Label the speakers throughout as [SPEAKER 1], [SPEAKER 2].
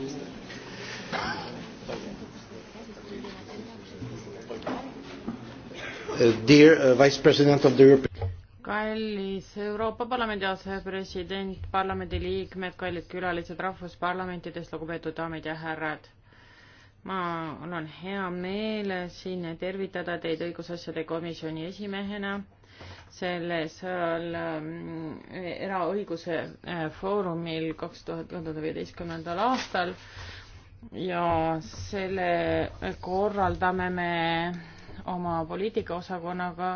[SPEAKER 1] Uh, uh, kallis Euroopa Parlamendi asepresident, parlamendiliikmed, kallid külalised rahvusparlamentidest, lugupeetud daamid ja härrad. ma, mul on hea meel siin tervitada teid õigusasjade komisjoni esimehena selles äh, äh, eraõiguse äh, foorumil kaks tuhat viieteistkümnendal aastal ja selle korraldame me oma poliitikaosakonnaga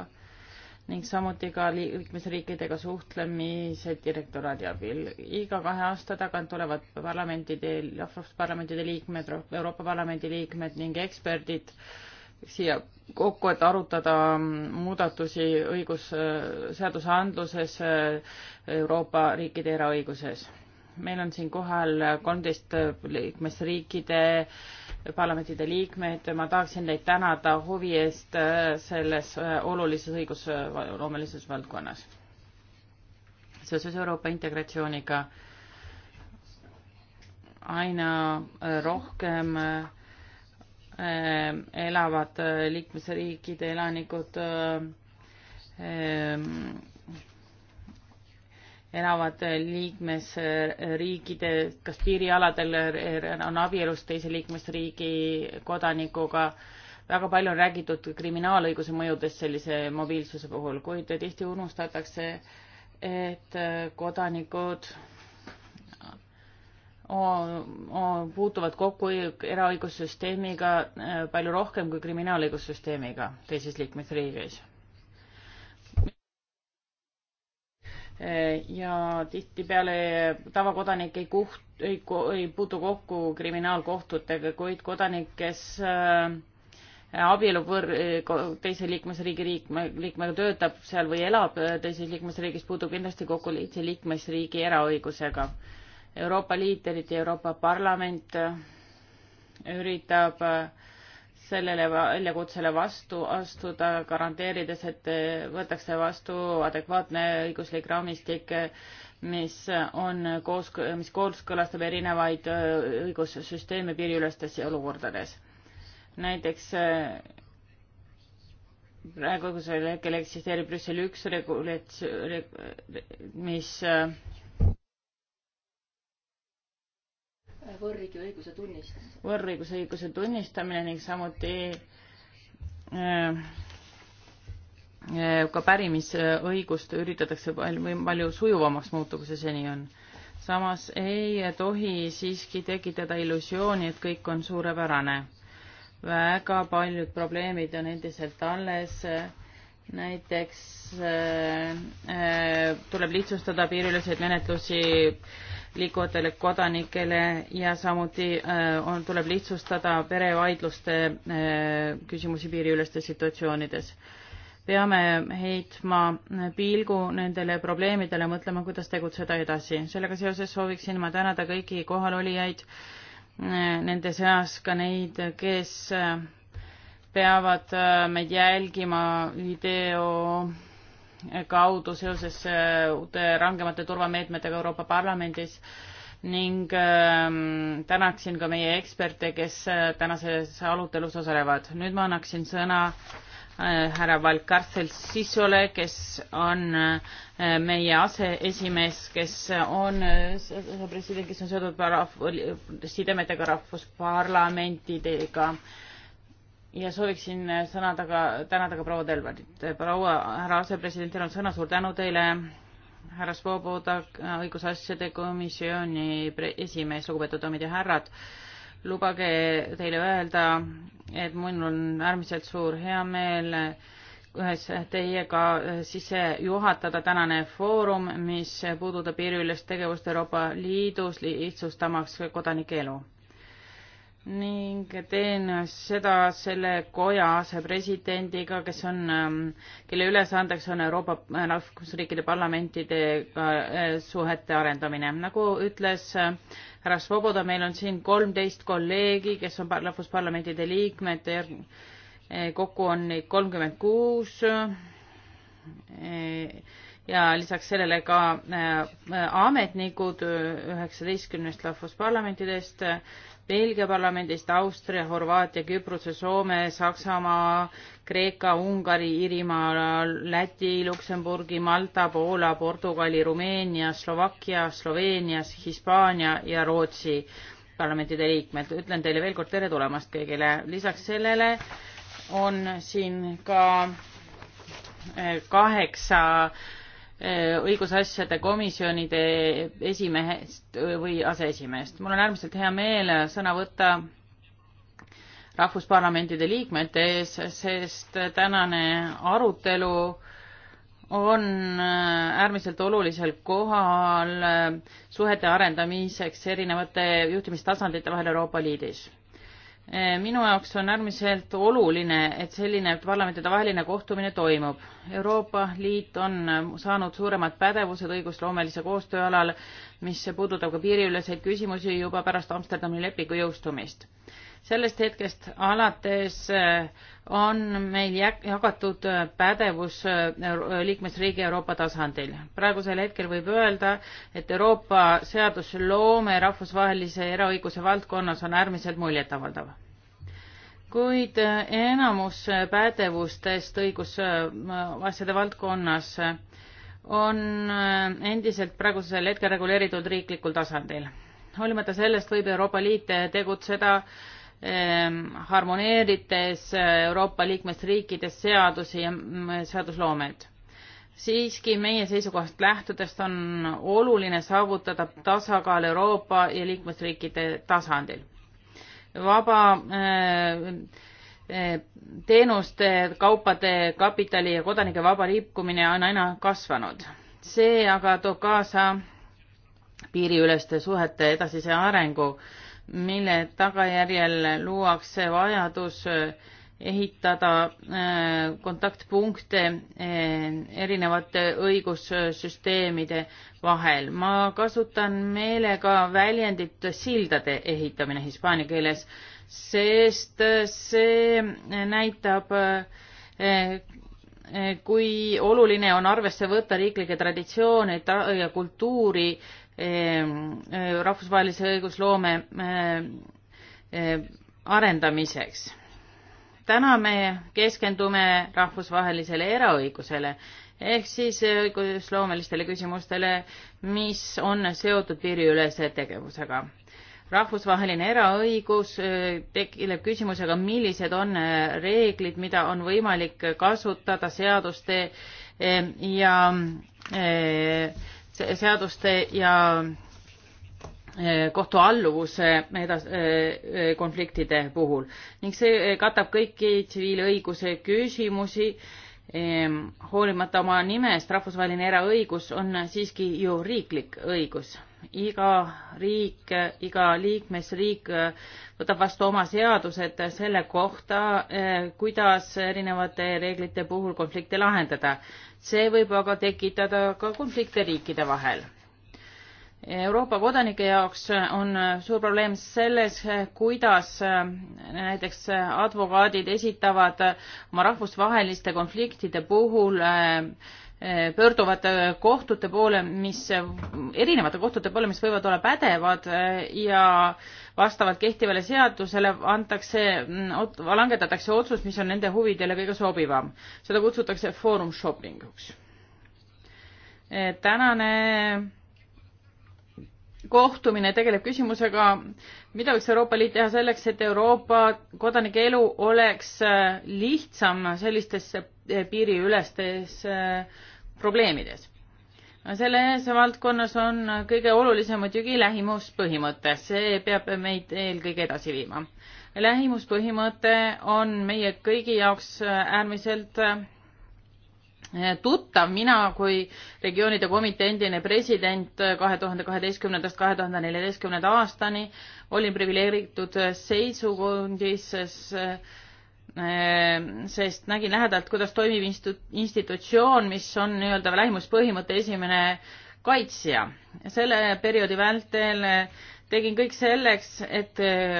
[SPEAKER 1] ning samuti ka liikmesriikidega suhtlemise direktoraadi abil. iga kahe aasta tagant tulevad parlamentide, rahvusparlamentide liikmed, Euroopa Parlamendi liikmed ning eksperdid äh, siia kokku, et arutada muudatusi õigus, seadusandluses äh, Euroopa riikide eraõiguses. meil on siin kohal kolmteist liikmesriikide parlamentide liikmed, ma tahaksin teid tänada huvi eest äh, selles äh, olulises õigusloomelises valdkonnas. seoses Euroopa integratsiooniga aina rohkem äh, Äh, elavad äh, liikmesriikide elanikud äh, elavad liikmesriikide, kas piirialadel on abielus teise liikmesriigi kodanikuga. väga palju on räägitud kriminaalõiguse mõjudest sellise mobiilsuse puhul, kuid tihti unustatakse, et kodanikud puutuvad kokku eraõigussüsteemiga äh, palju rohkem kui kriminaalõigussüsteemiga teises liikmesriigis. Äh, ja tihtipeale tavakodanik ei kuht-, ei, ei puutu kokku kriminaalkohtutega, kuid kodanik, kes äh, abielub võr-, teise liikmesriigi liikme, liikmega töötab seal või elab teises liikmesriigis, puutub kindlasti kokku teise liikmesriigi eraõigusega Euroopa Liit, eriti Euroopa Parlament äh, üritab äh, sellele väljakutsele vastu astuda, garanteerides, et äh, võetakse vastu adekvaatne õiguslik raamistik, mis on koos, mis kooskõlastab erinevaid õigussüsteeme piiriülestes olukordades. näiteks praegusel hetkel eksisteerib Brüssel üks regulats-, mis
[SPEAKER 2] võõrriigi õiguse tunnistamine.
[SPEAKER 1] võõrriiguse õiguse tunnistamine ning samuti äh, äh ka pärimisõigust üritatakse palju, palju sujuvamaks muuta, kui see seni on. samas ei tohi siiski tekitada illusiooni, et kõik on suurepärane. väga paljud probleemid on endiselt alles äh, näiteks äh, äh, tuleb lihtsustada piiriüleseid menetlusi liikuvatele kodanikele ja samuti äh, on, tuleb lihtsustada perevaidluste äh, küsimusi piiriülestes situatsioonides. peame heitma pilgu nendele probleemidele, mõtlema, kuidas tegutseda edasi. sellega seoses sooviksin ma tänada kõiki kohalolijaid, äh, nende seas ka neid, kes äh, peavad äh, meid jälgima video kaudu seoses äh, uute rangemate turvameetmetega Euroopa Parlamendis ning ähm, tänaksin ka meie eksperte, kes äh, tänases arutelus osalevad. nüüd ma annaksin sõna härra Valkarsel Sissole, kes on meie aseesimees, kes on president, kes on seotud rahv-, sidemetega rahvusparlamentidega ja sooviksin äh, sõnada ka, tänada ka proua Delverit. Äh, proua härra asepresidendil on sõna, suur tänu teile, härra Svoboda, äh, õigusasjade komisjoni esimees, lugupeetud daamid ja härrad. lubage teile öelda, et mul on äärmiselt suur heameel ühes teiega sisse juhatada tänane foorum, mis puudutab piiriülest tegevust Euroopa Liidus, lihtsustamaks kodanike elu ning teen seda selle koja asepresidendiga, kes on, ähm, kelle ülesandeks on Euroopa äh, rahvusriikide parlamentidega äh, suhete arendamine. nagu ütles äh, härra Svoboda, meil on siin kolmteist kolleegi, kes on rahvusparlamentide liikmed, kokku on neid kolmkümmend kuus ja lisaks sellele ka ametnikud üheksateistkümnest rahvusparlamentidest Belgia parlamendist, Austria, Horvaatia, Küprose, Soome, Saksamaa, Kreeka, Ungari, Iirimaa, Läti, Luksemburgi, Malta, Poola, Portugali, Rumeenia, Slovakkia, Sloveenias, Hispaania ja Rootsi parlamentide liikmed. ütlen teile veel kord tere tulemast kõigile. lisaks sellele on siin ka eh, kaheksa Äh, õigusasjade komisjonide esimehest või aseesimehest. mul on äärmiselt hea meel sõna võtta rahvusparlamentide liikmete ees, sest tänane arutelu on äh, äärmiselt olulisel kohal äh, suhete arendamiseks erinevate juhtimistasandite vahel Euroopa Liidis Eh, minu jaoks on äärmiselt oluline, et selline parlamentidevaheline kohtumine toimub. Euroopa Liit on eh, saanud suuremad pädevused õigusloomelise koostöö alal, mis puudutab ka piiriüleseid küsimusi juba pärast Amsterdami lepingu jõustumist sellest hetkest alates äh, on meil jagatud äh, pädevus äh, liikmesriigi Euroopa tasandil. praegusel hetkel võib öelda, et Euroopa seadusloome rahvusvahelise eraõiguse valdkonnas on äärmiselt muljetavaldav kuid enamus pädevustest õigusasjade valdkonnas on endiselt praegusel hetkel reguleeritud riiklikul tasandil. hoolimata sellest võib Euroopa Liit tegutseda äh, Ehm, harmoneerides äh, Euroopa liikmesriikides seadusi ja mm, seadusloomet. siiski meie seisukohast lähtudest on oluline saavutada tasakaal Euroopa ja liikmesriikide tasandil. vaba äh, äh, teenuste, kaupade, kapitali ja kodanike vaba liikumine on aina kasvanud. see aga toob kaasa piiriüleste suhete edasise arengu mille tagajärjel luuakse vajadus äh, ehitada äh, kontaktpunkte äh, erinevate õigussüsteemide vahel. ma kasutan meelega väljendit sildade ehitamine hispaania keeles, sest see näitab, kui oluline on arvesse võtta riiklikke traditsioone ja kultuuri Ehm, eh, rahvusvahelise õigusloome eh, eh, arendamiseks. täna me keskendume rahvusvahelisele eraõigusele ehk siis õigusloomelistele küsimustele, mis on seotud piiriülese tegevusega. rahvusvaheline eraõigus tegeleb küsimusega, millised on reeglid, mida on võimalik kasutada seaduste ja seaduste ja eh, kohtualluvuse edas- eh, eh, konfliktide puhul ning see katab kõiki tsiviilõiguse küsimusi ehm, hoolimata oma nimest rahvusvaheline eraõigus on siiski ju riiklik õigus iga riik, iga liikmesriik võtab vastu oma seadused selle kohta, eh, kuidas erinevate reeglite puhul konflikte lahendada. see võib aga tekitada ka konflikte riikide vahel. Euroopa kodanike jaoks on suur probleem selles, kuidas eh, näiteks advokaadid esitavad oma rahvusvaheliste konfliktide puhul äh, Eh, pöörduvad eh, kohtute poole, mis, eh, erinevate kohtute poole, mis võivad olla pädevad ja vastavalt kehtivale seadusele antakse, mm, langetatakse otsus, mis on nende huvidele kõige sobivam. seda kutsutakse foorum shopping uks. tänane kohtumine tegeleb küsimusega, mida võiks Euroopa Liit teha selleks, et Euroopa kodanike elu oleks lihtsam sellistes piiriülestes äh, probleemides no selles valdkonnas on kõige olulisem muidugi lähimuspõhimõte, see peab meid eelkõige edasi viima. lähimuspõhimõte on meie kõigi jaoks äärmiselt eh, tuttav, mina kui regioonide komitee endine president kahe tuhande kaheteistkümnendast kahe tuhande neljateistkümnenda aastani olin priviligeeritud seisukondis Ehm, sest nägin lähedalt, kuidas toimib institu-, institutsioon, mis on nii-öelda lähimuspõhimõtte esimene kaitsja. selle perioodi vältel eh, tegin kõik selleks, et eh,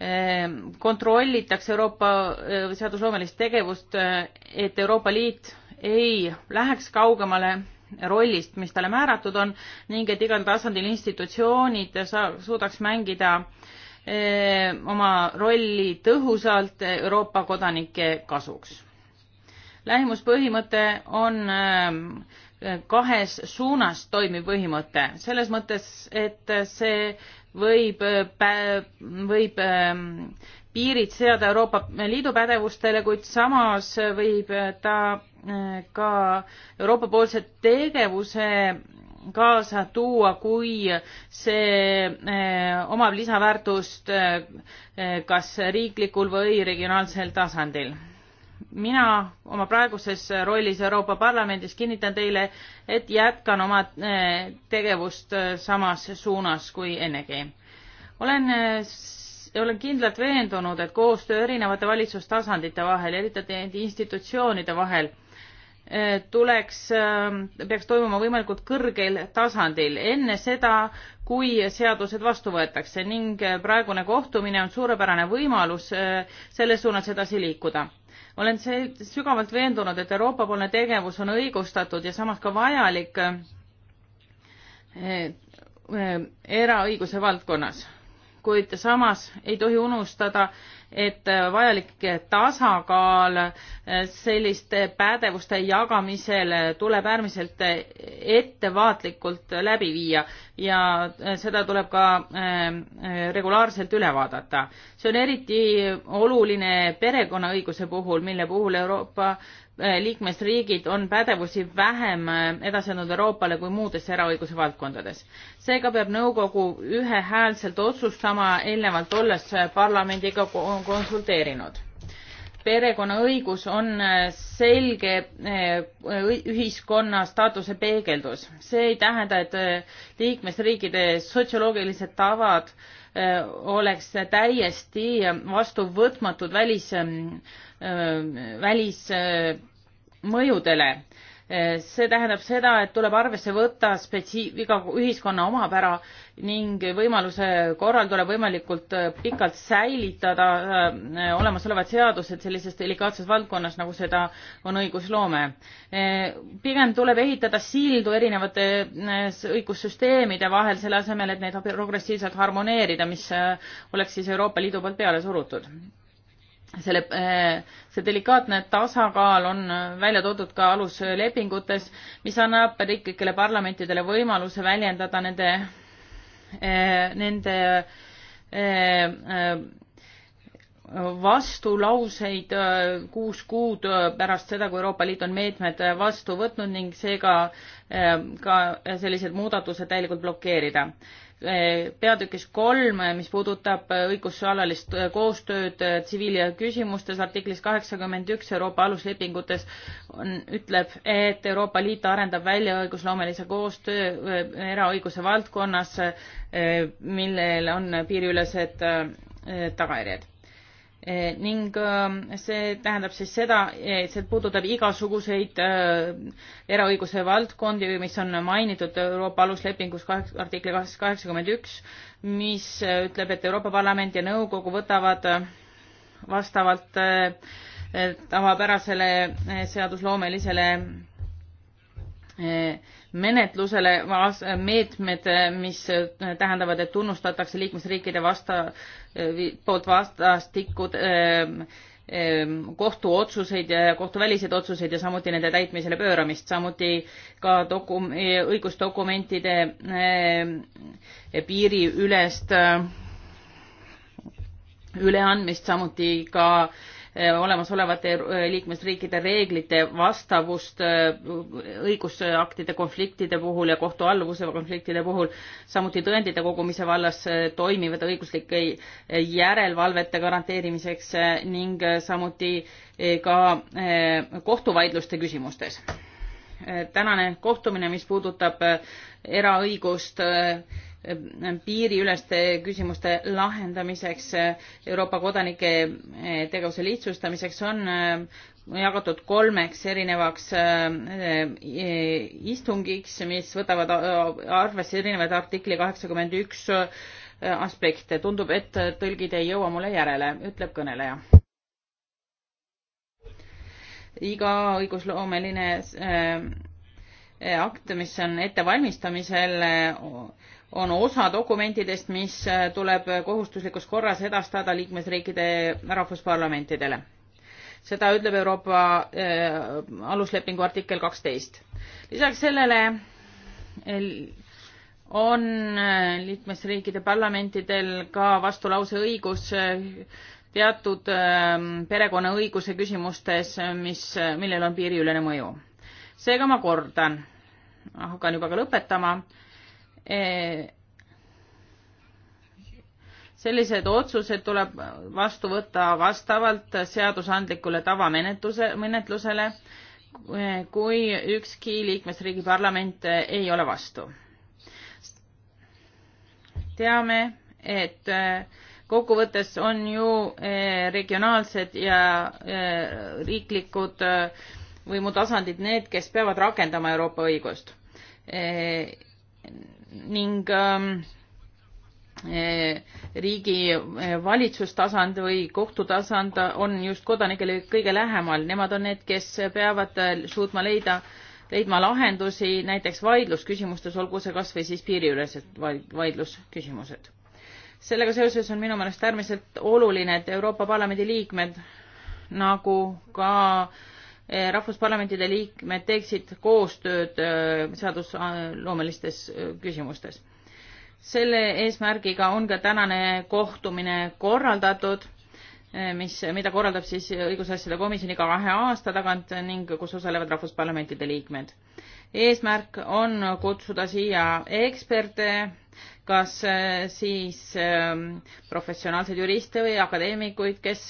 [SPEAKER 1] ehm, kontrollitakse Euroopa eh, seadusloomelist tegevust, et Euroopa Liit ei läheks kaugemale rollist, mis talle määratud on ning et igal tasandil institutsioonid saa-, suudaks mängida äh, Eh, oma rolli tõhusalt Euroopa kodanike kasuks. lähimuspõhimõte on eh, kahes suunas toimiv põhimõte, selles mõttes, et see võib, võib ehm, piirid seada Euroopa Liidu pädevustele, kuid samas võib ta eh, ka Euroopa-poolse tegevuse kaasa tuua, kui see eh, omab lisaväärtust eh, kas riiklikul või regionaalsel tasandil. mina oma praeguses rollis Euroopa Parlamendis kinnitan teile, et jätkan oma eh, tegevust samas suunas kui ennegi. olen olen kindlalt veendunud, et koostöö erinevate valitsustasandite vahel, eriti institutsioonide vahel Eh, tuleks, eh, peaks toimuma võimalikult kõrgel tasandil, enne seda, kui seadused vastu võetakse ning eh, praegune kohtumine on suurepärane võimalus selles suunas edasi liikuda. olen see sügavalt veendunud, et Euroopa-poolne tegevus on õigustatud ja samas ka vajalik eraõiguse valdkonnas kuid samas ei tohi unustada, et vajalik tasakaal selliste pädevuste jagamisel tuleb äärmiselt ettevaatlikult läbi viia ja seda tuleb ka äh, regulaarselt üle vaadata. see on eriti oluline perekonnaõiguse puhul, mille puhul Euroopa Äh, liikmesriigid on pädevusi vähem äh, edasi andnud Euroopale kui muudes eraõiguse valdkondades. seega peab nõukogu ühehäälselt otsustama, eelnevalt olles äh, parlamendiga konsulteerinud. perekonnaõigus on selge ühiskonna staatuse peegeldus. see ei tähenda, et liikmesriikide sotsioloogilised tavad oleks täiesti vastuvõtmatud välis Äh, välismõjudele. Äh, see tähendab seda, et tuleb arvesse võtta spetsi-, iga ühiskonna omapära ning võimaluse korral tuleb võimalikult äh, pikalt säilitada olemasolevad seadused sellises delikaatses valdkonnas, nagu seda on õigusloome. pigem tuleb ehitada sildu erinevate õigussüsteemide vahel, selle asemel, et neid progressiivselt harmoneerida, mis oleks siis Euroopa Liidu poolt peale surutud selle, eh, see delikaatne tasakaal on eh, välja toodud ka aluslepingutes, mis annab riiklikele parlamentidele võimaluse väljendada nende, eh, nende vastulauseid kuus kuud pärast seda, kui Euroopa Liit on meetmed vastu võtnud ning seega ka sellised muudatused täielikult blokeerida. Eh, peatükis kolm, eh, mis puudutab eh, õigusalalist koostööd tsiviil- ja küsimustes artiklis kaheksakümmend üks Euroopa aluslepingutes on, ütleb, et Euroopa Liit arendab välja õigusloomelise koostöö eraõiguse valdkonnas, millel on piiriülesed tagajärjed. Eh, ning ähm, see tähendab siis seda, see puudutab igasuguseid äh, eraõiguse valdkondi, mis on mainitud Euroopa aluslepingus artikli kaheksakümmend üks, mis äh, ütleb, et Euroopa Parlament ja Nõukogu võtavad äh, vastavalt tavapärasele seadusloomelisele menetlusele meetmed, mis tähendavad, et tunnustatakse liikmesriikide vasta, poolt vastastikud ähm, ähm, kohtuotsuseid ja kohtuväliseid otsuseid ja samuti nende täitmisele pööramist, samuti ka dokum-, õigusdokumentide ähm, piiriülest äh, üleandmist, samuti ka äh, Äh, olemasolevate äh, liikmesriikide reeglite vastavust äh, õigusaktide konfliktide puhul ja kohtualluvuse konfliktide puhul, samuti tõendite kogumise vallas toimivate õiguslike järelevalvete garanteerimiseks ning samuti ka kohtuvaidluste küsimustes. tänane kohtumine, mis puudutab eraõigust piiriüleste küsimuste lahendamiseks, Euroopa kodanike eh, tegevuse lihtsustamiseks on eh, jagatud kolmeks erinevaks eh, istungiks, mis võtavad arvesse erinevaid artikli kaheksakümmend üks aspekte. tundub, et tõlgid ei jõua mulle järele, ütleb kõneleja. iga õigusloomeline akt, mis on ettevalmistamisel, on osa dokumentidest, mis äh, tuleb kohustuslikus korras edastada liikmesriikide rahvusparlamentidele. seda ütleb Euroopa äh, aluslepingu artikkel kaksteist. lisaks sellele on äh, liikmesriikide parlamentidel ka vastulause õigus äh, teatud ähm, perekonnaõiguse küsimustes, mis, millel on piiriülene mõju. seega ma kordan, hakkan juba ka lõpetama Eh, sellised otsused tuleb vastu võtta vastavalt seadusandlikule tavamenetluse, menetlusele, eh, kui ükski liikmesriigi parlament eh, ei ole vastu. teame, et kokkuvõttes on ju regionaalsed ja riiklikud võimutasandid need, kes peavad rakendama Euroopa õigust ning ähm, e, riigi e, valitsustasand või kohtutasand on just kodanikele kõige lähemal, nemad on need, kes peavad äh, suutma leida, leidma lahendusi näiteks vaidlusküsimustes, olgu see kas või siis piiriülesed vaidlusküsimused. sellega seoses on minu meelest äärmiselt oluline, et Euroopa Parlamendi liikmed nagu ka äh, Eh, rahvusparlamentide liikmed teeksid koostööd eh, seadusloomelistes eh, küsimustes. selle eesmärgiga on ka tänane kohtumine korraldatud, mis, mida korraldab siis õigusasjade komisjon iga kahe aasta tagant ning kus osalevad rahvusparlamentide liikmed. eesmärk on kutsuda siia eksperte, kas siis professionaalseid juriste või akadeemikuid, kes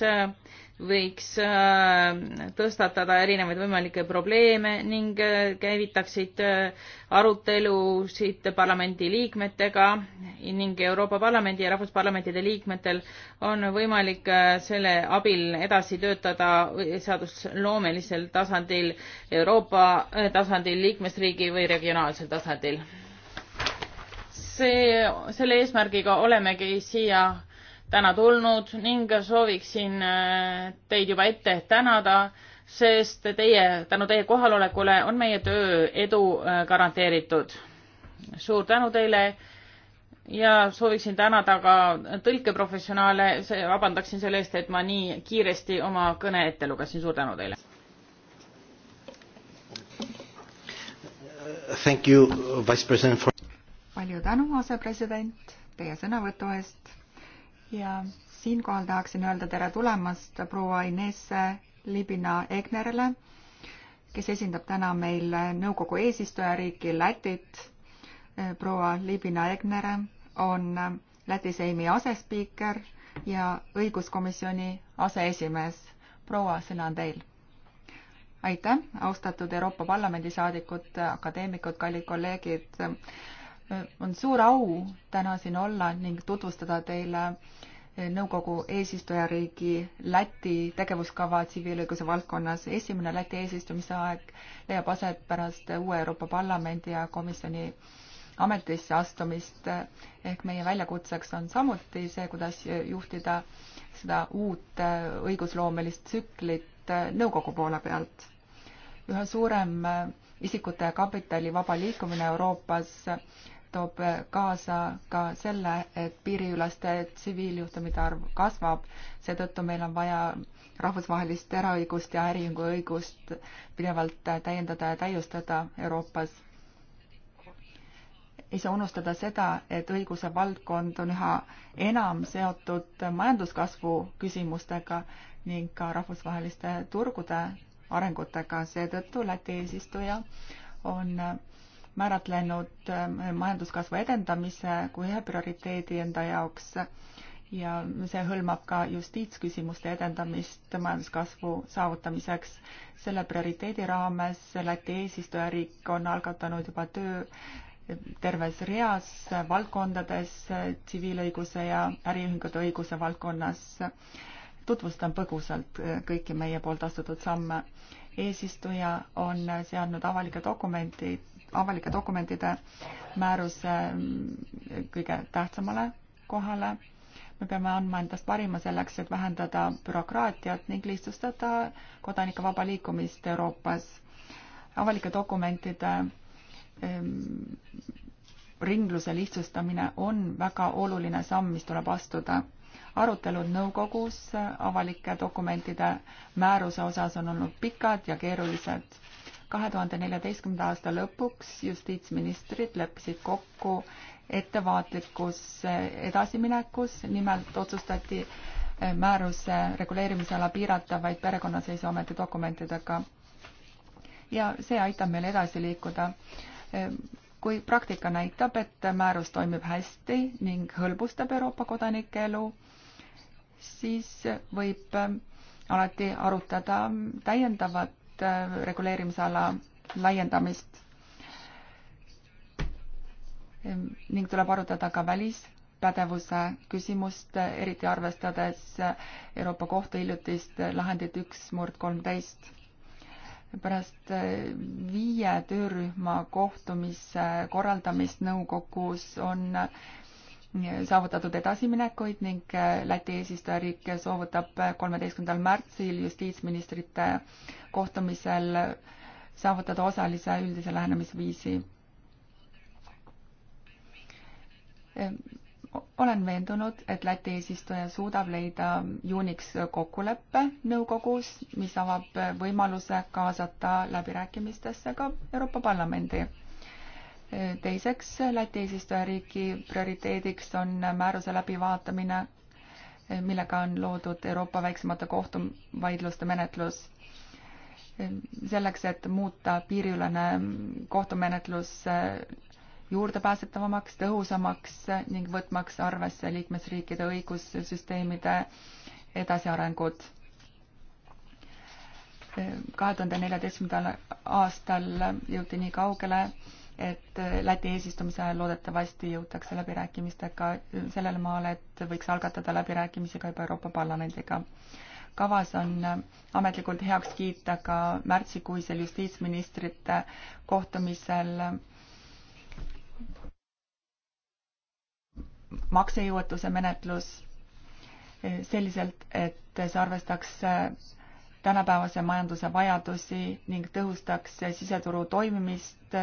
[SPEAKER 1] võiks äh, tõstatada erinevaid võimalikke probleeme ning äh, käivitaksid äh, arutelusid parlamendi liikmetega ning Euroopa Parlamendi ja Rahvusparlamentide liikmetel on võimalik selle abil edasi töötada seadusloomelisel tasandil, Euroopa tasandil, liikmesriigi või regionaalsel tasandil. see, selle eesmärgiga olemegi siia täna tulnud ning sooviksin äh, teid juba ette tänada, sest teie, tänu teie kohalolekule on meie töö edu äh, garanteeritud. suur tänu teile ja sooviksin tänada ka tõlkeprofessionaale, vabandaksin selle eest, et ma nii kiiresti oma kõne ette lugesin, suur tänu teile. Thank you, Vice President for.
[SPEAKER 3] palju tänu, asepresident, teie sõnavõtu eest ja siinkohal tahaksin öelda tere tulemast proua Ines Libina-Egnerele, kes esindab täna meil nõukogu eesistujariiki Lätit. proua Libina-Egner on Läti Seimi asespiiker ja õiguskomisjoni aseesimees. proua, sõna on teil. aitäh, austatud Euroopa Parlamendi saadikud, akadeemikud, kallid kolleegid on suur au täna siin olla ning tutvustada teile eh, nõukogu eesistujariigi Läti tegevuskava tsiviilõiguse valdkonnas. esimene Läti eesistumise aeg leiab aset pärast uue Euroopa Parlamendi ja komisjoni ametisse astumist ehk meie väljakutseks on samuti see, kuidas juhtida seda uut eh, õigusloomelist tsüklit eh, nõukogu poole pealt. üha suurem isikute ja kapitali vaba liikumine Euroopas toob kaasa ka selle, et piiriüleste tsiviiljuhtumite arv kasvab, seetõttu meil on vaja rahvusvahelist eraõigust ja äriühingu õigust pidevalt täiendada ja täiustada Euroopas ei saa unustada seda, et õiguse valdkond on üha enam seotud majanduskasvu küsimustega ning ka rahvusvaheliste turgude arengutega, seetõttu Läti eesistuja on määratlenud äh, majanduskasvu edendamise kui ühe prioriteedi enda jaoks ja see hõlmab ka justiitsküsimuste edendamist majanduskasvu saavutamiseks. selle prioriteedi raames Läti eesistujariik on algatanud juba töö terves reas valdkondades, tsiviilõiguse ja äriühingute õiguse valdkonnas tutvustan põgusalt eh, kõiki meie poolt astutud samme. eesistuja on seadnud avalike dokumendid, avalike dokumentide määruse mm, kõige tähtsamale kohale. me peame andma endast parima selleks, et vähendada bürokraatiat ning lihtsustada kodanike vaba liikumist Euroopas. avalike dokumentide ehm, ringluse lihtsustamine on väga oluline samm, mis tuleb astuda arutelud nõukogus avalike dokumentide määruse osas on olnud pikad ja keerulised. kahe tuhande neljateistkümnenda aasta lõpuks justiitsministrid leppisid kokku ettevaatlikus edasiminekus, nimelt otsustati eh, määruse reguleerimisala piirata vaid perekonnaseisuameti dokumentidega. ja see aitab meil edasi liikuda eh, kui praktika näitab, et määrus toimib hästi ning hõlbustab Euroopa kodanike elu, siis võib äh, alati arutada täiendavat äh, reguleerimisala laiendamist ehm, ning tuleb arutada ka välispädevuse küsimust, äh, eriti arvestades Euroopa Kohtu hiljutist lahendit üks murd kolmteist. pärast viie töörühma kohtumise korraldamist nõukogus on saavutatud edasiminekuid ning äh, Läti eesistujariik soovutab äh, kolmeteistkümnendal märtsil justiitsministrite kohtumisel saavutada osalise üldise lähenemisviisi. olen veendunud, et Läti eesistuja suudab leida juuniks kokkuleppe nõukogus, mis avab võimaluse kaasata läbirääkimistesse ka Euroopa Parlamendi teiseks, Läti eesistujariigi prioriteediks on määruse läbivaatamine, millega on loodud Euroopa väiksemate kohtuvaidluste menetlus. selleks, et muuta piiriülene kohtumenetlus juurdepääsetavamaks, tõhusamaks ning võtmaks arvesse liikmesriikide õigussüsteemide edasiarengud. kahe tuhande neljateistkümnendal aastal jõuti nii kaugele, et äh, Läti eesistumise ajal loodetavasti jõutakse läbirääkimistega äh, sellele maale, et võiks algatada läbirääkimisi ka juba Euroopa Parlamendiga. kavas on äh, ametlikult heaks kiita ka märtsikuisel justiitsministrite kohtumisel maksejõuetuse menetlus selliselt, et see arvestaks tänapäevase majanduse vajadusi ning tõhustaks siseturu toimimist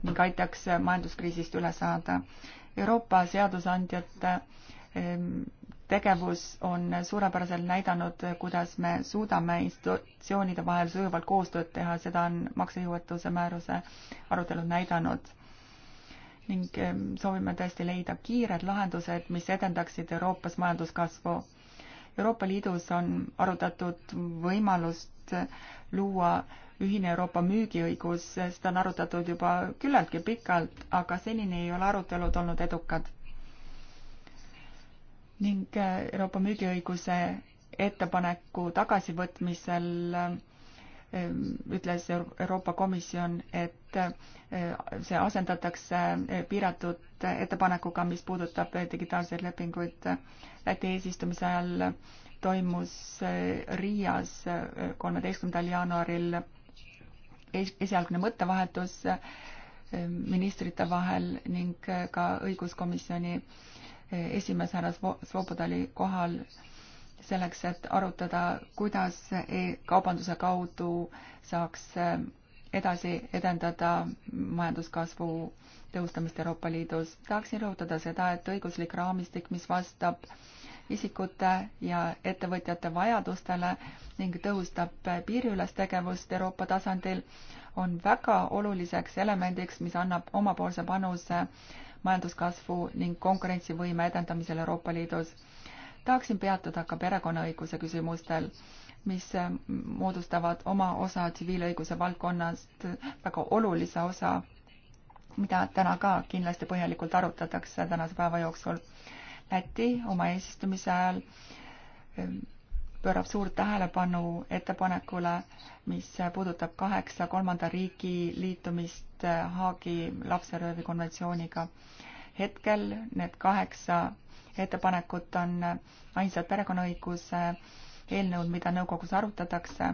[SPEAKER 3] ning aitaks majanduskriisist üle saada. Euroopa seadusandjate ehm, tegevus on suurepäraselt näidanud, kuidas me suudame institutsioonide vahel sujuvalt koostööd teha, seda on maksejõuetuse määruse arutelud näidanud. ning ehm, soovime tõesti leida kiired lahendused, mis edendaksid Euroopas majanduskasvu. Euroopa Liidus on arutatud võimalust luua ühine Euroopa müügiõigus, seda on arutatud juba küllaltki pikalt, aga senini ei ole arutelud olnud edukad. ning äh, Euroopa müügiõiguse ettepaneku tagasivõtmisel ähm, ütles Euroopa Komisjon, et äh, see asendatakse äh, piiratud ettepanekuga, mis puudutab digitaalseid lepinguid. Läti eesistumise ajal toimus Riias kolmeteistkümnendal jaanuaril esialgne mõttevahetus eh, ministrite vahel ning eh, ka õiguskomisjoni eh, esimees härra Svoboda oli kohal selleks, et arutada, kuidas e kaubanduse kaudu saaks edasi edendada majanduskasvu tõustamist Euroopa Liidus. tahaksin rõhutada seda, et õiguslik raamistik, mis vastab äh, isikute ja ettevõtjate vajadustele ning tõhustab piiriülest tegevust Euroopa tasandil, on väga oluliseks elemendiks, mis annab omapoolse panuse majanduskasvu ning konkurentsivõime edendamisel Euroopa Liidus. tahaksin peatuda ka perekonnaõiguse küsimustel, mis moodustavad oma osa tsiviilõiguse valdkonnast väga olulise osa, mida täna ka kindlasti põhjalikult arutatakse tänase päeva jooksul Läti oma eesistumise ajal ehm, pöörab suurt tähelepanu ettepanekule, mis puudutab kaheksa kolmanda riigi liitumist eh, Haagi lapseröövi konventsiooniga. hetkel need kaheksa ettepanekut on eh, ainsad perekonnaõiguse eelnõud, mida nõukogus arutatakse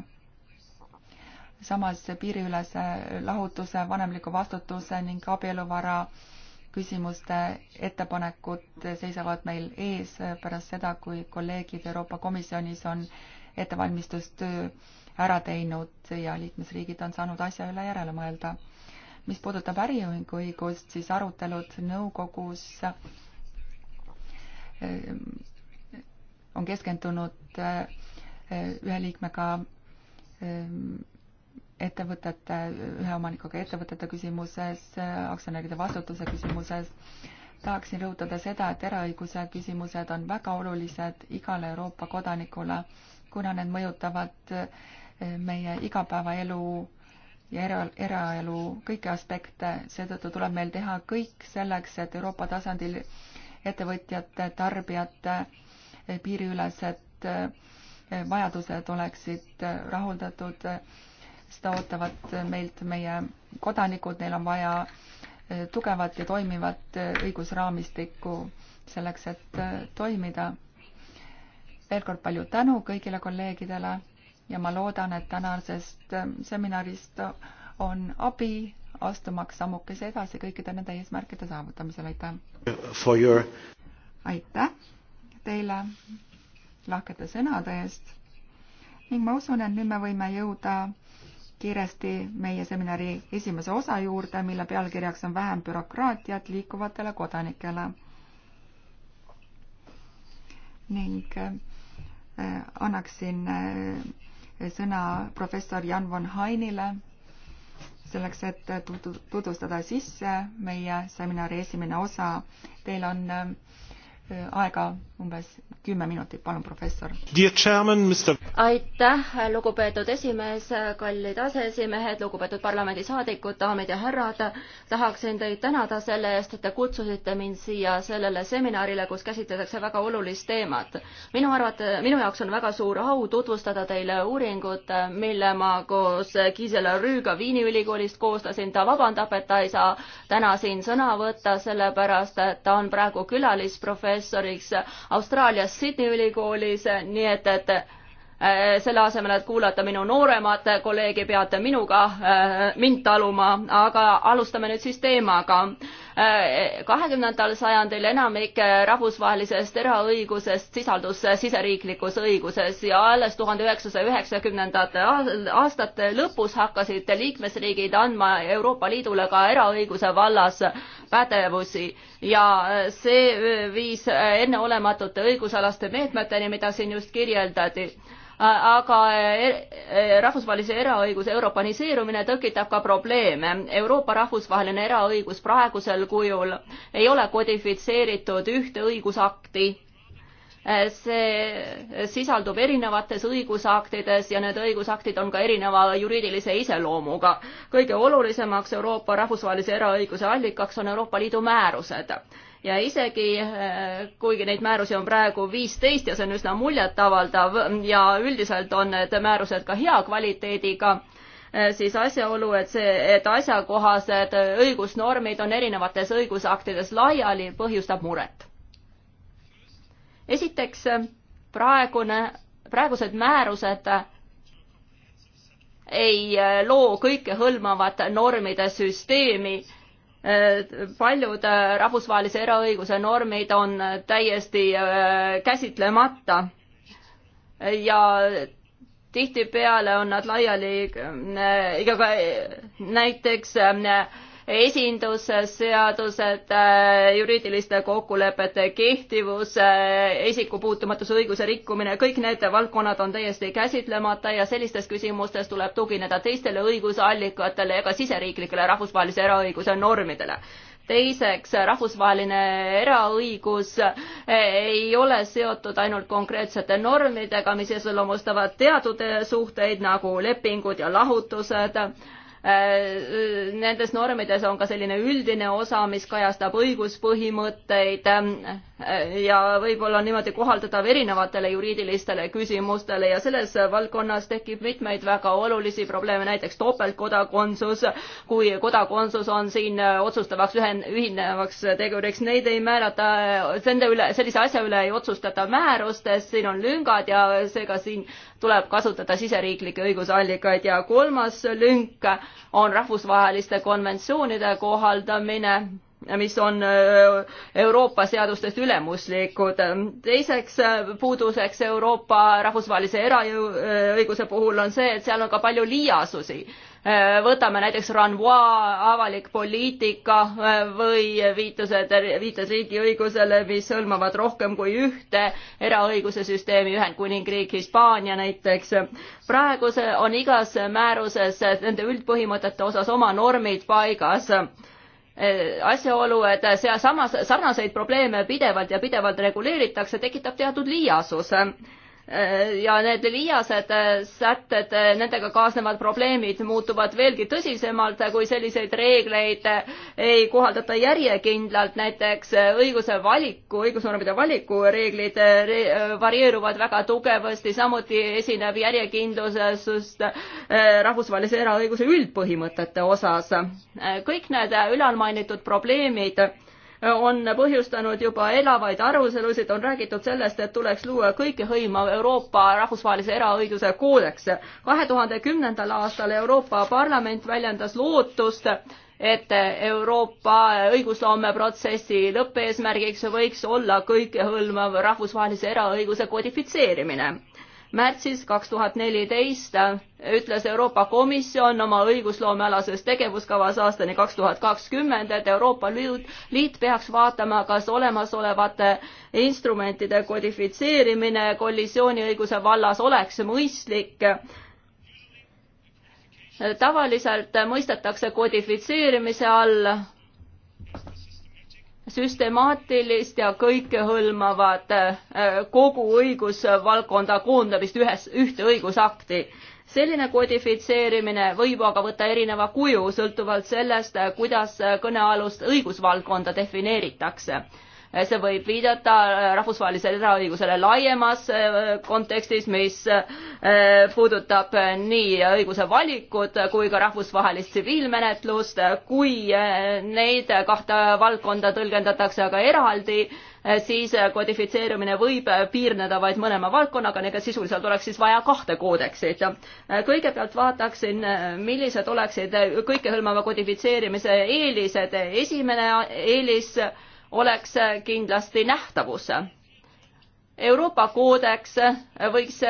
[SPEAKER 3] samas piiriülese lahutuse, vanemliku vastutuse ning abieluvara küsimuste ettepanekud seisavad meil ees pärast seda, kui kolleegid Euroopa Komisjonis on ettevalmistustöö ära teinud ja liikmesriigid on saanud asja üle järele mõelda. mis puudutab äriühingu õigust, siis arutelud nõukogus eh, on keskendunud eh, eh, ühe liikmega ettevõtete, ühe omanikuga ettevõtete küsimuses, aktsionäride vastutuse küsimuses. tahaksin rõhutada seda, et eraõiguse küsimused on väga olulised igale Euroopa kodanikule, kuna need mõjutavad eh, meie igapäevaelu ja era, eraelu kõiki aspekte, seetõttu tuleb meil teha kõik selleks, et Euroopa tasandil ettevõtjate, tarbijate eh, piiriülesed eh, vajadused oleksid rahuldatud seda ootavad meilt meie kodanikud, neil on vaja eh, tugevat ja toimivat eh, õigusraamistikku selleks, et eh, toimida. veel kord palju tänu kõigile kolleegidele ja ma loodan, et tänasest seminarist on abi astumaks sammukese edasi kõikide nende eesmärkide saavutamisel, aitäh! Your... aitäh teile lahkete sõnade eest ning ma usun, et nüüd me võime jõuda kiiresti meie seminari esimese osa juurde, mille pealkirjaks on vähem bürokraatiat liikuvatele kodanikele. ning äh, annaksin äh, sõna professor Jan von Hainile selleks, et tutvustada sisse meie seminari esimene osa. Teil on äh, Äh, aega umbes kümme minutit, palun, professor. aitäh,
[SPEAKER 2] lugupeetud esimees, kallid aseesimehed, lugupeetud parlamendisaadikud, daamid ja härrad. tahaksin teid tänada selle eest, et te kutsusite mind siia sellele seminarile, kus käsitletakse väga olulist teemat. minu arvate, minu jaoks on väga suur au tutvustada teile uuringut, mille ma koos Gisela Rüüga Viini ülikoolist koostasin. ta vabandab, et ta ei saa täna siin sõna võtta, sellepärast et ta on praegu külalisprofessor professoriks Austraalias Sydney ülikoolis, nii et, et äh, selle asemel, et kuulata minu nooremat kolleegi, peate minuga äh, mind taluma, aga alustame nüüd siis teemaga. Äh, kahekümnendal sajandil enamik rahvusvahelisest eraõigusest sisaldus siseriiklikus õiguses ja alles tuhande üheksasaja üheksakümnendate aastate lõpus hakkasid liikmesriigid andma Euroopa Liidule ka eraõiguse vallas pädevusi ja äh, see äh, viis äh, enneolematute õigusalaste meetmeteni, mida siin just kirjeldati aga rahvusvahelise eraõiguse europaniseerumine tõkitab ka probleeme. Euroopa rahvusvaheline eraõigus praegusel kujul ei ole kodifitseeritud ühte õigusakti see sisaldub erinevates õigusaktides ja need õigusaktid on ka erineva juriidilise iseloomuga. kõige olulisemaks Euroopa rahvusvahelise eraõiguse allikaks on Euroopa Liidu määrused ja isegi eh, kuigi neid määrusi on praegu viisteist ja see on üsna muljetavaldav ja üldiselt on need määrused ka hea kvaliteediga, eh, siis asjaolu, et see, et asjakohased õigusnormid on erinevates õigusaktides laiali, põhjustab muret esiteks, praegune, praegused määrused ei äh, loo kõikehõlmavat normide süsteemi. Äh, paljud äh, rahvusvahelise eraõiguse normid on täiesti käsitlemata ja tihtipeale on nad laiali, ega ka näiteks esindusseadused, äh, juriidiliste kokkulepete kehtivus, äh, isikupuutumatuse õiguse rikkumine, kõik need valdkonnad on täiesti käsitlemata ja sellistes küsimustes tuleb tugineda teistele õigusallikatele ega siseriiklikele rahvusvahelise eraõiguse normidele teiseks, rahvusvaheline eraõigus äh, ei ole seotud ainult konkreetsete normidega, mis iseloomustavad teatud suhteid nagu lepingud ja lahutused Äh, nendes normides on ka selline üldine osa, mis kajastab õiguspõhimõtteid ja võib-olla niimoodi kohaldatav erinevatele juriidilistele küsimustele ja selles valdkonnas tekib mitmeid väga olulisi probleeme, näiteks topeltkodakondsus, kui kodakondsus on siin otsustavaks ühen-, ühinevaks teguriks, neid ei määrata, nende üle, sellise asja üle ei otsustata määrustes, siin on lüngad ja seega siin tuleb kasutada siseriiklikke õigusallikaid ja kolmas lünk on rahvusvaheliste konventsioonide kohaldamine mis on äh, Euroopa seadustest ülemuslikud. teiseks äh, puuduseks Euroopa rahvusvahelise eraõiguse äh, puhul on see, et seal on ka palju liiasusi. võtame näiteks Ranois avalik poliitika või viitused, viited riigiõigusele, mis hõlmavad rohkem kui ühte eraõiguse süsteemi, Ühendkuningriik, Hispaania näiteks. praeguse on igas määruses nende üldpõhimõtete osas oma normid paigas asjaolu, et sealsamas sarnaseid probleeme pidevalt ja pidevalt reguleeritakse, tekitab teatud liiasuse Äh, ja need viiased äh, sätted, äh, nendega kaasnevad probleemid muutuvad veelgi tõsisemalt, kui selliseid reegleid ei kohaldata järjekindlalt, näiteks õiguse valiku, õigusnormide valiku reeglid re varieeruvad väga tugevasti, samuti esineb järjekindlusest rahvusvahelise eraõiguse üldpõhimõtete osas. kõik need ülalmainitud probleemid on põhjustanud juba elavaid arutelusid, on räägitud sellest, et tuleks luua kõikehõimav Euroopa rahvusvahelise eraõiguse koodeks. kahe tuhande kümnendal aastal Euroopa Parlament väljendas lootust, et Euroopa õigusloomeprotsessi lõppeesmärgiks võiks olla kõikehõlmav rahvusvahelise eraõiguse kodifitseerimine märtsis kaks tuhat neliteist ütles Euroopa Komisjon oma õigusloomealases tegevuskavas aastani kaks tuhat kakskümmend, et Euroopa Liit peaks vaatama, kas olemasolevate instrumentide kodifitseerimine kollisiooniõiguse vallas oleks mõistlik tavaliselt mõistetakse kodifitseerimise all süstemaatilist ja kõikehõlmavat äh, kogu õigusvaldkonda koondamist ühes, ühte õigusakti. selline kodifitseerimine võib aga võtta erineva kuju sõltuvalt sellest, äh, kuidas äh, kõnealust õigusvaldkonda defineeritakse see võib viidata rahvusvahelisele eraõigusele laiemas äh, kontekstis, mis äh, puudutab äh, nii õiguse valikut kui ka rahvusvahelist tsiviilmenetlust. kui neid kahte valdkonda tõlgendatakse aga eraldi, siis kodifitseerimine võib piirneda vaid mõlema valdkonnaga, nii et sisuliselt oleks siis vaja kahte koodeksit. kõigepealt vaataksin, millised oleksid kõikehõlmava kodifitseerimise eelised. esimene eelis oleks kindlasti nähtavus. Euroopa koodeks võiks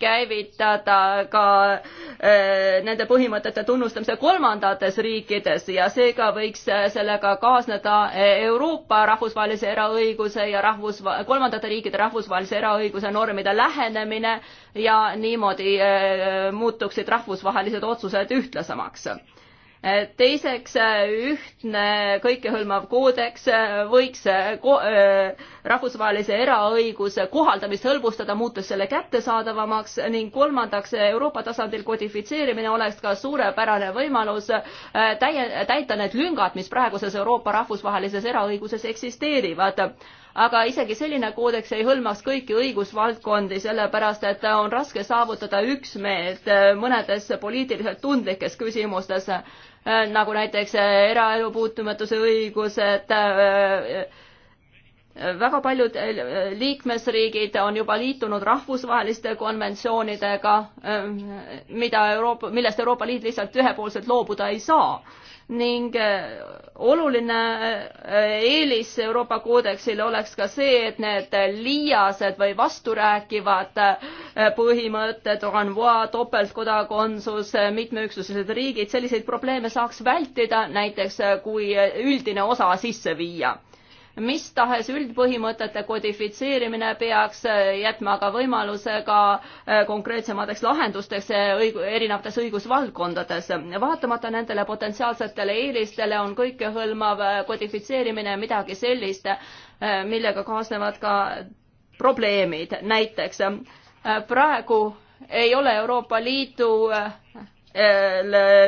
[SPEAKER 2] käivitada ka eh, nende põhimõtete tunnustamise kolmandates riikides ja seega võiks sellega kaasneda Euroopa rahvusvahelise eraõiguse ja rahvus, kolmandate riikide rahvusvahelise eraõiguse normide lähenemine ja niimoodi eh, muutuksid rahvusvahelised otsused ühtlasemaks teiseks, ühtne kõikehõlmav koodeks võiks ko rahvusvahelise eraõiguse kohaldamist hõlbustada, muutes selle kättesaadavamaks ning kolmandaks, Euroopa tasandil kodifitseerimine oleks ka suurepärane võimalus täie, täita need lüngad, mis praeguses Euroopa rahvusvahelises eraõiguses eksisteerivad aga isegi selline koodeks ei hõlmaks kõiki õigusvaldkondi, sellepärast et on raske saavutada üksmeelt eh, mõnedes poliitiliselt tundlikes küsimustes, eh, nagu näiteks eh, eraelu puutumatuse õigused, väga paljud liikmesriigid on juba liitunud rahvusvaheliste konventsioonidega, mida Euroopa, millest Euroopa Liit lihtsalt ühepoolselt loobuda ei saa ning äh, oluline äh, eelis Euroopa koodeksile oleks ka see, et need liiased või vasturääkivad äh, põhimõtted, topeltkodakondsus, mitmeüksuslised riigid, selliseid probleeme saaks vältida, näiteks kui üldine osa sisse viia mis tahes üldpõhimõtete kodifitseerimine peaks äh, jätma ka võimaluse ka äh, konkreetsemateks lahendusteks äh, õig erinevates õigusvaldkondades. vaatamata nendele potentsiaalsetele eelistele on kõikehõlmav kodifitseerimine midagi sellist, millega kaasnevad ka probleemid, näiteks praegu ei ole Euroopa Liidu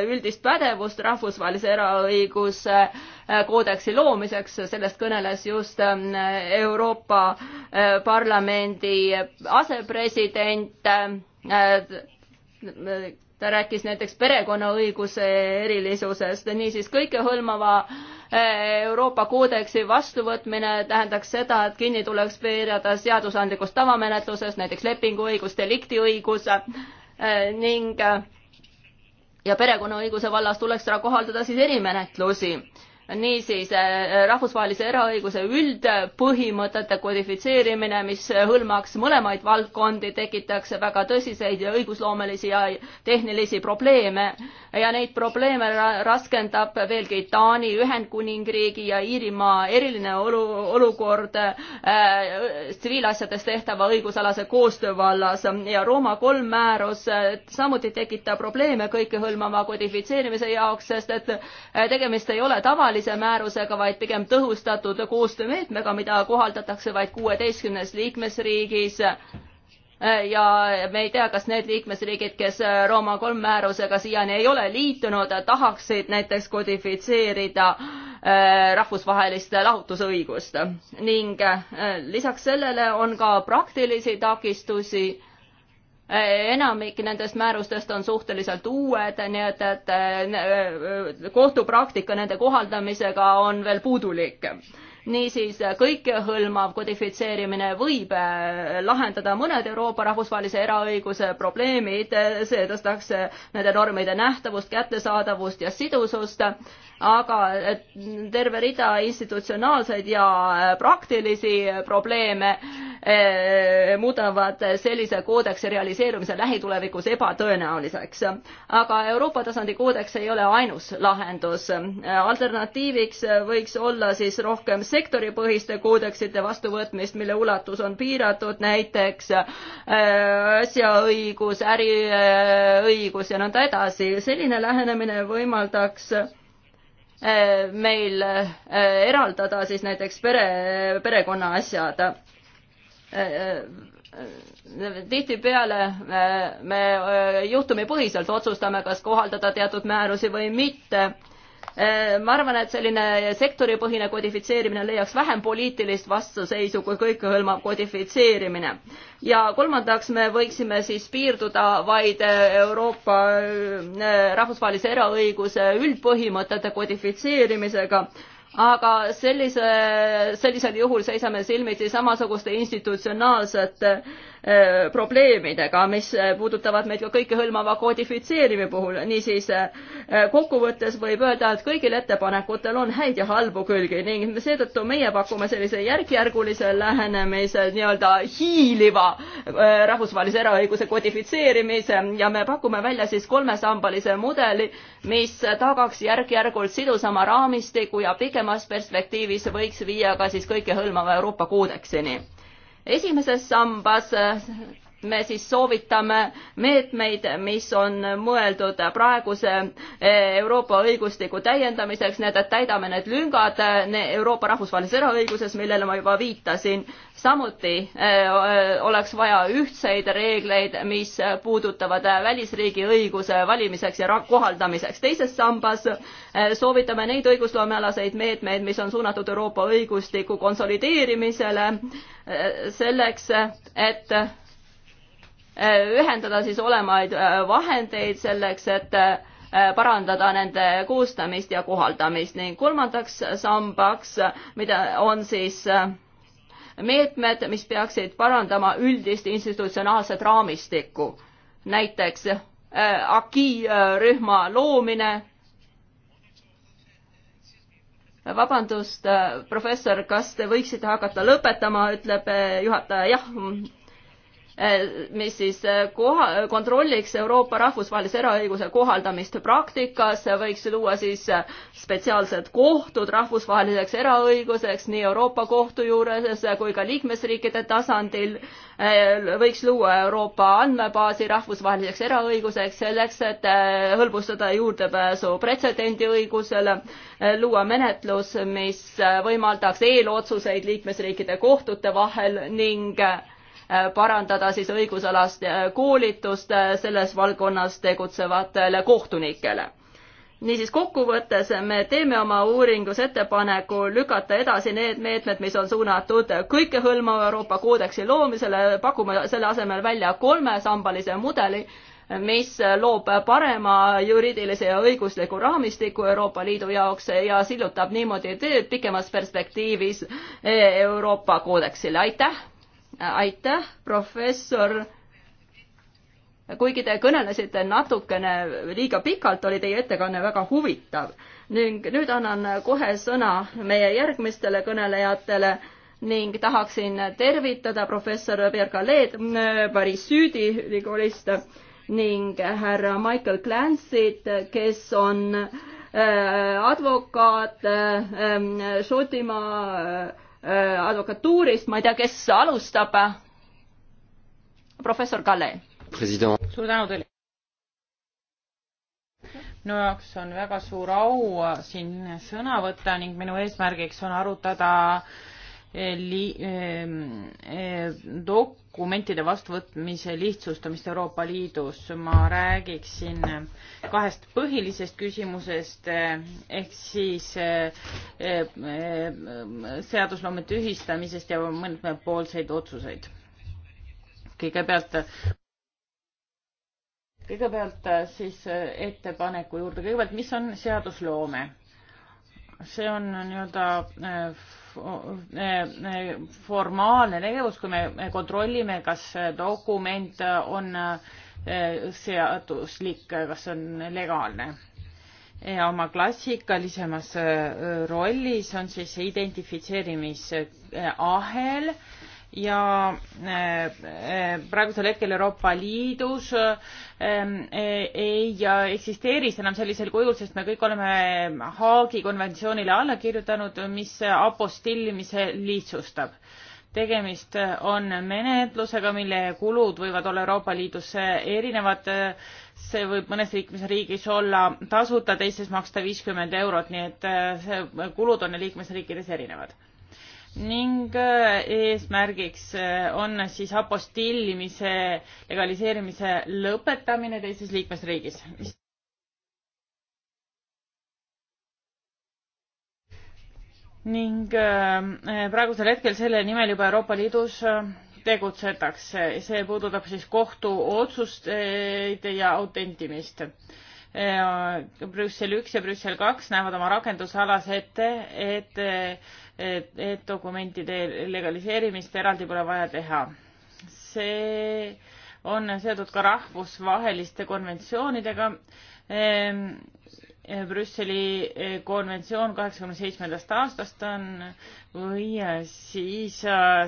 [SPEAKER 2] üldist pädevust rahvusvahelise eraõiguse Äh, koodeksi loomiseks, sellest kõneles just ähm, Euroopa äh, Parlamendi asepresident. Äh, ta rääkis näiteks perekonnaõiguse erilisusest, niisiis kõikehõlmava Euroopa koodeksi vastuvõtmine tähendaks seda, et kinni tuleks veerada seadusandlikust tavamenetlusest, näiteks lepinguõigus, deliktiõigus ning ja perekonnaõiguse vallas tuleks kohaldada siis erimenetlusi niisiis äh, rahvusvahelise eraõiguse üldpõhimõtete kodifitseerimine, mis hõlmaks mõlemaid valdkondi, tekitaks väga tõsiseid õigusloomelisi ja tehnilisi probleeme ja neid probleeme raskendab veelgi Taani, Ühendkuningriigi ja Iirimaa eriline olu, olukord äh, tsiviilasjades äh, tehtava õigusalase koostöö vallas ja Rooma kolm määrus äh, samuti tekitab probleeme kõikehõlmava kodifitseerimise jaoks, sest et tegemist ei ole tavalise tavalise määrusega, vaid pigem tõhustatud koostöömeetmega, mida kohaldatakse vaid kuueteistkümnes liikmesriigis ja me ei tea, kas need liikmesriigid, kes Rooma kolm määrusega siiani ei ole liitunud, tahaksid näiteks kodifitseerida eh, rahvusvahelist lahutusõigust ning eh, lisaks sellele on ka praktilisi takistusi Eh, enamik nendest määrustest on suhteliselt uued, nii et, et eh, eh, kohtupraktika nende kohaldamisega on veel puudulik. niisiis, kõikehõlmav kodifitseerimine võib lahendada mõned Euroopa rahvusvahelise eraõiguse probleemid, see tõstaks nende normide nähtavust, kättesaadavust ja sidusust aga terve rida institutsionaalseid ja äh, praktilisi probleeme äh, muudavad sellise koodeksi realiseerumise lähitulevikus ebatõenäoliseks. aga Euroopa tasandi koodeks ei ole ainus lahendus. alternatiiviks võiks olla siis rohkem sektoripõhiste koodeksite vastuvõtmist, mille ulatus on piiratud, näiteks äh, asjaõigus, äriõigus ja nõnda edasi. selline lähenemine võimaldaks Eh, meil eh, eraldada siis näiteks pere, perekonna asjad. Eh, tihtipeale me juhtumipõhiselt otsustame, kas kohaldada teatud määrusi või mitte Äh, ma arvan, et selline sektoripõhine kodifitseerimine leiaks vähem poliitilist vastuseisu kui kõikehõlmav kodifitseerimine. ja kolmandaks, me võiksime siis piirduda vaid äh, Euroopa äh, rahvusvahelise eraõiguse üldpõhimõtete kodifitseerimisega aga sellise, sellisel juhul seisame silmitsi samasuguste institutsionaalsete äh, Äh, probleemidega, mis äh, puudutavad meid ka kõikehõlmava kodifitseerimise puhul, niisiis äh, kokkuvõttes võib öelda, et kõigil ettepanekutel on häid ja halbu külgi ning seetõttu meie pakume sellise järk-järgulise lähenemise nii-öelda hiiliva rahvusvahelise eraõiguse kodifitseerimise ja me pakume välja siis kolmesambalise mudeli, mis tagaks järk-järgult sidusama raamistiku ja pikemas perspektiivis võiks viia ka siis kõikehõlmava Euroopa koodeksini esimeses sambas me siis soovitame meetmeid, mis on mõeldud praeguse eh, Euroopa õigustiku täiendamiseks, nii et täidame need lüngad eh, Euroopa rahvusvahelises eraõiguses, millele ma juba viitasin samuti äh, äh, oleks vaja ühtseid reegleid, mis puudutavad äh, välisriigi õiguse valimiseks ja kohaldamiseks. teises sambas soovitame neid õigusloomealaseid meetmeid, mis on suunatud Euroopa õigustiku konsolideerimisele, selleks et ühendada siis olemaid vahendeid selleks, et parandada nende koostamist ja kohaldamist ning kolmandaks sambaks, mida on siis äh, meetmed, mis peaksid parandama üldist institutsionaalset raamistikku. näiteks äh, AKI äh, rühma loomine. vabandust, äh, professor, kas te võiksite hakata lõpetama, ütleb äh, juhataja, jah Eh, mis siis eh, koha, kontrolliks Euroopa rahvusvahelise eraõiguse kohaldamist praktikas, võiks luua siis eh, spetsiaalsed kohtud rahvusvaheliseks eraõiguseks nii Euroopa Kohtu juures kui ka liikmesriikide tasandil, võiks luua Euroopa andmebaasi rahvusvaheliseks eraõiguseks selleks, et hõlbustada juurdepääsu pretsedendiõigusele, luua menetlus, mis võimaldaks eelotsuseid liikmesriikide kohtute vahel ning parandada siis õigusalast äh, koolitust äh, selles valdkonnas tegutsevatele kohtunikele niisiis kokkuvõttes me teeme oma uuringus ettepaneku lükata edasi need meetmed, mis on suunatud kõikehõlmava Euroopa koodeksi loomisele, pakume selle asemel välja kolmesambalise mudeli, mis loob parema juriidilise ja õigusliku raamistiku Euroopa Liidu jaoks ja sillutab niimoodi teed pikemas perspektiivis Euroopa koodeksile, aitäh! aitäh, professor. kuigi te kõnelesite natukene liiga pikalt, oli teie ettekanne väga huvitav ning nüüd annan kohe sõna meie järgmistele kõnelejatele ning tahaksin tervitada professor Bergalet Paris Süüdi ülikoolist ning härra Michael Clancy't, kes on äh, advokaat äh, ähm, Šotimaa äh, Äh, advokatuurist, ma ei tea, kes alustab. professor Kalle. suur tänu teile.
[SPEAKER 1] minu jaoks on väga suur au siin sõna võtta ning minu eesmärgiks on arutada äh, li-, ehm, eh, dokumentide vastuvõtmise lihtsustamist Euroopa Liidus. ma räägiksin kahest põhilisest küsimusest eh, ehk siis eh, seadusloome tühistamisest ja mõndmepoolseid otsuseid. kõigepealt kõigepealt siis ettepaneku juurde, kõigepealt, mis on seadusloome? see on nii-öelda formaalne tegevus, kui me kontrollime, kas dokument on seaduslik, kas see on legaalne. ja oma klassikalisemas rollis on siis identifitseerimisahel ja äh, äh, praegusel hetkel Euroopa Liidus ähm, äh, ei eksisteeri see enam sellisel kujul, sest me kõik oleme Haagi konventsioonile alla kirjutanud, mis apostillimise lihtsustab. tegemist on menetlusega, mille kulud võivad olla Euroopa Liidus erinevad, see võib mõnes liikmesriigis olla tasuta, teises maksta viiskümmend eurot, nii et see kulud on liikmesriikides erinevad ning äh, eesmärgiks äh, on siis apostillimise legaliseerimise lõpetamine teises liikmesriigis. ning äh, praegusel hetkel selle nimel juba Euroopa Liidus tegutsetakse, see puudutab siis kohtuotsusteid ja autentimist Äh, Brüssel üks ja Brüssel kaks näevad oma rakendusalas ette, et, et, et dokumentide legaliseerimist eraldi pole vaja teha. see on seotud ka rahvusvaheliste konventsioonidega. Ähm, Brüsseli äh, konventsioon kaheksakümne seitsmendast aastast on või äh, siis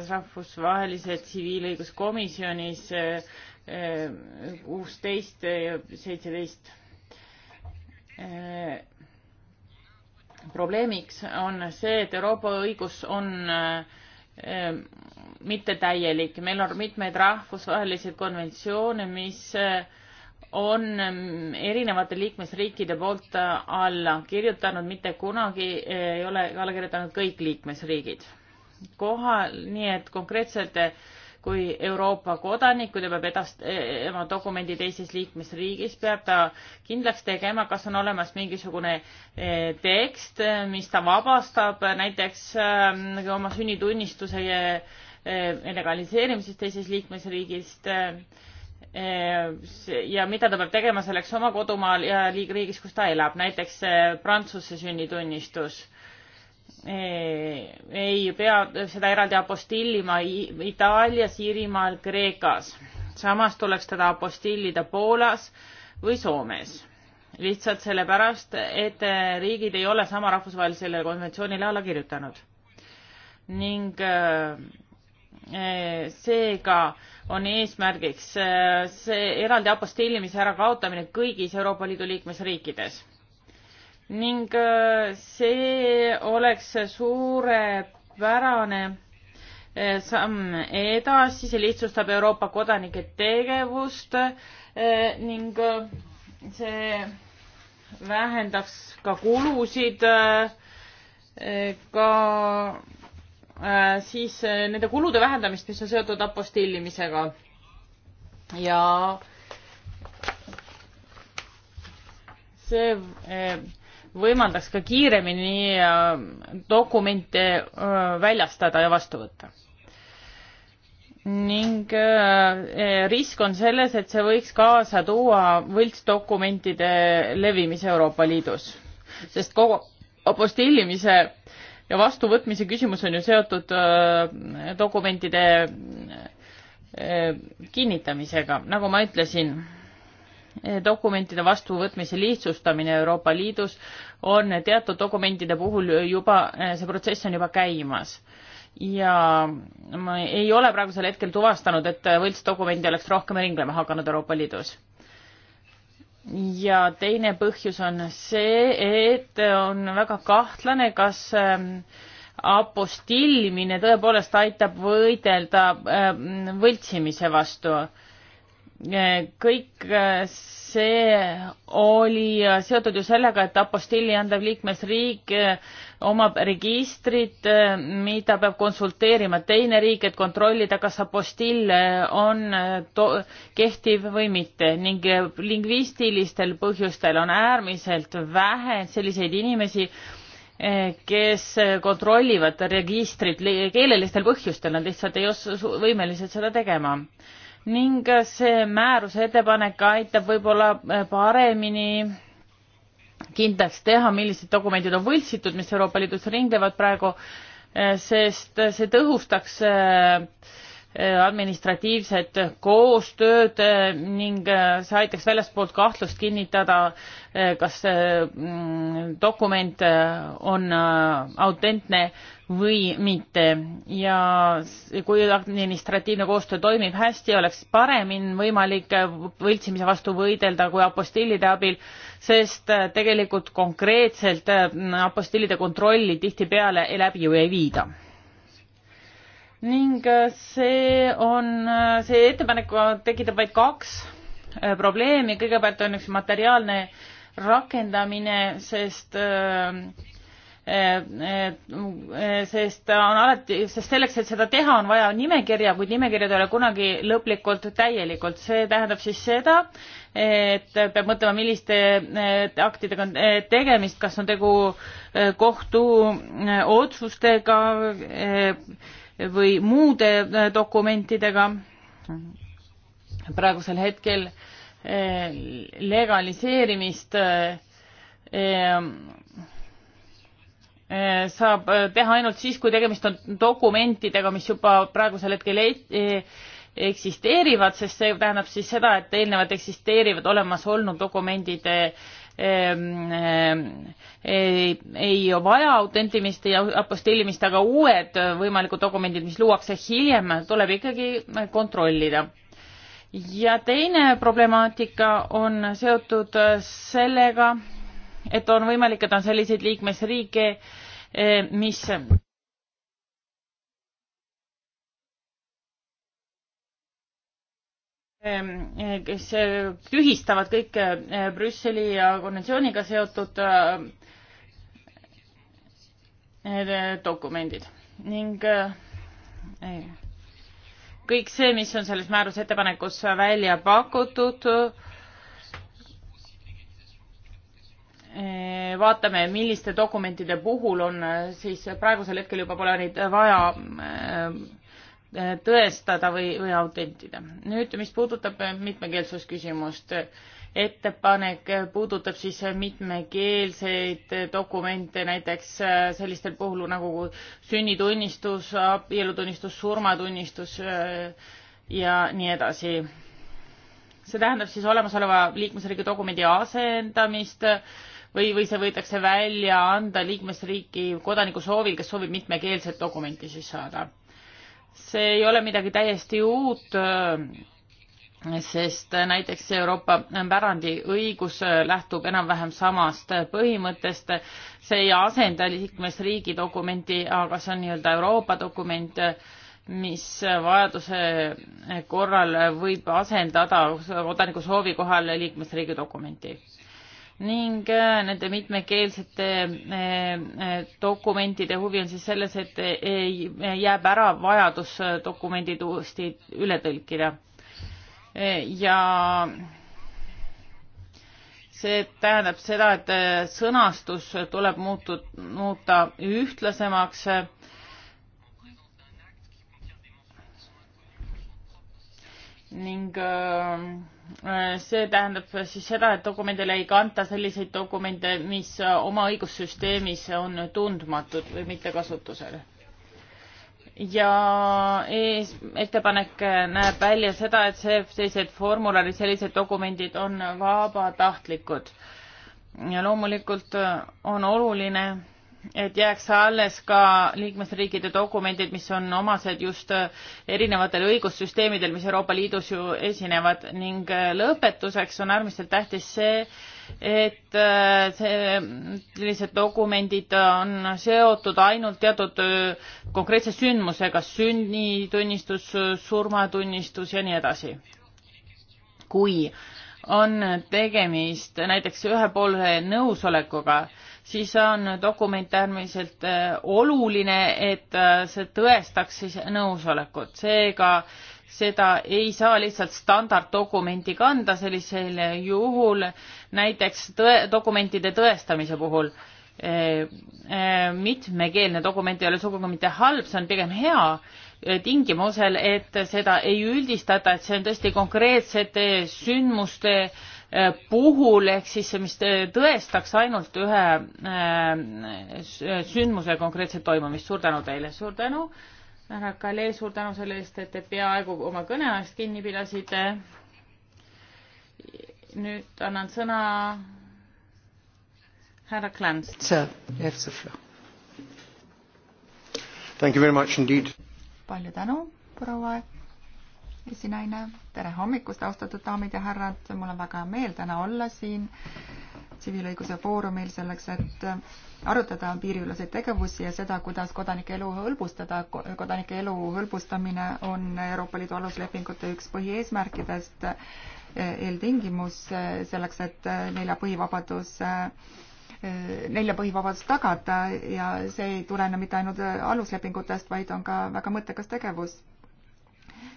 [SPEAKER 1] rahvusvahelise tsiviilõiguskomisjonis kuusteist ja seitseteist Äh, probleemiks on see, et Euroopa õigus on äh, mittetäielik, meil on mitmeid rahvusvahelisi konventsioone, mis äh, on mm, erinevate liikmesriikide poolt alla kirjutanud, mitte kunagi ei ole alla kirjutanud kõik liikmesriigid. koha, nii et konkreetselt kui Euroopa kodanik, kui ta peab edast-, oma dokumendi teises liikmesriigis, peab ta kindlaks tegema, kas on olemas mingisugune eh, tekst, mis ta vabastab näiteks eh, oma sünnitunnistuse eh, legaliseerimisest teises liikmesriigist ja mida ta peab tegema selleks oma kodumaal ja liigriigis, kus ta elab, näiteks Prantsuse sünnitunnistus Eh, ei pea seda eraldi apostillima Itaalias, Iirimaal, Kreekas. samas tuleks teda apostillida Poolas või Soomes. lihtsalt sellepärast, et eh, riigid ei ole sama rahvusvahelisele konventsioonile alla kirjutanud. ning eh, seega on eesmärgiks see eraldi apostillimise ärakaotamine kõigis Euroopa Liidu liikmesriikides ning äh, see oleks suurepärane äh, samm edasi, see lihtsustab Euroopa kodanike tegevust äh, ning see vähendaks ka kulusid, ka siis nende kulude vähendamist, mis on seotud apostillimisega. ja see võimaldaks ka kiiremini äh, dokumente äh, väljastada ja vastu võtta. ning äh, risk on selles, et see võiks kaasa tuua võltsdokumentide levimise Euroopa Liidus, sest kogu apostillimise ja vastuvõtmise küsimus on ju seotud dokumentide kinnitamisega, nagu ma ütlesin dokumentide vastuvõtmise lihtsustamine Euroopa Liidus on teatud dokumentide puhul juba, see protsess on juba käimas. ja ma ei ole praegusel hetkel tuvastanud, et võltsdokumente oleks rohkem ringlema hakanud Euroopa Liidus. ja teine põhjus on see, et on väga kahtlane, kas ähm, apostillimine tõepoolest aitab võidelda ähm, võltsimise vastu kõik äh, see oli äh, seotud ju sellega, et apostilli andev liikmesriik äh, omab registrit, mida peab konsulteerima teine riik, et kontrollida, kas apostill on to-, kehtiv või mitte ning lingvistilistel põhjustel on äärmiselt vähe selliseid inimesi, kes kontrollivad registrit keelelistel põhjustel, nad lihtsalt ei ole võimelised seda tegema ning see määruse ettepanek aitab võib-olla eh, paremini kindlaks teha, millised dokumendid on võltsitud, mis Euroopa Liidus ringlevad praegu, eh, sest see tõhustaks äh, Äh, administratiivset koostööd äh, ning äh, see aitaks väljaspoolt kahtlust kinnitada, kas mm, dokument on autentne või mitte ja kui administratiivne koostöö toimib hästi, oleks paremini võimalik võltsimise vastu võidelda kui apostillide abil, sest tegelikult konkreetselt apostillide kontrolli tihtipeale läbi ju ei viida ning äh, see on, äh, see ettepanek tekitab vaid kaks äh, probleemi, kõigepealt on üks materiaalne rakendamine, sest sest on alati, sest selleks, et seda teha, on vaja nimekirja, kuid nimekirjad ei ole kunagi lõplikult täielikult. see tähendab siis seda, et peab mõtlema, milliste aktidega on tegemist, kas on tegu kohtuotsustega, või muude äh, dokumentidega. praegusel hetkel äh, legaliseerimist äh, saab teha ainult siis, kui tegemist on dokumentidega, mis juba praegusel hetkel eksisteerivad, sest see tähendab siis seda, et eelnevalt eksisteerivad olemas olnud dokumendid Ehm, ehm, ei, ei vaja autentimist ja apostillimist, aga uued äh, võimalikud dokumendid, mis luuakse hiljem, tuleb ikkagi äh, kontrollida. ja teine problemaatika on seotud äh, sellega, et on võimalik, et on selliseid liikmesriike, mis Eh, kes eh, tühistavad kõik eh, Brüsseli ja konventsiooniga seotud dokumendid ning kõik see, mis on selles määruse ettepanekus välja pakutud, vaatame, milliste dokumentide puhul on siis praegusel hetkel juba pole neid vaja Äh, tõestada või, või autentida. nüüd, mis puudutab äh, mitmekeelsusküsimust, ettepanek äh, puudutab siis mitmekeelseid dokumente, näiteks sellistel puhul nagu sünnitunnistus, abielutunnistus, surmatunnistus ja nii edasi. see tähendab siis olemasoleva liikmesriigi dokumendi asendamist või, või see võidakse välja anda liikmesriigi kodaniku soovil, kes soovib mitmekeelset dokumenti siis saada see ei ole midagi täiesti uut, sest näiteks Euroopa pärandiõigus lähtub enam-vähem samast põhimõttest. see ei asenda liikmesriigi dokumenti, aga see on nii-öelda Euroopa dokument, mis vajaduse korral võib asendada kodaniku soovi kohal liikmesriigi dokumenti ning äh, nende mitmekeelsete äh, äh, dokumentide huvi on siis selles, et ei, jääb ära vajadus dokumendid uuesti üle tõlkida. ja see tähendab seda, et sõnastus tuleb muutu, muuta ühtlasemaks ning äh, Äh, see tähendab siis seda, et dokumendile ei kanta selliseid dokumente, mis äh, oma õigussüsteemis on tundmatud või mitte kasutusel. ja ees, ettepanek äh, näeb välja seda, et see, sellised formularid, sellised dokumendid on vabatahtlikud. ja loomulikult on oluline et jääks alles ka liikmesriikide dokumendid, mis on omased just äh, erinevatel õigussüsteemidel, mis Euroopa Liidus ju esinevad ning äh, lõpetuseks on äärmiselt tähtis see, et äh, see, sellised dokumendid on seotud ainult teatud konkreetse sündmusega, sünnitunnistus, surmatunnistus ja nii edasi. kui on tegemist näiteks ühepoolse nõusolekuga, siis on dokument äärmiselt äh, oluline, et äh, see tõestaks siis nõusolekut, seega seda ei saa lihtsalt standarddokumenti kanda sellisel juhul, näiteks tõe, dokumentide tõestamise puhul e,. E, mitmekeelne dokument ei ole sugugi mitte halb, see on pigem hea tingimusel, et seda ei üldistata, et see on tõesti konkreetsete sündmuste Äh, puhul ehk siis mis äh, tõestaks ainult ühe äh, sündmuse konkreetset toimumist. suur tänu teile, suur tänu, härra Kalee, suur tänu selle eest, et te peaaegu oma kõne ajast kinni pidasite. nüüd annan sõna härra Klans.
[SPEAKER 3] palju tänu, proua esinaine, tere hommikust, austatud daamid ja härrad, mul on väga hea meel täna olla siin tsiviilõiguse foorumil selleks, et arutada piiriüleseid tegevusi ja seda, kuidas kodanike elu hõlbustada. kodanike elu hõlbustamine on Euroopa Liidu aluslepingute üks põhieesmärkidest, e, eeltingimus e, selleks, et nelja põhivabadus e, nelja põhivabadust tagada ja see ei tulene mitte ainult aluslepingutest, vaid on ka väga mõttekas tegevus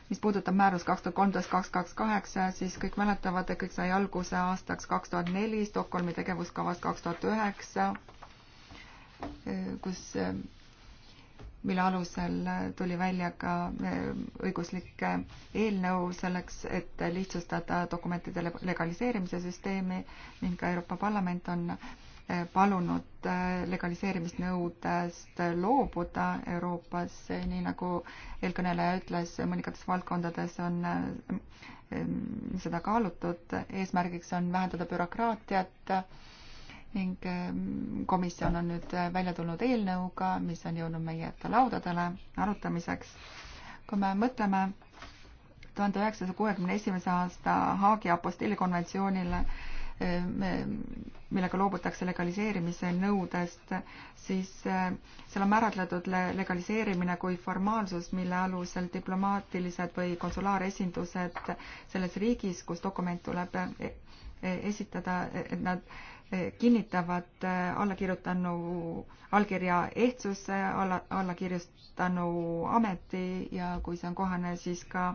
[SPEAKER 3] mis puudutab määrust kaks tuhat kolmteist, kaks, kaks, kaheksa, siis kõik mäletavad, et kõik sai alguse aastaks kaks tuhat neli Stockholmi tegevuskavas kaks tuhat üheksa, kus, mille alusel tuli välja ka e, õiguslik eelnõu selleks, et lihtsustada dokumentide legaliseerimise süsteemi ning ka Euroopa Parlament on Eh, palunud eh, legaliseerimisnõudest loobuda Euroopas, nii nagu eelkõneleja ütles, mõningates valdkondades on eh, seda kaalutud, eesmärgiks on vähendada bürokraatiat ning komisjon on nüüd välja tulnud eelnõuga, mis on jõudnud meie ette laudadele arutamiseks. kui me mõtleme tuhande üheksasaja kuuekümne esimese aasta Haagi apostillikonventsioonile, millega loobutakse legaliseerimise nõudest, siis eh, seal on määratletud legaliseerimine kui formaalsus, mille alusel diplomaatilised või konsulaaresindused selles riigis, kus dokument tuleb e-, e-, esitada, e-, et nad kinnitavad eh, allakirjutanu allkirja ehtsuse, alla, allakirjutanu ameti ja kui see on kohane, siis ka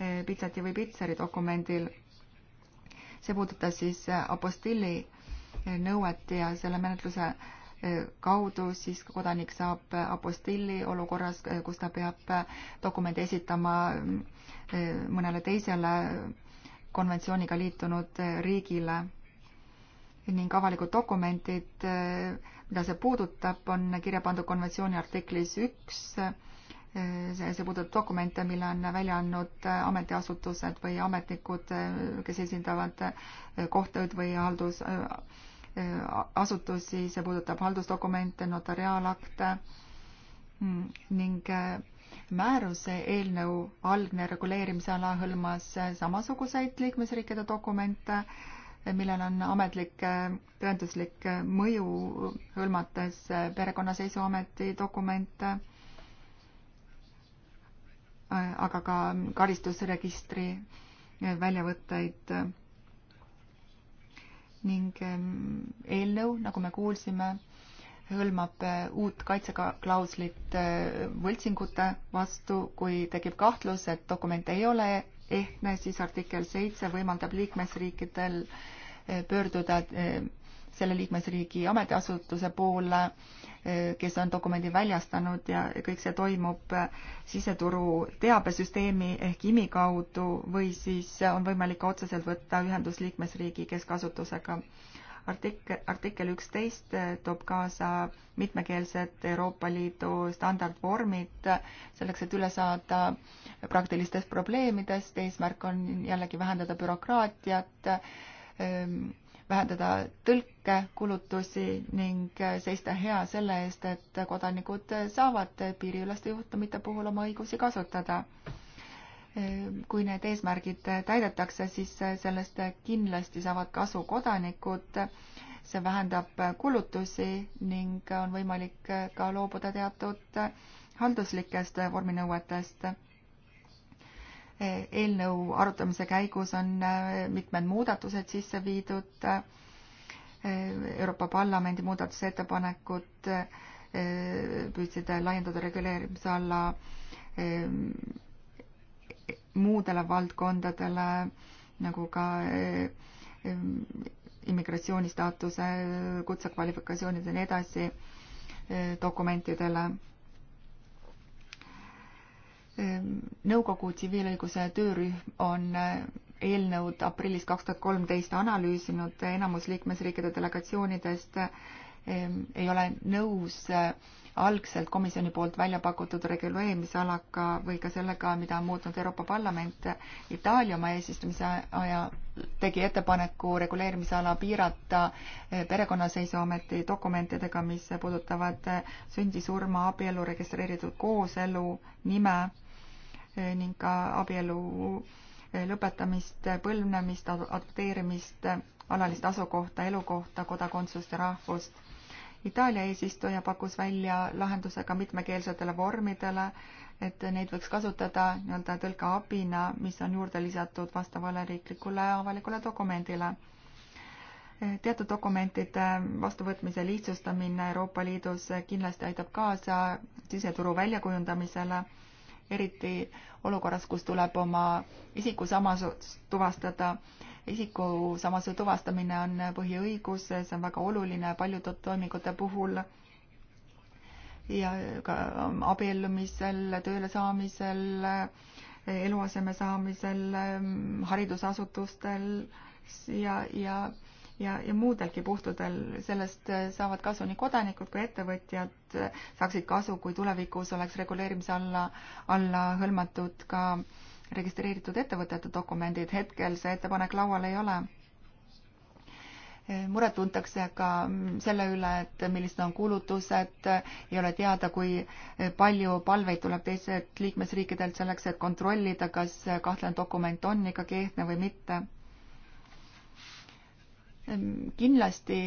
[SPEAKER 3] eh, pitsati või pitseri dokumendil see puudutas siis äh, apostilli äh, nõuet ja selle menetluse äh, kaudu siis kodanik saab apostilli olukorras, kus ta peab dokumendi esitama mõnele teisele konventsiooniga liitunud riigile ning avalikud dokumendid, mida see puudutab, on kirja pandud konventsiooni artiklis üks see puudutab dokumente, mille on välja andnud äh, ametiasutused või ametnikud, äh, kes esindavad äh, kohtuid või haldusasutusi, see puudutab haldusdokumente, notariaalakte mm, ning määruse eelnõu algne reguleerimisala hõlmas samasuguseid liikmesriikide dokumente, millel on ametlik tõenduslik mõju, hõlmates perekonnaseisuameti dokumente aga ka karistusregistri väljavõtteid. ning ehm, eelnõu, nagu me kuulsime, hõlmab eh, uut kaitseklauslit eh, võltsingute vastu, kui tekib kahtlus, et dokumente ei ole ehtne, siis artikkel seitse võimaldab liikmesriikidel eh, pöörduda selle liikmesriigi ametiasutuse poole, eh, kes on dokumendi väljastanud ja kõik see toimub eh, siseturu teabesüsteemi ehk IMI kaudu või siis on võimalik otseselt võtta ühendus liikmesriigi keskasutusega. artikkel, artikkel üksteist eh, toob kaasa mitmekeelsed Euroopa Liidu standardvormid selleks, et üle saada praktilistest probleemidest, eesmärk on jällegi vähendada bürokraatiat vähendada tõlkekulutusi ning seista hea selle eest, et kodanikud saavad piiriüleste juhtumite puhul oma õigusi kasutada kui need eesmärgid täidetakse, siis sellest kindlasti saavad kasu kodanikud, see vähendab kulutusi ning on võimalik ka loobuda teatud halduslikest vorminõuetest eelnõu arutamise käigus on äh, mitmed muudatused sisse viidud, äh, Euroopa Parlamendi muudatusettepanekud äh, püüdsid laiendada reguleerimise alla muudele valdkondadele, nagu ka immigratsioonistaatuse, kutsekvalifikatsioonid ja nii edasi dokumentidele Ehm, nõukogu tsiviilõiguse töörühm on eh, eelnõud aprillis kaks tuhat kolmteist analüüsinud, enamus liikmesriikide delegatsioonidest ehm, ei ole nõus eh, algselt komisjoni poolt välja pakutud reguleerimisalaga või ka sellega, mida on muutnud Euroopa Parlament. Itaalia oma eesistumise aja tegi ettepaneku reguleerimisala piirata eh, perekonnaseisuameti dokumentidega, mis puudutavad sündi, surma, abielu, registreeritud kooselu, nime Eh, ning ka abielu eh, lõpetamist, põlvnemist, adopteerimist, alalist asukohta, elukohta, kodakondsust ja rahvust. Itaalia eesistuja pakkus välja lahenduse ka mitmekeelsetele vormidele, et neid võiks kasutada nii-öelda tõlkeabina, mis on juurde lisatud vastavale riiklikule avalikule dokumendile. Eh, teatud dokumentide vastuvõtmise lihtsustamine Euroopa Liidus kindlasti aitab kaasa siseturu väljakujundamisele eriti olukorras, kus tuleb oma isikusamasust tuvastada. isikusamasuse tuvastamine on põhiõigus, see on väga oluline paljude toimingute puhul ja ka ähm, abiellumisel, tööle saamisel, eluaseme saamisel, ähm, haridusasutustel ja, ja ja, ja muudelgi puhtudel, sellest äh, saavad kasu nii kodanikud kui ettevõtjad saaksid kasu, kui tulevikus oleks reguleerimise alla, alla hõlmatud ka registreeritud ettevõtete dokumendid, hetkel see ettepanek laual ei ole. Äh, muret tuntakse ka mm, selle üle, et millised on kulutused, ei ole teada, kui äh, palju palveid tuleb teistelt liikmesriikidelt selleks, et kontrollida, kas kahtlane dokument on ikkagi ehtne või mitte Ehm, kindlasti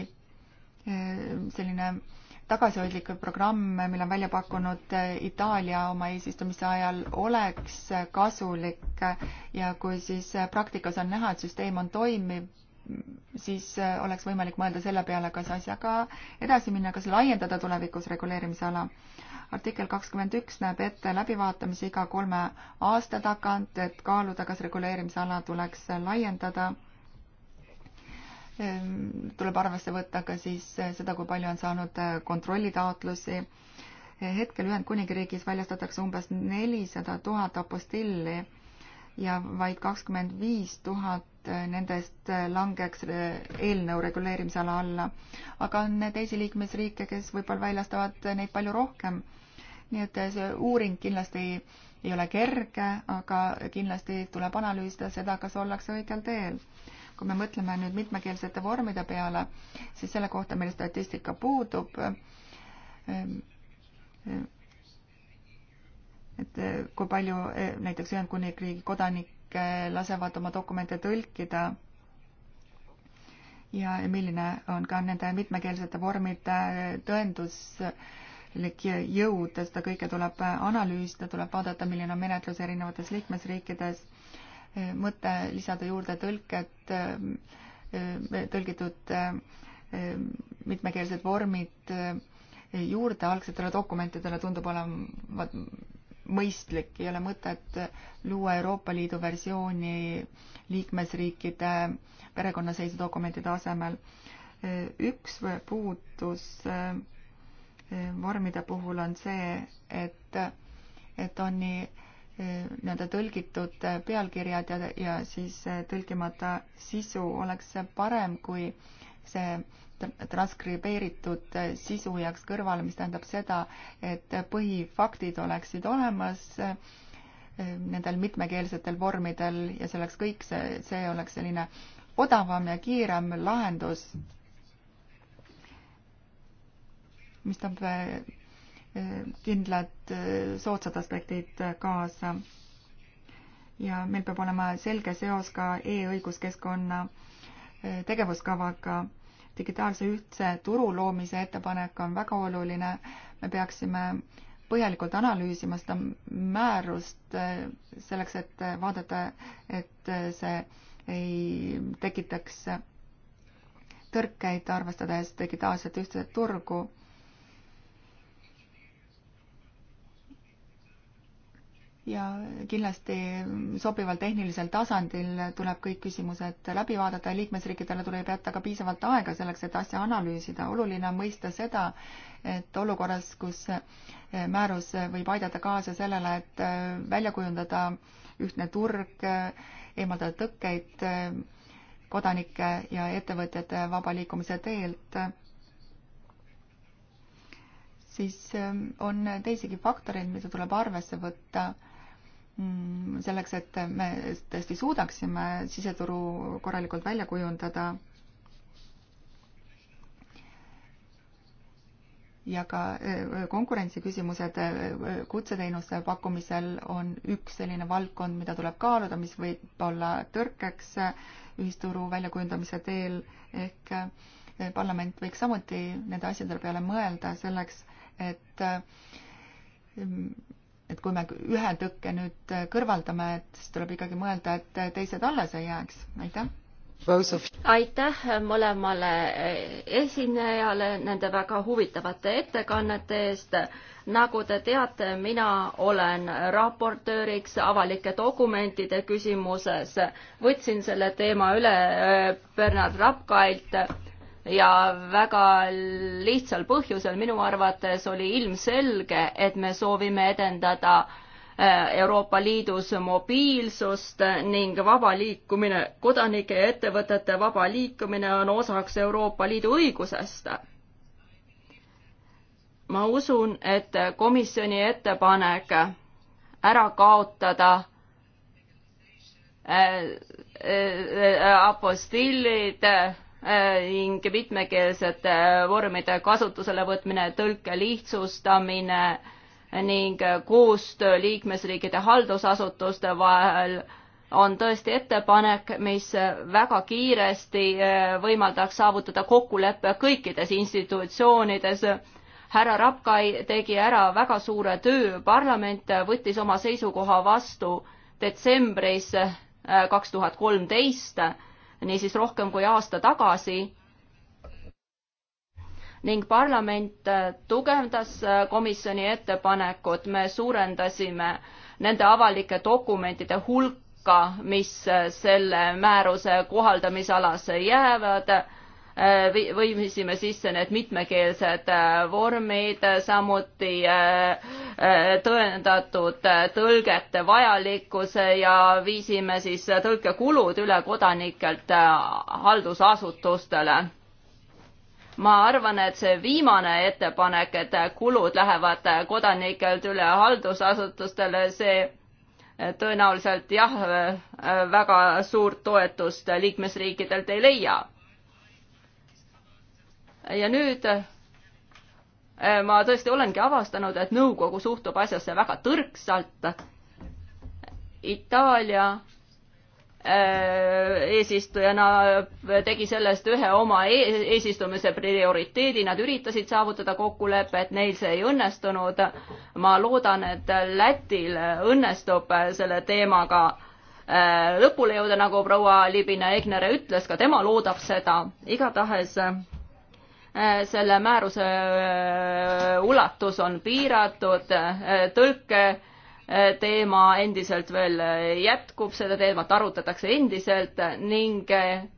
[SPEAKER 3] ehm, selline tagasihoidlik programm, mille on välja pakkunud eh, Itaalia oma eesistumise ajal, oleks kasulik ja kui siis eh, praktikas on näha, et süsteem on toimiv, siis eh, oleks võimalik mõelda selle peale, kas asjaga edasi minna, kas laiendada tulevikus reguleerimisala. artikkel kakskümmend üks näeb ette läbivaatamise iga kolme aasta tagant, et kaaluda, kas reguleerimisala tuleks laiendada Ehm, tuleb arvesse võtta ka siis eh, seda, kui palju on saanud eh, kontrollitaotlusi. Eh, hetkel Ühendkuningriigis väljastatakse umbes nelisada tuhat apostilli ja vaid kakskümmend viis tuhat nendest langeks eelnõu reguleerimisala alla. aga on teisi liikmesriike, kes võib-olla väljastavad neid palju rohkem. nii et see uuring kindlasti ei, ei ole kerge, aga kindlasti tuleb analüüsida seda, kas ollakse õigel teel kui me mõtleme nüüd mitmekeelsete vormide peale, siis selle kohta meil statistika puudub. Ehm, ehm, et eh, kui palju eh, näiteks Ühendkuningriigi kodanikke lasevad oma dokumente tõlkida ja milline on ka nende mitmekeelsete vormide eh, tõendus jõud, seda kõike tuleb analüüsida, tuleb vaadata, milline on menetlus erinevates liikmesriikides mõte lisada juurde tõlked, eh, eh, tõlgitud eh, mitmekeelsed vormid juurde algsetele dokumentidele tundub olevat mõistlik, ei ole mõtet luua Euroopa Liidu versiooni liikmesriikide perekonnaseisudokumentide asemel. üks puudus vormide puhul on see, et, et on nii nii-öelda tõlgitud pealkirjad ja, ja siis tõlkimata sisu oleks parem, kui see transkribeeritud sisu jääks kõrvale, mis tähendab seda, et põhifaktid oleksid olemas nendel mitmekeelsetel vormidel ja see oleks kõik, see, see oleks selline odavam ja kiirem lahendus, mis tähendab kindlad äh, soodsad aspektid äh, kaasa. ja meil peab olema selge seos ka e-õiguskeskkonna äh, tegevuskavaga. digitaalse ühtse turu loomise ettepanek on väga oluline. me peaksime põhjalikult analüüsima seda määrust selleks, et vaadata, et see ei tekitaks tõrkeid, arvestades digitaalset ühtset turgu ja kindlasti sobival tehnilisel tasandil tuleb kõik küsimused läbi vaadata ja liikmesriikidele tuleb jätta ka piisavalt aega selleks, et asja analüüsida. oluline on mõista seda, et olukorras, kus määrus võib aidata kaasa sellele, et välja kujundada ühtne turg, eemaldada tõkkeid kodanike ja ettevõtjate vaba liikumise teelt, siis on teisigi faktoreid, mida tuleb arvesse võtta Mm, selleks, et me tõesti suudaksime siseturu korralikult välja kujundada ja ka eh, konkurentsiküsimused eh, kutseteenuste pakkumisel on üks selline valdkond, mida tuleb kaaluda, mis võib olla tõrkeks eh, ühisturu väljakujundamise teel ehk parlament võiks samuti nende asjade peale mõelda selleks, et et kui me ühe tõkke nüüd äh, kõrvaldame, et siis tuleb ikkagi mõelda, et äh, teised alles ei jääks, aitäh.
[SPEAKER 2] aitäh mõlemale äh, esinejale nende väga huvitavate ettekannete eest. nagu te teate, mina olen raportööriks avalike dokumentide küsimuses. võtsin selle teema üle Bernard Rapkailt ja väga lihtsal põhjusel minu arvates oli ilmselge, et me soovime edendada äh, Euroopa Liidus mobiilsust ning vaba liikumine, kodanike ja ettevõtete vaba liikumine on osaks Euroopa Liidu õigusest. ma usun, et komisjoni ettepanek ära kaotada äh, äh, apostillid ning mitmekeelsete vormide kasutuselevõtmine, tõlke lihtsustamine ning koostöö liikmesriikide haldusasutuste vahel on tõesti ettepanek, mis väga kiiresti eh, võimaldaks saavutada kokkuleppe kõikides institutsioonides. härra Rapkai tegi ära väga suure töö, parlament võttis oma seisukoha vastu detsembris eh, kaks tuhat kolmteist niisiis rohkem kui aasta tagasi ning parlament äh, tugevdas äh, komisjoni ettepanekut, me suurendasime nende avalike dokumentide hulka, mis äh, selle määruse kohaldamisalasse jäävad Äh, võimisime sisse need mitmekeelsed äh, vormid, äh, samuti tõendatud tõlgete vajalikkuse ja viisime siis tõlkekulud üle kodanikelt haldusasutustele ma arvan, et see viimane ettepanek, et kulud lähevad kodanikelt üle haldusasutustele, see tõenäoliselt jah, väga suurt toetust liikmesriikidelt ei leia ja nüüd äh, ma tõesti olengi avastanud, et nõukogu suhtub asjasse väga tõrksalt. Itaalia äh, eesistujana tegi sellest ühe oma e-, eesistumise prioriteedi, nad üritasid saavutada kokkulepet, neil see ei õnnestunud. ma loodan, et Lätil õnnestub selle teemaga äh, lõpule jõuda, nagu proua Libina Egnere ütles, ka tema loodab seda. igatahes Eh, selle määruse eh, ulatus on piiratud, eh, tõlke teema endiselt veel jätkub, seda teemat arutatakse endiselt ning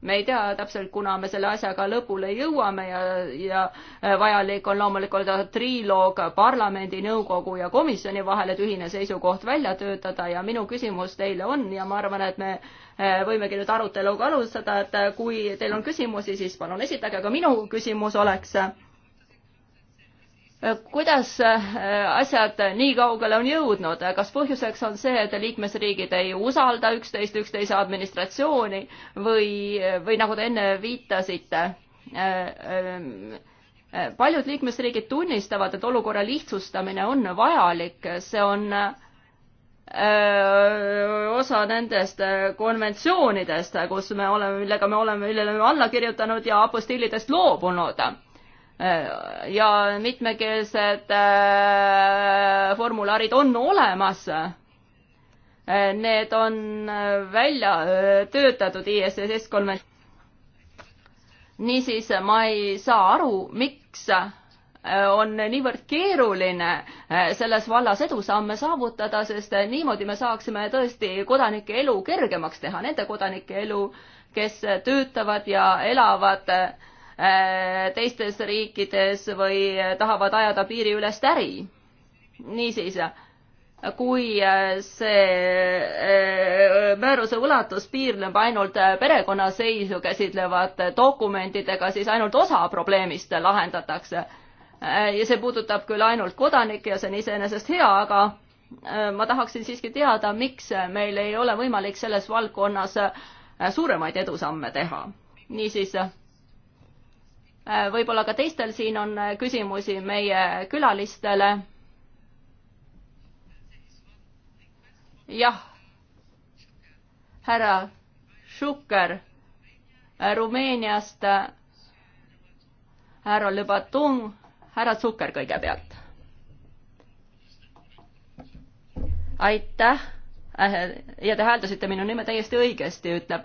[SPEAKER 2] me ei tea täpselt, kuna me selle asjaga lõpule jõuame ja, ja vajalik on loomulikult triloog parlamendi, nõukogu ja komisjoni vahel, et ühine seisukoht välja töötada ja minu küsimus teile on ja ma arvan, et me võimegi nüüd aruteluga alustada, et kui teil on küsimusi, siis palun esitage, aga minu küsimus oleks, kuidas asjad nii kaugele on jõudnud, kas põhjuseks on see, et liikmesriigid ei usalda üksteist, üksteise administratsiooni või, või nagu te enne viitasite, paljud liikmesriigid tunnistavad, et olukorra lihtsustamine on vajalik, see on äh, Äh, osa nendest äh, konventsioonidest, äh, kus me oleme, millega me oleme, millele me alla kirjutanud ja apostillidest loobunud. ja mitmekeelsed formulaarid on olemas. Need on välja töötatud ISSS konventsioon. niisiis, ma ei saa aru, miks on niivõrd keeruline äh, selles vallas edusamme saavutada, sest äh, niimoodi me saaksime tõesti kodanike elu kergemaks teha, nende kodanike elu, kes töötavad ja elavad äh, teistes riikides või tahavad ajada piiriülest äri. niisiis kui see määruse ulatus piirneb ainult perekonnaseisu käsitlevate dokumentidega, siis ainult osa probleemist lahendatakse Äh, ja see puudutab küll ainult kodanikke ja see on iseenesest hea, aga äh, ma tahaksin siiski teada, miks meil ei ole võimalik selles valdkonnas äh, suuremaid edusamme teha. niisiis, võib-olla ka teistel siin on küsimusi meie külalistele. jah, härra Šuker Rumeeniast, härra Lõbatung härra Zucker kõigepealt. aitäh äh, ja te hääldasite minu nime täiesti õigesti, ütleb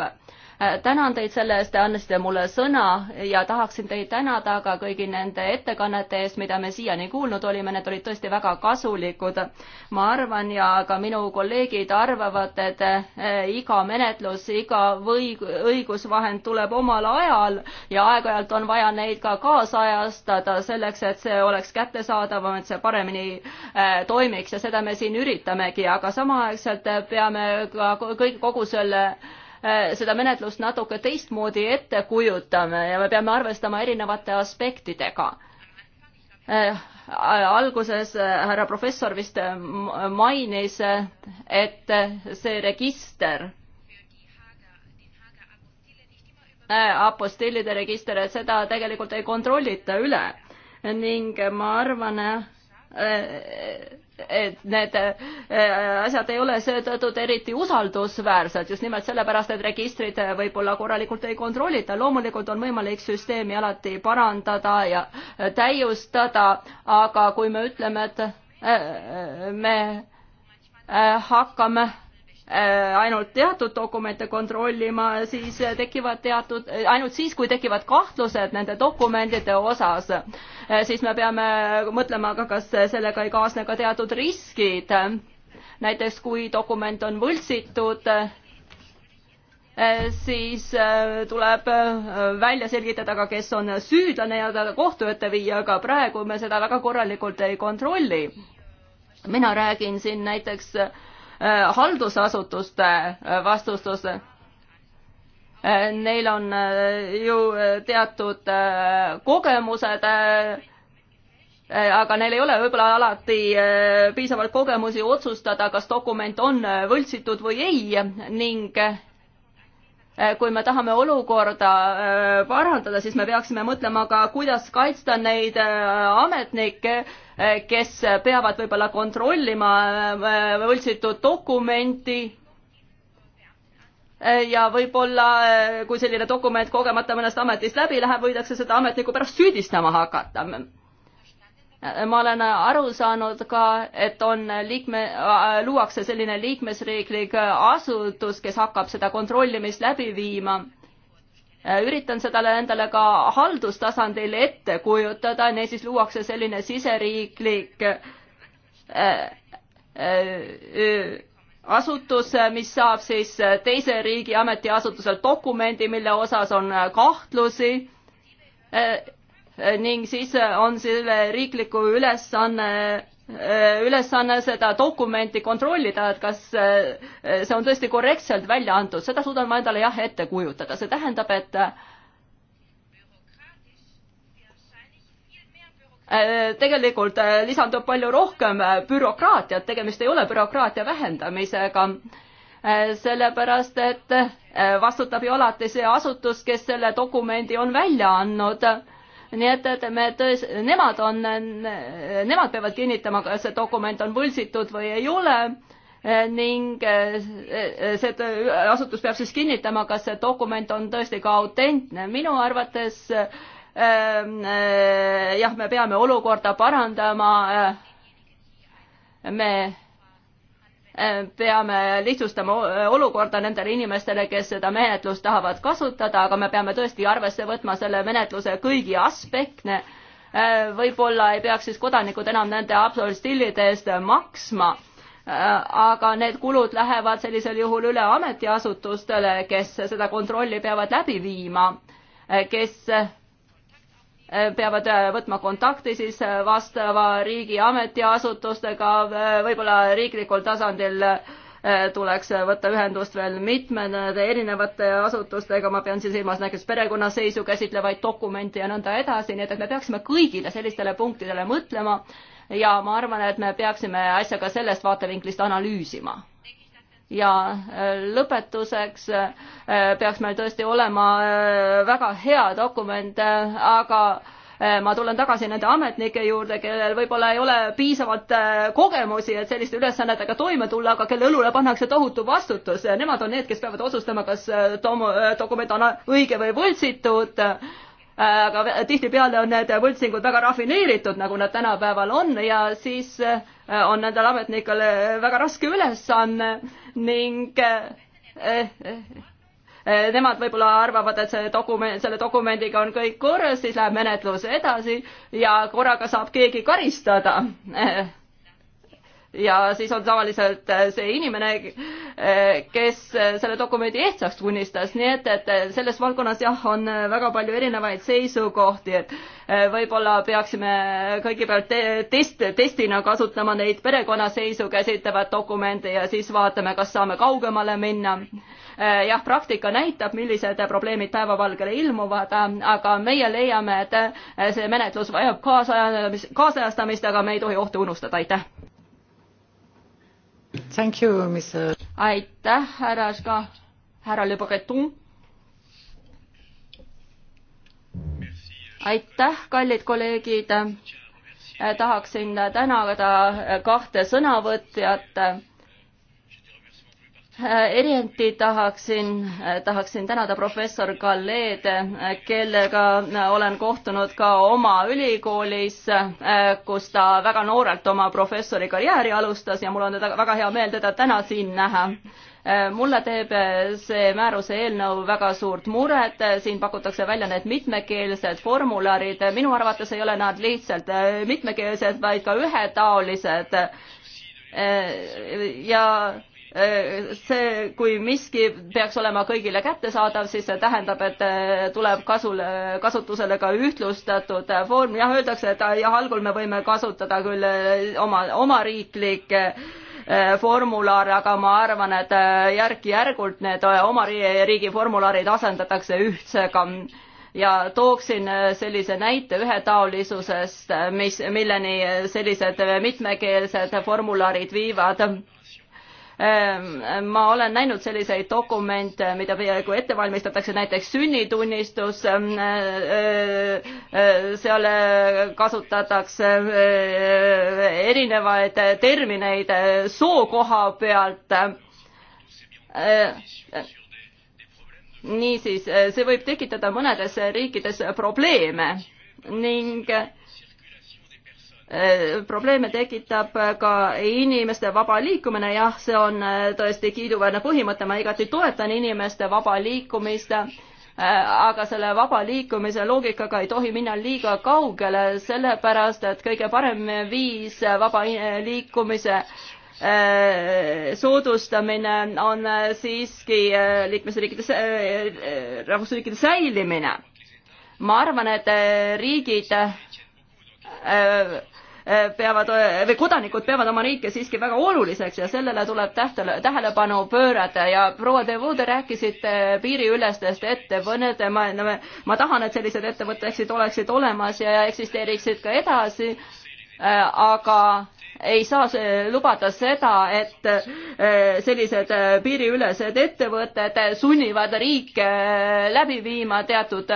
[SPEAKER 2] Äh, tänan teid selle eest, te andsite mulle sõna ja tahaksin teid tänada ka kõigi nende ettekannete eest, mida me siiani kuulnud olime, need olid tõesti väga kasulikud. ma arvan ja ka minu kolleegid arvavad, et äh, iga menetlus, iga või õigusvahend tuleb omal ajal ja aeg-ajalt on vaja neid ka kaasajastada selleks, et see oleks kättesaadavam, et see paremini äh, toimiks ja seda me siin üritamegi, aga samaaegselt peame ka kõik, kogu selle Äh, seda menetlust natuke teistmoodi ette kujutame ja me peame arvestama erinevate aspektidega. Äh, alguses äh, härra professor vist mainis, et see register apostillide register, et seda tegelikult ei kontrollita üle ning ma arvan, Äh, äh, et need äh, asjad ei ole seetõttu eriti usaldusväärsed, just nimelt sellepärast, et registrid võib-olla korralikult ei kontrollita. loomulikult on võimalik süsteemi alati parandada ja täiustada, aga kui me ütleme, et me hakkame Äh, ainult teatud dokumente kontrollima, siis tekivad teatud, äh, ainult siis, kui tekivad kahtlused nende dokumentide osas, äh, siis me peame mõtlema ka, kas sellega ei kaasne ka teatud riskid. näiteks kui dokument on võltsitud, siis tuleb välja selgitada ka, kes on süüdlane ja ta kohtu ette viia, aga praegu me seda väga korralikult ei kontrolli. mina räägin siin näiteks äh, Äh, haldusasutuste äh, vastustus. Äh, neil on ju teatud kogemused, aga neil ei ole võib-olla alati piisavalt kogemusi otsustada, kas dokument on võltsitud või ei ning kui me tahame olukorda parandada, siis me peaksime mõtlema ka, kuidas kaitsta neid ametnikke, Eh, kes peavad võib-olla kontrollima eh, võltsitud dokumenti eh, ja võib-olla kui selline dokument kogemata mõnest ametist läbi läheb, võidakse seda ametnikku pärast süüdistama hakata. ma olen aru saanud ka, et on liikme, luuakse selline liikmesriiklik asutus, kes hakkab seda kontrollimist läbi viima Äh, üritan seda endale ka haldustasandil ette kujutada, niisiis luuakse selline siseriiklik äh, äh, asutus, mis saab siis teise riigi ametiasutuselt dokumendi, mille osas on kahtlusi ning siis on selle riikliku ülesanne Äh, ülesanne seda dokumenti kontrollida, et kas äh, see on tõesti korrektselt välja antud, seda suudan ma endale jah ette kujutada, see tähendab, et äh, tegelikult lisandub palju rohkem bürokraatiat, tegemist ei ole bürokraatia vähendamisega, sellepärast et vastutab ju alati see asutus, kes selle dokumendi on välja andnud nii et, et me tões-, nemad on, nemad peavad kinnitama, kas see dokument on võltsitud või ei ole eh, ning eh, see eh, asutus peab siis kinnitama, kas see dokument on tõesti ka autentne. minu arvates jah, me peame olukorda parandama. me peame lihtsustama olukorda nendele inimestele, kes seda menetlust tahavad kasutada, aga me peame tõesti arvesse võtma selle menetluse kõigi aspekte. võib-olla ei peaks siis kodanikud enam nende absolstillide eest maksma, aga need kulud lähevad sellisel juhul üle ametiasutustele, kes seda kontrolli peavad läbi viima, kes Äh, peavad äh, võtma kontakti siis äh, vastava riigi ametiasutustega, võib-olla riiklikul tasandil tuleks võtta ühendust veel mitmete erinevate asutustega, ma pean siin silmas näiteks perekonnaseisu käsitlevaid dokumente ja nõnda edasi, nii et, et me peaksime kõigile sellistele punktidele mõtlema ja ma arvan, et me peaksime asja ka sellest vaatevinklist analüüsima ja äh, lõpetuseks äh, peaks meil tõesti olema äh, väga hea dokument, aga ma tulen tagasi nende ametnike juurde, kellel võib-olla ei ole piisavalt kogemusi, et selliste ülesannetega toime tulla, aga kelle õlule pannakse tohutu vastutus. Nemad on need, kes peavad otsustama, kas dokument on õige või võltsitud aga tihtipeale on need võltsingud väga rafineeritud, nagu nad tänapäeval on ja siis äh, on nendel ametnikel äh, väga raske ülesanne ning äh, nemad võib-olla arvavad, et see dokument, selle dokumendiga on kõik korras, siis läheb menetlus edasi ja korraga saab keegi karistada ja siis on tavaliselt äh, see inimene, äh, kes äh, selle dokumendi ehtsaks tunnistas, nii et, et selles valdkonnas jah, on väga palju erinevaid seisukohti, et võib-olla peaksime kõigepealt te test, testina kasutama neid perekonnaseisu käsitlevat dokumente ja siis vaatame, kas saame kaugemale minna. jah, praktika näitab, millised probleemid päevavalgele ilmuvad, aga meie leiame, et see menetlus vajab kaasajastamist, kaasajastamist, aga me ei tohi ohte unustada, aitäh! aitäh, härra Ška, härra Le Breton. aitäh, kallid kolleegid. tahaksin tänada kahte sõnavõtjat Äh, eriti tahaksin, äh, tahaksin tänada professor Galleed, äh, kellega olen kohtunud ka oma ülikoolis, kus ta väga noorelt oma professorikarjääri alustas ja mul on teda väga hea meel teda täna siin näha. mulle teeb see määruse eelnõu väga suurt muret, siin pakutakse välja need mitmekeelsed formularid, minu arvates ei ole nad lihtsalt mitmekeelsed, vaid ka ühetaolised ja Äh, see, kui miski peaks olema kõigile kättesaadav, siis see tähendab, et äh, tuleb kasule, kasutusele ka ühtlustatud vorm. jah, öeldakse, et äh, jah, algul me võime kasutada küll oma, oma riiklikke formulaare, aga ma arvan, et järk-järgult need oma riigi formulaarid asendatakse ühtsega ja tooksin sellise näite ühetaolisusest, mis, milleni sellised mitmekeelsed formulaarid viivad Ehm, ma olen näinud selliseid dokumente, mida peaaegu ette valmistatakse, näiteks sünnitunnistus, ehm, eh, eh, seal eh, kasutatakse erinevaid termineid soo koha pealt. niisiis, see võib tekitada mõnedes riikides probleeme ning Äh, probleeme tekitab ka inimeste vaba liikumine, jah, see on äh, tõesti kiiduväärne põhimõte, ma igati toetan inimeste vaba liikumist äh, aga selle vaba liikumise loogikaga ei tohi minna liiga kaugele, sellepärast et kõige parem viis vaba liikumise soodustamine on siiski liikmesriikides, rahvusriikide säilimine. ma arvan, et riigid Äh, peavad äh, või kodanikud peavad oma riike siiski väga oluliseks ja sellele tuleb tähtele, tähelepanu pöörata ja proua De Voo, te rääkisite piiriülestest ettevõned, ma, ma tahan, et sellised ettevõtteksid oleksid olemas ja eksisteeriksid ka edasi, äh, aga ei saa lubada seda, et sellised piiriülesed ettevõtted sunnivad riike läbi viima teatud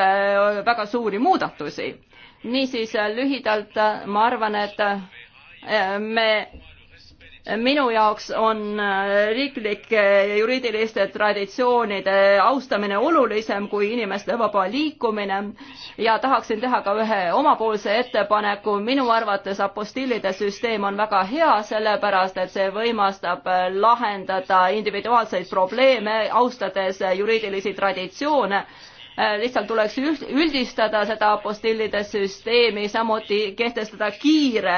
[SPEAKER 2] väga suuri muudatusi niisiis lühidalt ma arvan, et äh, me, minu jaoks on äh, riiklike äh, juriidiliste traditsioonide austamine olulisem kui inimeste vaba liikumine ja tahaksin teha ka ühe omapoolse ettepaneku. minu arvates apostillide süsteem on väga hea, sellepärast et see võimastab lahendada individuaalseid probleeme, austades juriidilisi traditsioone Äh, lihtsalt tuleks üldistada seda apostillide süsteemi, samuti kehtestada kiire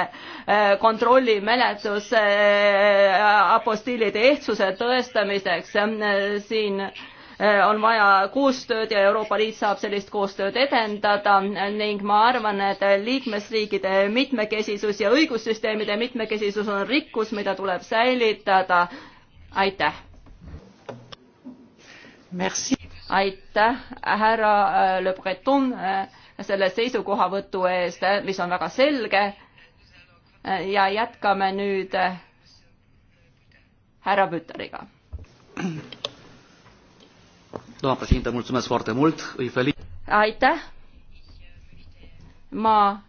[SPEAKER 2] äh, kontrollimenetlus äh, apostillide ehtsuse tõestamiseks siin on vaja koostööd ja Euroopa Liit saab sellist koostööd edendada ning ma arvan, et liikmesriikide mitmekesisus ja õigussüsteemide mitmekesisus on rikkus, mida tuleb säilitada. aitäh aitäh, härra äh, Le Breton, äh, selle seisukohavõtu eest, äh, mis on väga selge. ja jätkame nüüd härra Püteriga. aitäh. ma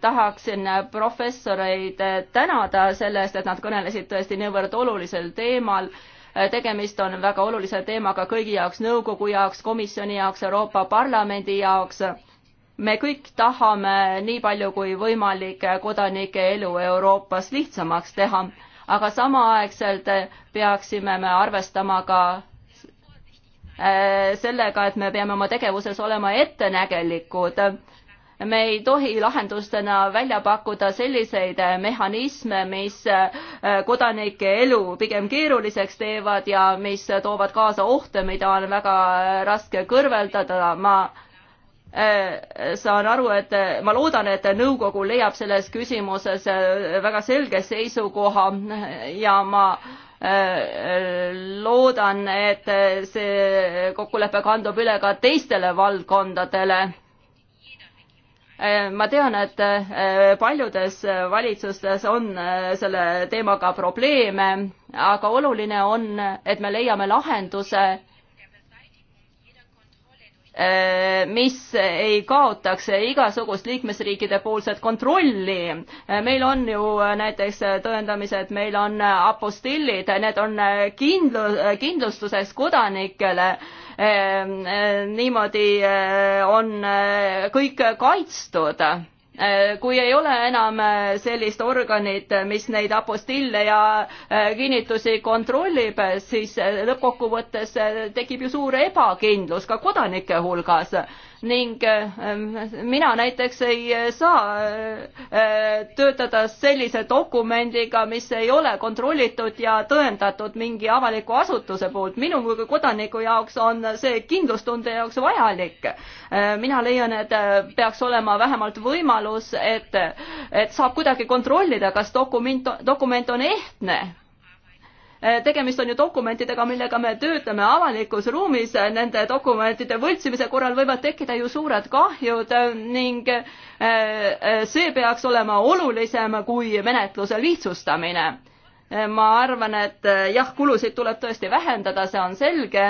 [SPEAKER 2] tahaksin professoreid tänada selle eest, et nad kõnelesid tõesti niivõrd olulisel teemal tegemist on väga olulise teemaga kõigi jaoks, nõukogu jaoks, komisjoni jaoks, Euroopa Parlamendi jaoks. me kõik tahame nii palju kui võimalik kodanike elu Euroopas lihtsamaks teha, aga samaaegselt peaksime me arvestama ka äh, sellega, et me peame oma tegevuses olema ettenägelikud me ei tohi lahendustena välja pakkuda selliseid eh, mehhanisme, mis eh, kodanike elu pigem keeruliseks teevad ja mis toovad kaasa ohte, mida on väga eh, raske kõrveldada. ma saan aru, et ma loodan, et nõukogu leiab selles küsimuses väga selge seisukoha ja ma loodan, et see kokkulepe kandub üle ka teistele valdkondadele Äh, ma tean, et äh, paljudes valitsustes on äh, selle teemaga probleeme, aga oluline on, et me leiame lahenduse Äh, mis ei kaotaks igasugust liikmesriikide poolset kontrolli. Äh, meil on ju näiteks tõendamised, meil on apostillid, need on kindlu-, kindlustuseks kodanikele. Äh, niimoodi on kõik kaitstud Äh, kui ei ole enam äh, sellist organit, äh, mis neid apostille ja kinnitusi kontrollib, siis lõppkokkuvõttes tekib ju suur ebakindlus ka kodanike hulgas ning ähm, mina näiteks ei äh, saa äh, töötada sellise dokumendiga, mis ei ole kontrollitud ja tõendatud mingi avaliku asutuse poolt. minu kui kodaniku jaoks on see kindlustunde jaoks vajalik. Äh, mina leian, et peaks olema vähemalt võimalus, et, et saab kuidagi kontrollida, kas dokument, dokument on ehtne Eh, tegemist on ju dokumentidega, millega me töötame avalikus ruumis, nende dokumentide võltsimise korral võivad tekkida ju suured kahjud ning eh, eh, see peaks olema olulisem kui menetluse lihtsustamine. ma arvan, et jah, kulusid tuleb tõesti vähendada, see on selge,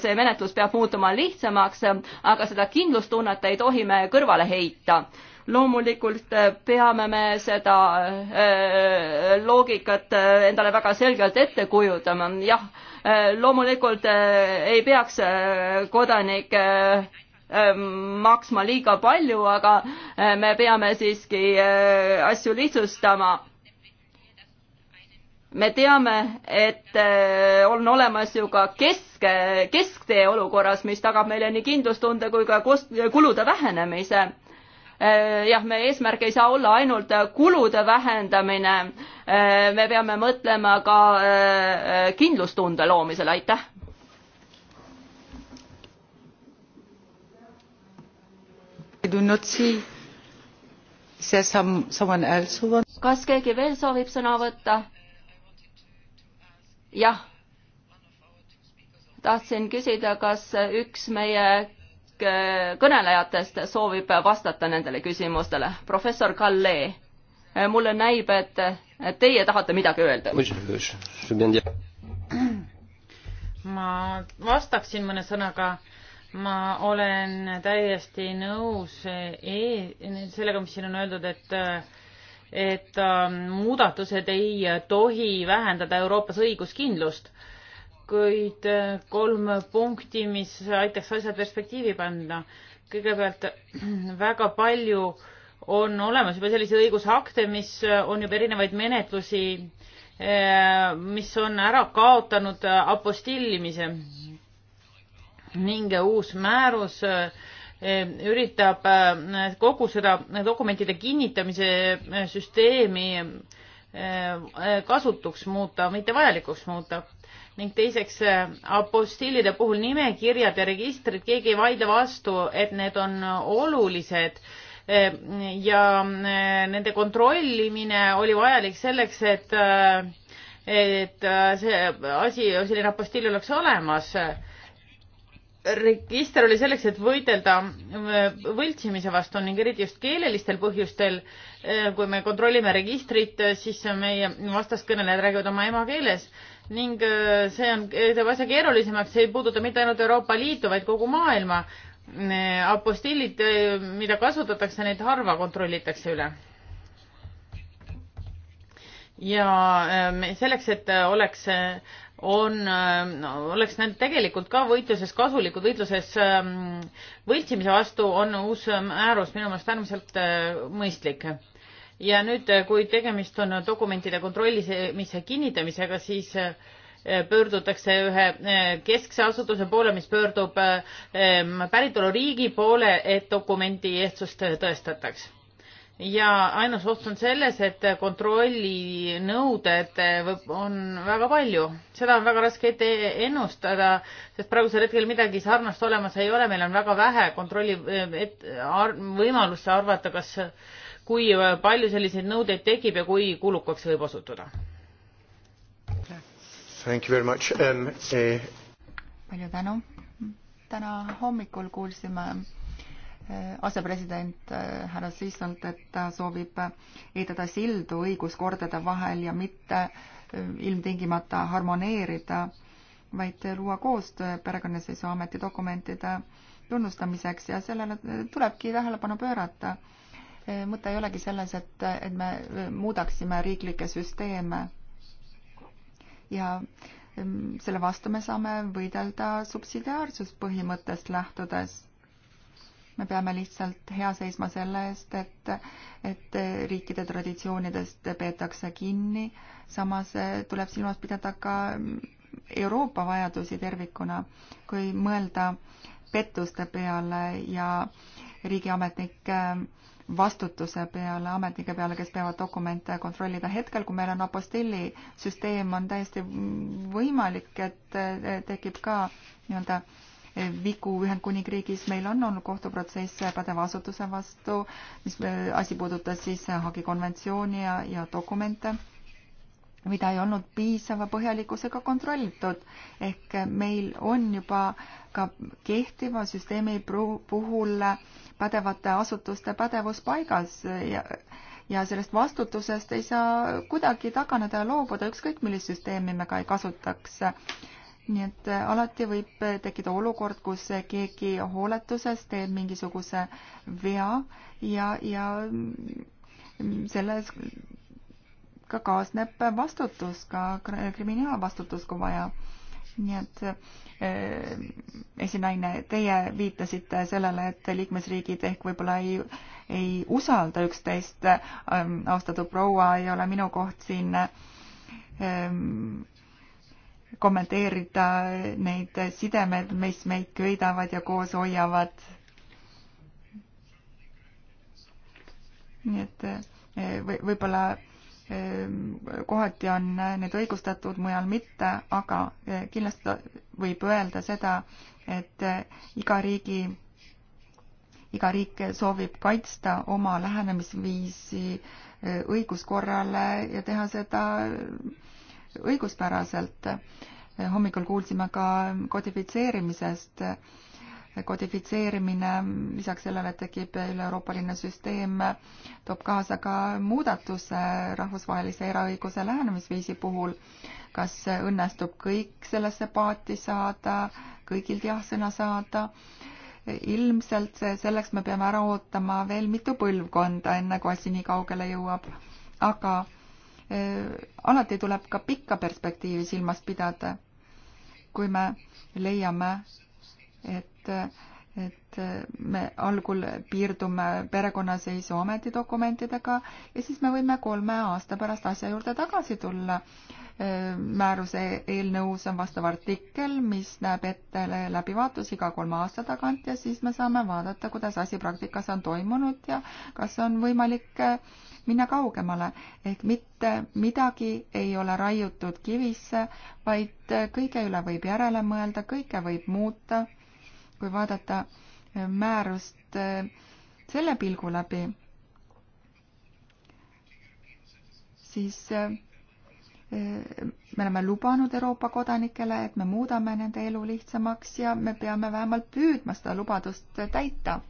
[SPEAKER 2] see menetlus peab muutuma lihtsamaks, aga seda kindlustunnet ei tohi me kõrvale heita loomulikult äh, peame me seda äh, loogikat äh, endale väga selgelt ette kujutama. jah, loomulikult ei peaks kodanik maksma liiga palju, aga me peame siiski asju lihtsustama me teame, et on olemas ju ka kesk, kesktee olukorras, mis tagab meile nii kindlustunde kui ka kost-, kulude vähenemise. Äh, jah, meie eesmärk ei saa olla ainult kulude vähendamine. Äh, me peame mõtlema ka äh, kindlustunde loomisele, aitäh. kas keegi veel soovib sõna võtta? jah tahtsin küsida, kas üks meie Äh, kõnelejatest soovib vastata nendele küsimustele. professor Kalle, äh, mulle näib, et teie tahate midagi öelda. ma
[SPEAKER 1] vastaksin mõne sõnaga. ma olen täiesti nõus e sellega, mis siin on öeldud, et et ähm, muudatused ei tohi vähendada Euroopas õiguskindlust kuid kolm punkti, mis aitaks asja perspektiivi panna. kõigepealt väga palju on olemas juba selliseid õigusakte, mis on juba erinevaid menetlusi, eh, mis on ära kaotanud apostillimise ning uus määrus eh, üritab eh, kogu seda dokumentide kinnitamise süsteemi kasutuks muuta, mitte vajalikuks muuta ning teiseks äh, apostillide puhul nimekirjad ja registrid, keegi ei vaidle vastu, et need on äh, olulised äh, ja nende kontrollimine oli vajalik selleks, et et see asi, selline apostill oleks olemas. register oli selleks, et võidelda võltsimise vastu ning eriti just keelelistel põhjustel. kui me kontrollime registrit, siis meie vastaskõnelejad räägivad oma emakeeles ning äh, see on, teeb asja keerulisemaks, see ei puuduta mitte ainult Euroopa Liitu, vaid kogu maailma. Äh, apostillid, äh, mida kasutatakse, neid harva kontrollitakse üle. ja selleks, et oleks, on no,, oleks need tegelikult ka võitluses kasulikud, võitluses ähm, võltsimise vastu on uus määrus minu meelest äärmiselt mõistlik ja nüüd, eh, kui tegemist on dokumentide kontrollimise kinnitamisega, siis eh, pöördutakse ühe eh, keskse asutuse poole, mis pöördub päritoluriigi poole, et dokumenti ehtsust tõestataks. ja ainus oht on selles, et kontrollinõuded on väga palju, seda on väga raske ette ennustada, sest praegusel hetkel midagi sarnast olemas ei ole, meil on väga vähe kontrolli, et võimalust arvata, kas kui äh, palju selliseid nõudeid tekib ja kui kulukaks see võib osutuda.
[SPEAKER 2] Um, eh...
[SPEAKER 3] palju tänu. täna hommikul kuulsime eh, asepresident eh, härra Sissolt, et ta soovib ehitada sildu õiguskordade vahel ja mitte eh, ilmtingimata harmoneerida, vaid luua koostöö perekonnaseisuameti dokumentide tunnustamiseks ja sellele tulebki tähelepanu pöörata mõte ei olegi selles, et, et me äh, muudaksime riiklikke süsteeme. ja ähm, selle vastu me saame võidelda subsidiaarsuspõhimõttest lähtudes. me peame lihtsalt hea seisma selle eest, et, et riikide traditsioonidest peetakse kinni, samas äh, tuleb silmas pidada ka mm, Euroopa vajadusi tervikuna, kui mõelda pettuste peale ja riigiametnike äh, vastutuse peale, ametnike peale, kes peavad dokumente kontrollida. hetkel, kui meil on apostilli süsteem, on täiesti võimalik, et tekib ka nii-öelda vigu Ühendkuningriigis, meil on olnud kohtuprotsess pädeva asutuse vastu, mis asi puudutas siis Haagi konventsiooni ja, ja dokumente mida ei olnud piisava põhjalikkusega kontrollitud. ehk meil on juba ka kehtiva süsteemi puhul pädevate asutuste pädevus paigas ja, ja sellest vastutusest ei saa kuidagi taganeda ja loobuda, ükskõik millist süsteemi me ka ei kasutaks. nii et alati võib tekkida olukord, kus keegi hooletuses teeb mingisuguse vea ja, ja selles ka kaasneb vastutus, ka kriminaalvastutus, kui vaja. nii et äh, esinaine, teie viitasite sellele, et liikmesriigid ehk võib-olla ei, ei usalda üksteist äh,. austatud proua, ei ole minu koht siin äh, kommenteerida neid sidemed, mis meid köidavad ja koos hoiavad. nii et eh, võib-olla võib Ehm, kohati on need õigustatud, mujal mitte, aga eh, kindlasti võib öelda seda, et eh, iga riigi, iga riik soovib kaitsta oma lähenemisviisi eh, õiguskorrale ja teha seda õiguspäraselt. hommikul kuulsime ka kodifitseerimisest kodifitseerimine, lisaks sellele tekib üle-Euroopaline süsteem, toob kaasa ka muudatuse rahvusvahelise eraõiguse lähenemisviisi puhul. kas õnnestub kõik sellesse paati saada, kõigilt jah-sõna saada? ilmselt selleks me peame ära ootama veel mitu põlvkonda, enne kui asi nii kaugele jõuab. aga eh, alati tuleb ka pikka perspektiivi silmas pidada. kui me leiame, et, et me algul piirdume perekonnaseisu ametidokumentidega ja siis me võime kolme aasta pärast asja juurde tagasi tulla. määruse eelnõus on vastav artikkel, mis näeb ette läbivaatus iga kolme aasta tagant ja siis me saame vaadata, kuidas asi praktikas on toimunud ja kas on võimalik minna kaugemale ehk mitte midagi ei ole raiutud kivisse, vaid kõige üle võib järele mõelda, kõike võib muuta kui vaadata eh, määrust eh, selle pilgu läbi, siis eh, me oleme lubanud Euroopa kodanikele, et me muudame nende elu lihtsamaks ja me peame vähemalt püüdma seda lubadust täita.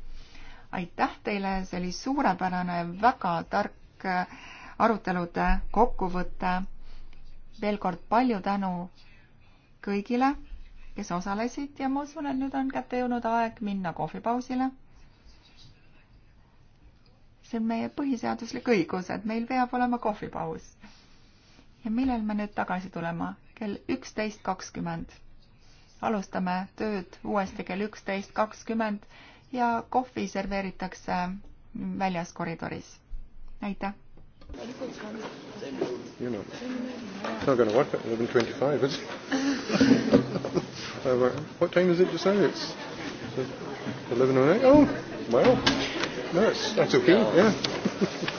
[SPEAKER 3] aitäh teile, see oli suurepärane, väga tark arutelude kokkuvõte. veel kord palju tänu kõigile kes osalesid ja ma usun, et nüüd on kätte jõudnud aeg minna kohvipausile. see on meie põhiseaduslik õigus, et meil peab olema kohvipaus. ja millal me nüüd tagasi tulema? kell üksteist kakskümmend. alustame tööd uuesti kell üksteist kakskümmend ja kohvi serveeritakse väljas koridoris. aitäh! You know, it's not going to work at 11.25, is it? Uh,
[SPEAKER 1] what time is it just now? It's 11.09? Oh, well, no, it's, that's okay, yeah.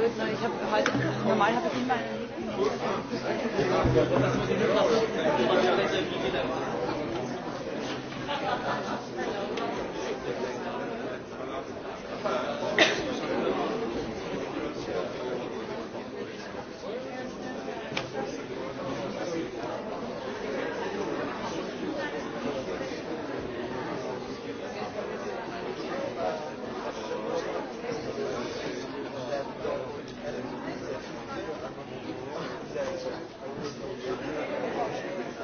[SPEAKER 2] blöd, ne? Ich habe heute, normal habe ich immer einen.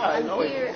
[SPEAKER 3] Yeah, I know it.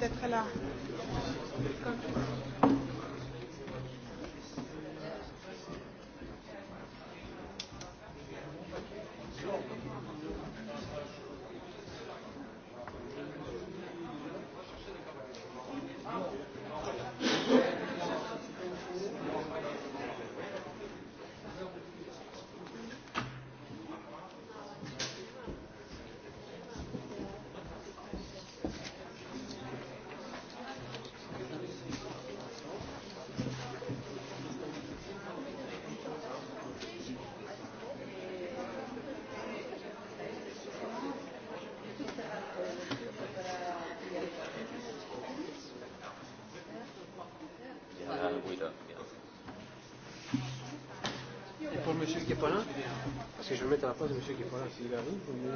[SPEAKER 2] d'être là. Comme...
[SPEAKER 3] Guépolin Parce que je vais me mettre à la place de M. Guépolin s'il arrive. Ou...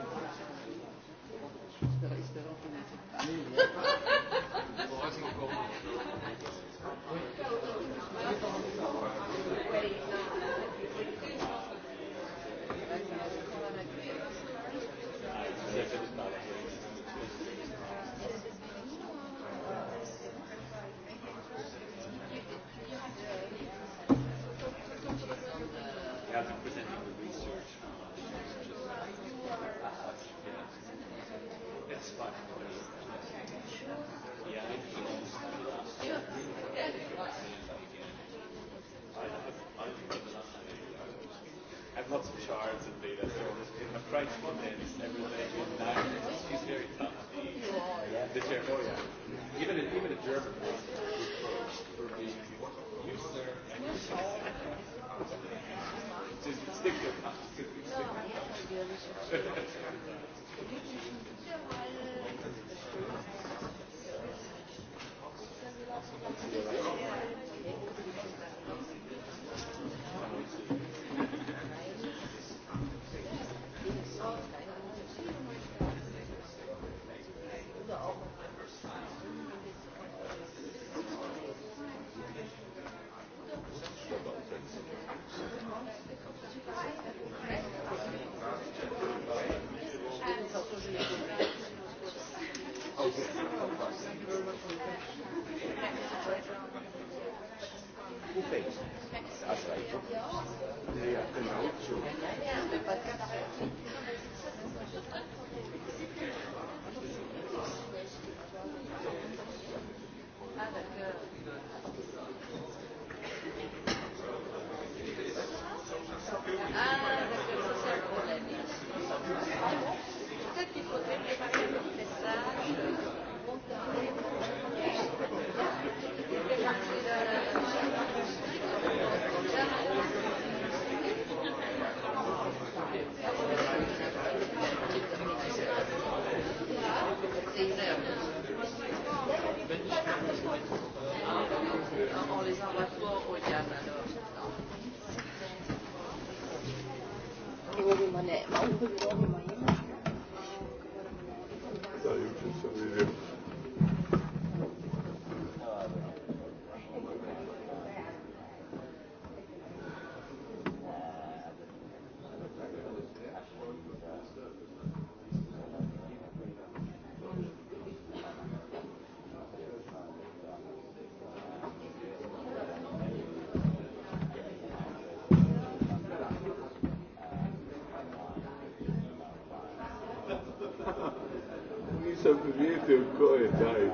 [SPEAKER 2] Go ahead, dai.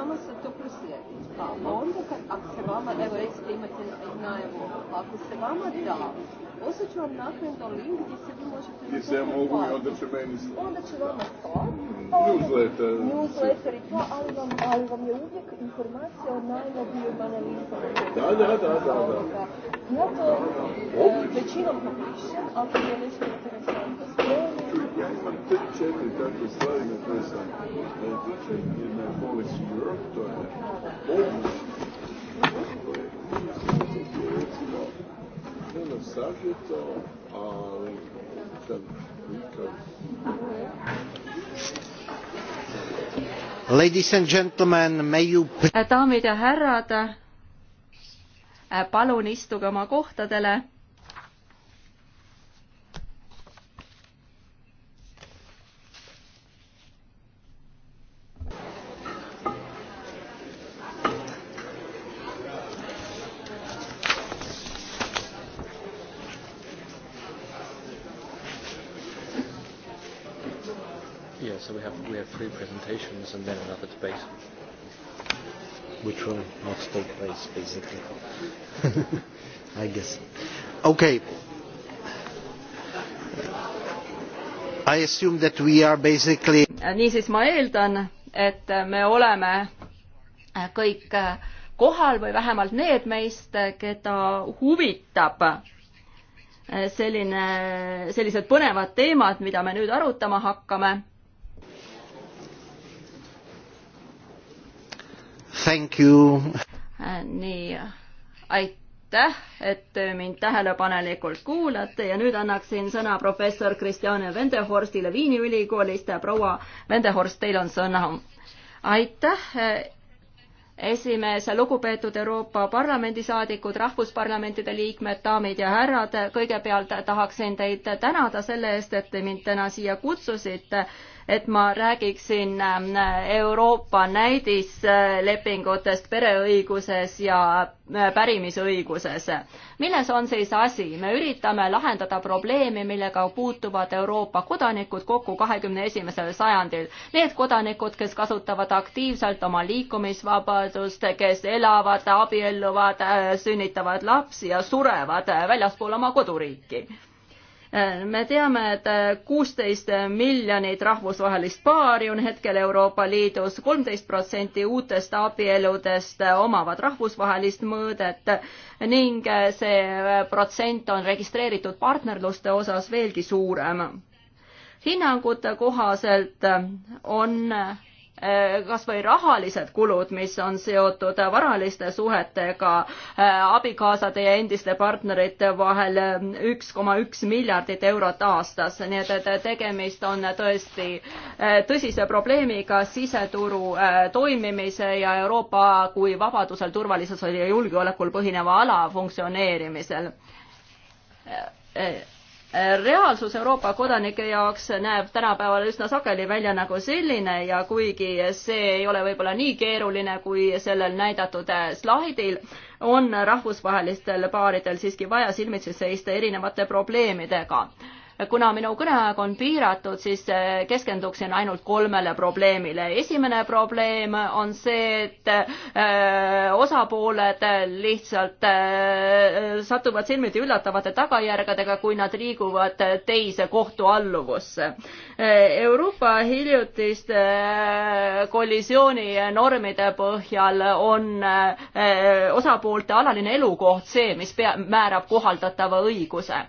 [SPEAKER 2] vama se to proslijedi. Pa onda, kad, ako se vama, evo recite imate najavu, ako se vama da, osjeću vam naknadno link gdje se vi možete... Gdje se ja mogu i onda će meni slati. Onda će vama slati. Newsletter. Newsletter
[SPEAKER 3] i to, ali vam, ali vam je uvijek informacija o najnovijim analizama. Da, da, da, da. da.
[SPEAKER 2] Ja to e, većinom napišem, ako mi je nešto interesantno spremno,
[SPEAKER 3] Yeah, I even took Czech in terms of studying the first time. I took Czech in uh, Polish Europe, so
[SPEAKER 1] I had Polish. Uh, ten subject, ali ten Ladies and gentlemen, may you...
[SPEAKER 2] Daamid ja härrad, palun istuge oma kohtadele
[SPEAKER 1] so we have we have three presentations and then another debate, which will not take place basically. I guess. Okay.
[SPEAKER 2] I assume that we are basically. Äh, niisiis, ma eeldan, et äh, me oleme äh, kõik kohal või vähemalt need meist, keda huvitab selline, sellised põnevad teemad, mida me nüüd arutama hakkame. Thank you. Äh, nii, aitäh, et te mind tähelepanelikult kuulate ja nüüd annaksin sõna professor Kristjane Vendehorstile Viini ülikoolist. proua Vendehorst, teil on sõna. aitäh, esimees, lugupeetud Euroopa Parlamendi saadikud, rahvusparlamentide liikmed, daamid ja härrad, kõigepealt tahaksin teid tänada selle eest, et te mind täna siia kutsusite et ma räägiksin ähm, Euroopa näidislepingutest pereõiguses ja äh, pärimisõiguses. milles on siis asi? me üritame lahendada probleemi, millega puutuvad Euroopa kodanikud kokku kahekümne esimesel sajandil. Need kodanikud, kes kasutavad aktiivselt oma liikumisvabadust, kes elavad, abielluvad, äh, sünnitavad lapsi ja surevad äh, väljaspool oma koduriiki me teame, et äh, kuusteist miljonit rahvusvahelist paari on hetkel Euroopa Liidus, kolmteist protsenti uutest abieludest äh, omavad rahvusvahelist mõõdet ning äh, see protsent on registreeritud partnerluste osas veelgi suurem. hinnangute kohaselt on Äh, kas või rahalised kulud, mis on seotud varaliste suhetega äh, abikaasade ja endiste partnerite vahel äh, üks koma üks miljardit eurot aastas, nii et, et tegemist on tõesti tõsise probleemiga siseturu toimimise ja Euroopa kui vabadusel, turvalisusel ja julgeolekul põhineva ala funktsioneerimisel reaalsus Euroopa kodanike jaoks näeb tänapäeval üsna sageli välja nagu selline ja kuigi see ei ole võib-olla nii keeruline kui sellel näidatud slaidil, on rahvusvahelistel paaridel siiski vaja silmitsi seista erinevate probleemidega kuna minu kõneaeg on piiratud, siis äh, keskenduksin ainult kolmele probleemile. esimene probleem on see, et äh, osapooled lihtsalt äh, satuvad silmitsi üllatavate tagajärgedega, kui nad liiguvad teise kohtualluvusse. Euroopa hiljutiste kollisiooni normide põhjal on osapoolte alaline elukoht see, mis pea, määrab kohaldatava õiguse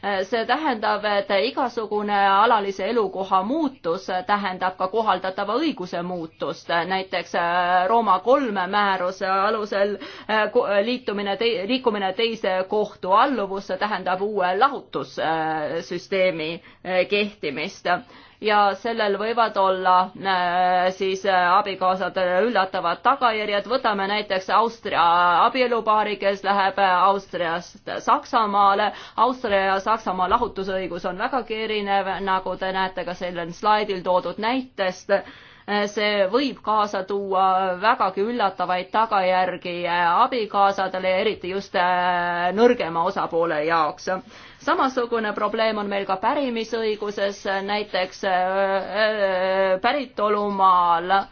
[SPEAKER 2] see tähendab, et igasugune alalise elukoha muutus tähendab ka kohaldatava õiguse muutust, näiteks äh, Rooma kolme määruse alusel äh, liitumine, liikumine teise kohtu alluvusse tähendab uue lahutussüsteemi äh, kehtimist ja sellel võivad olla äh, siis äh, abikaasadele üllatavad tagajärjed. võtame näiteks Austria abielupaari, kes läheb äh, Austriast Saksamaale. Austria ja Saksamaa lahutusõigus on vägagi erinev, nagu te näete ka sellel slaidil toodud näitest see võib kaasa tuua vägagi üllatavaid tagajärgi abikaasadele, eriti just nõrgema osapoole jaoks samasugune probleem on meil ka pärimisõiguses, näiteks äh, äh, päritolumaal äh,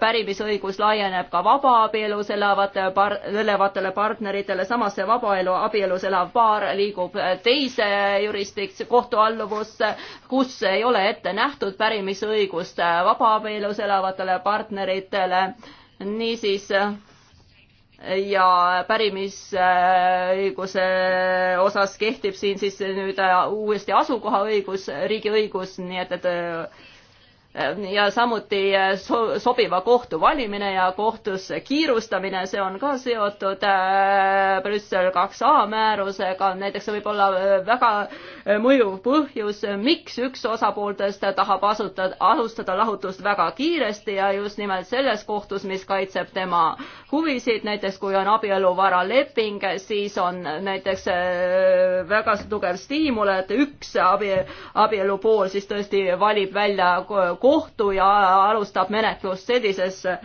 [SPEAKER 2] pärimisõigus laieneb ka vabaabielus elavate par-, elavatele partneritele, samas see vabaelu, abielus elav paar liigub teise jurisdiktsi kohtualluvusse, kus ei ole ette nähtud pärimisõigust vabaabielus elavatele partneritele. niisiis ja pärimisõiguse osas kehtib siin siis nüüd äh, uuesti asukohaõigus, riigi õigus, nii et, et äh, ja samuti eh, so sobiva kohtu valimine ja kohtusse kiirustamine, see on ka seotud eh, Brüssel kaks A määrusega, näiteks see võib olla eh, väga mõjuv põhjus, miks üks osapooltest tahab asutada, alustada lahutust väga kiiresti ja just nimelt selles kohtus, mis kaitseb tema huvisid, näiteks kui on abieluvara leping, siis on näiteks väga tugev stiimul, et üks abi, abielupool siis tõesti valib välja kohtu ja alustab menetlust sellises äh,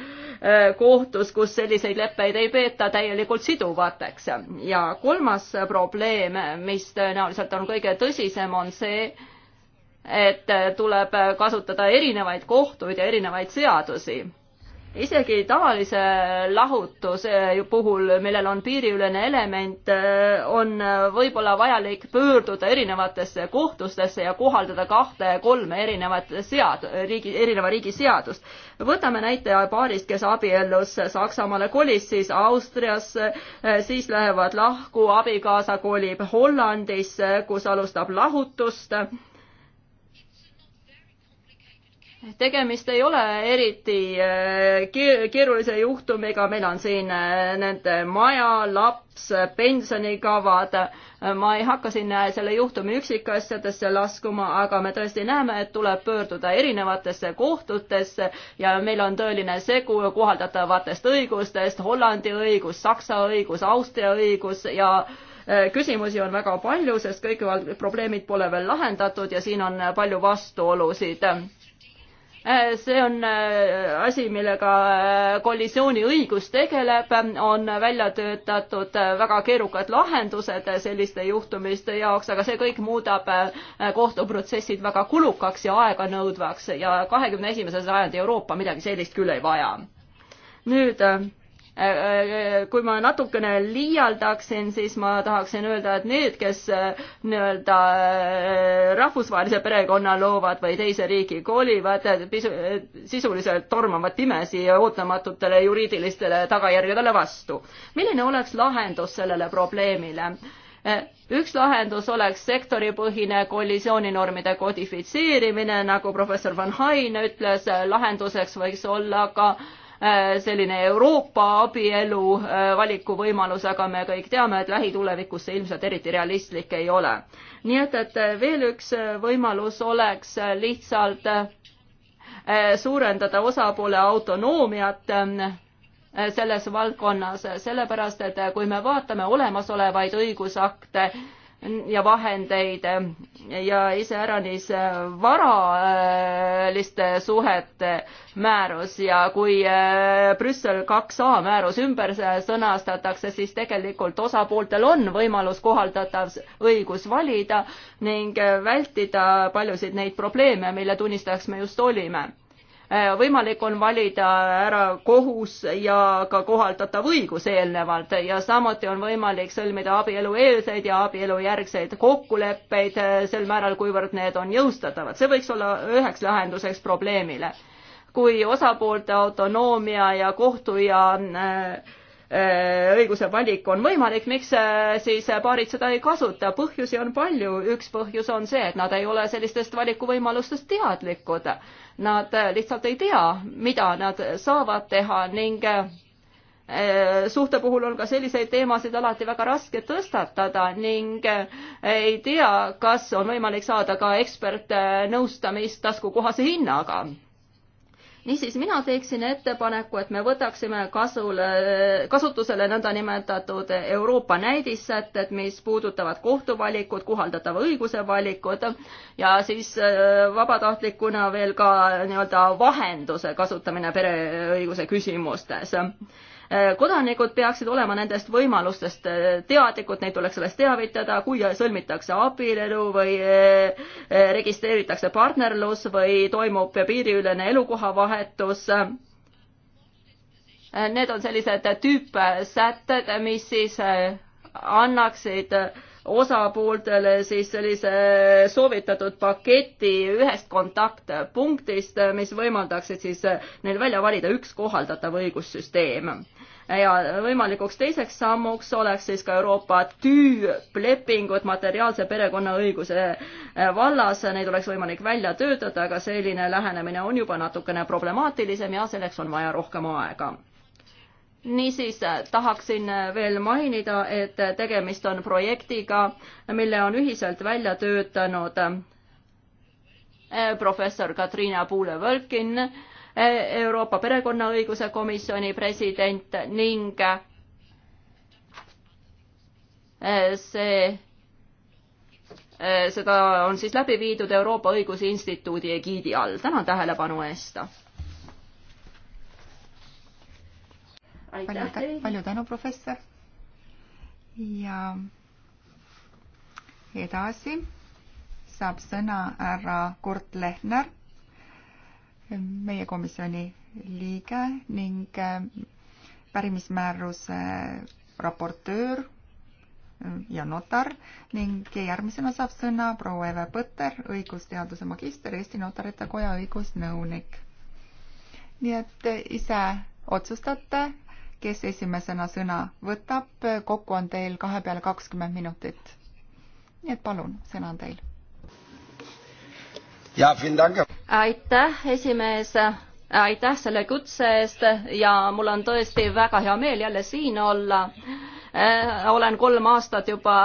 [SPEAKER 2] kohtus, kus selliseid leppeid ei peeta täielikult siduvateks. ja kolmas probleem, mis tõenäoliselt on kõige tõsisem, on see, et tuleb kasutada erinevaid kohtuid ja erinevaid seadusi isegi tavalise lahutuse puhul, millel on piiriülene element, on võib-olla vajalik pöörduda erinevatesse kohtustesse ja kohaldada kahte-kolme erinevat sead-, riigi, erineva riigi seadust. võtame näite paarist, kes abiellus Saksamaale kolis, siis Austriasse, siis lähevad lahku, abikaasa kolib Hollandisse, kus alustab lahutust tegemist ei ole eriti äh, keerulise juhtumiga, meil on siin äh, nende maja, laps, pensionikavad. ma ei hakka siin äh, selle juhtumi üksikasjadesse laskuma, aga me tõesti näeme, et tuleb pöörduda erinevatesse kohtutesse ja meil on tõeline segu kohaldatavatest õigustest, Hollandi õigus, Saksa õigus, Austria õigus ja küsimusi on väga palju, sest kõik probleemid pole veel lahendatud ja siin on palju vastuolusid Äh, see on äh, asi, millega äh, kollisiooniõigus tegeleb, on välja töötatud väga keerukad lahendused selliste juhtumiste jaoks, aga see kõik muudab kohtuprotsessid väga kulukaks ja aeganõudvaks ja kahekümne esimese sajandi Euroopa midagi sellist küll ei vaja. nüüd Äh, äh, kui ma natukene liialdaksin, siis ma tahaksin öelda, et need, kes äh, nii-öelda rahvusvahelise perekonna loovad või teise riigi kolivad, sisuliselt tormavad pimesi ootamatutele juriidilistele tagajärgedele vastu. milline oleks lahendus sellele probleemile? üks lahendus oleks sektoripõhine kollisiooninormide kodifitseerimine, nagu professor Van Hain ütles, lahenduseks võiks olla ka äh, Äh, selline Euroopa abielu äh, valikuvõimalus, aga me kõik teame, et lähitulevikus see ilmselt eriti realistlik ei ole. nii et, et äh, veel üks võimalus oleks lihtsalt suurendada osapoole autonoomiat ähm, selles valdkonnas, sellepärast et kui me vaatame olemasolevaid õigusakte, ja vahendeid ja iseäranis varaliste suhete määrus ja kui äh, Brüssel kaks A määrus ümber sõnastatakse, siis tegelikult osapooltel on võimalus kohaldatav õigus valida ning vältida paljusid neid probleeme, mille tunnistajaks me just olime Äh, võimalik on valida ära kohus ja ka kohaldatav õigus eelnevalt ja samuti on võimalik sõlmida abielueelseid ja abielujärgseid kokkuleppeid äh, sel määral, kuivõrd need on jõustatavad. see võiks olla üheks lahenduseks probleemile. kui osapoolte autonoomia ja kohtu ja äh, Äh, õiguse valik on võimalik, miks äh, siis äh, paarid seda ei kasuta, põhjusi on palju, üks põhjus on see, et nad ei ole sellistest valikuvõimalustest teadlikud. Nad lihtsalt ei tea, mida nad saavad teha ning suhte puhul on ka selliseid teemasid alati väga raske tõstatada ning ei tea, kas on võimalik saada ka ekspertnõustamist taskukohase hinnaga niisiis, mina teeksin ettepaneku, et me võtaksime kasule, kasutusele nõndanimetatud Euroopa näidissätted, mis puudutavad kohtuvalikut, kohaldatava õiguse valikut ja siis äh, vabatahtlikuna veel ka nii-öelda vahenduse kasutamine pereõiguse küsimustes Äh, kodanikud peaksid olema nendest võimalustest äh, teadlikud, neid tuleks sellest teavitada, kui sõlmitakse abielu või äh, registreeritakse partnerlus või toimub piiriülene elukohavahetus. Need on sellised tüüpsätted, mis siis annaksid osapooltele siis sellise soovitatud paketi ühest kontaktpunktist, mis võimaldaksid siis neil välja valida üks kohaldatav õigussüsteem ja võimalikuks teiseks sammuks oleks siis ka Euroopa tüüplepingud materiaalse perekonnaõiguse eh, vallas, neid oleks võimalik välja töötada, aga selline lähenemine on juba natukene problemaatilisem ja selleks on vaja rohkem aega niisiis eh, tahaksin eh, veel mainida, et tegemist on projektiga, mille on ühiselt välja töötanud professor Katriina Puule-Võlkin Euroopa Perekonnaõiguse Komisjoni president ning eh, see, eh, seda on siis läbi viidud Euroopa Õiguse Instituudi egiidi all. tänan tähelepanu eest.
[SPEAKER 3] palju, palju tänu, professor. ja edasi saab sõna härra Kurt Lehner meie komisjoni liige ning äh, pärimismääruse raportöör äh, ja notar ning järgmisena saab sõna proua Eve Põtter, õigusteaduse magister, Eesti Notarite Koja õigusnõunik. nii et ise otsustate, kes esimesena sõna võtab, kokku on teil kahe peale kakskümmend minutit. nii et palun, sõna on teil
[SPEAKER 2] aitäh, esimees, aitäh selle kutse eest ja mul on tõesti väga hea meel jälle siin olla äh, olen kolm aastat juba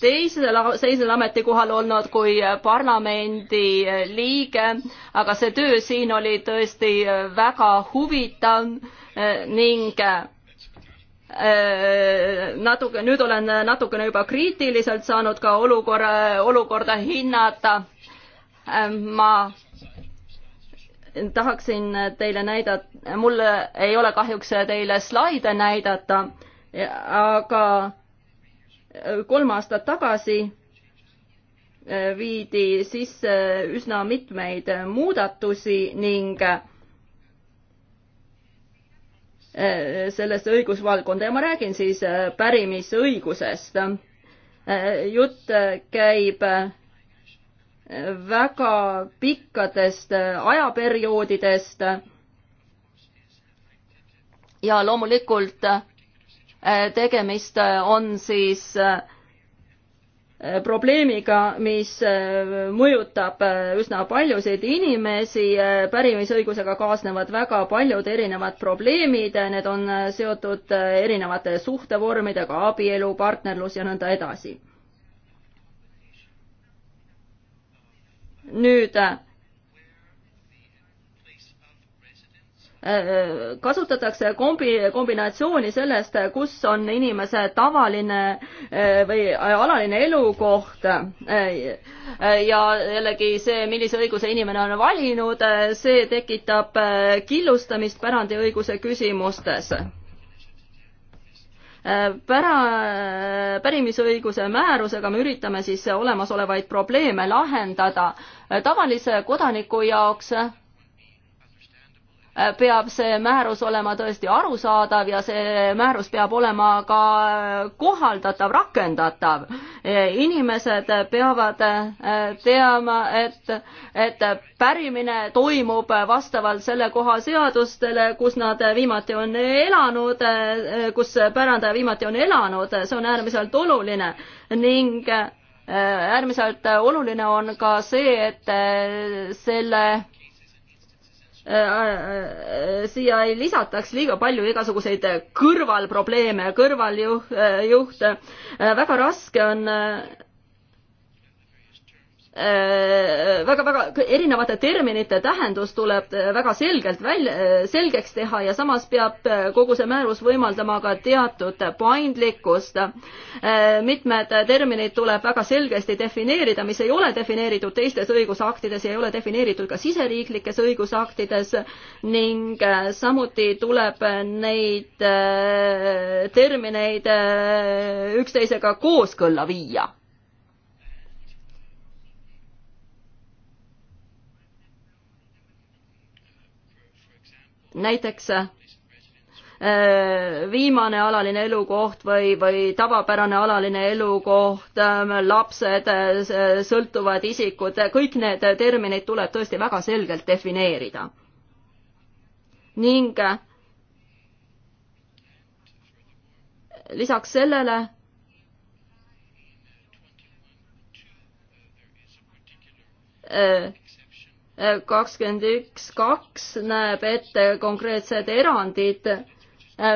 [SPEAKER 2] teisel, teisel ametikohal olnud kui parlamendi liige, aga see töö siin oli tõesti väga huvitav äh, ning äh, natuke, nüüd olen natukene juba kriitiliselt saanud ka olukorra, olukorda hinnata Ähm, ma tahaksin teile näidata, mul ei ole kahjuks teile slaide näidata, aga kolm aastat tagasi äh, viidi sisse üsna mitmeid muudatusi ning äh, sellesse õigusvaldkonda ja ma räägin siis äh, pärimisõigusest. jutt käib väga pikkadest äh, ajaperioodidest. ja loomulikult äh, tegemist äh, on siis probleemiga, mis mõjutab üsna paljusid inimesi, pärimisõigusega kaasnevad väga paljud erinevad probleemid, need on seotud erinevate suhtevormidega, abielu, partnerlus ja nõnda edasi nüüd äh, kasutatakse kombi, kombinatsiooni sellest, kus on inimese tavaline äh, või äh, alaline elukoht ja jällegi see, millise õiguse inimene on valinud, see tekitab killustamist pärandiõiguse küsimustes Äh, pära, äh, pärimisõiguse määrusega me üritame siis olemasolevaid probleeme lahendada. tavalise kodaniku jaoks Äh, peab see määrus olema tõesti arusaadav ja see määrus peab olema ka äh, kohaldatav, rakendatav. Äh, inimesed peavad teama, et, et pärimine toimub vastavalt selle koha seadustele, kus nad viimati on elanud, kus pärandaja viimati on elanud, see on äärmiselt oluline ning äärmiselt oluline on ka see, et selle Äh, äh, siia ei lisataks liiga palju igasuguseid kõrvalprobleeme, kõrvaljuhte. Äh, väga raske on väga-väga äh, erinevate terminite tähendus tuleb äh, väga selgelt välja, äh, selgeks teha ja samas peab kogu see määrus võimaldama ka teatud paindlikkust. mitmed terminid tuleb väga selgesti defineerida, mis ei ole defineeritud teistes õigusaktides ja ei ole defineeritud ka siseriiklikes õigusaktides ning samuti tuleb neid termineid üksteisega kooskõlla viia näiteks äh, viimane alaline elukoht või, või tavapärane alaline elukoht, ähm, lapsed, äh, sõltuvad isikud, kõik need terminid tuleb tõesti väga selgelt defineerida. ning lisaks sellele äh, kakskümmend üks kaks näeb ette konkreetsed erandid,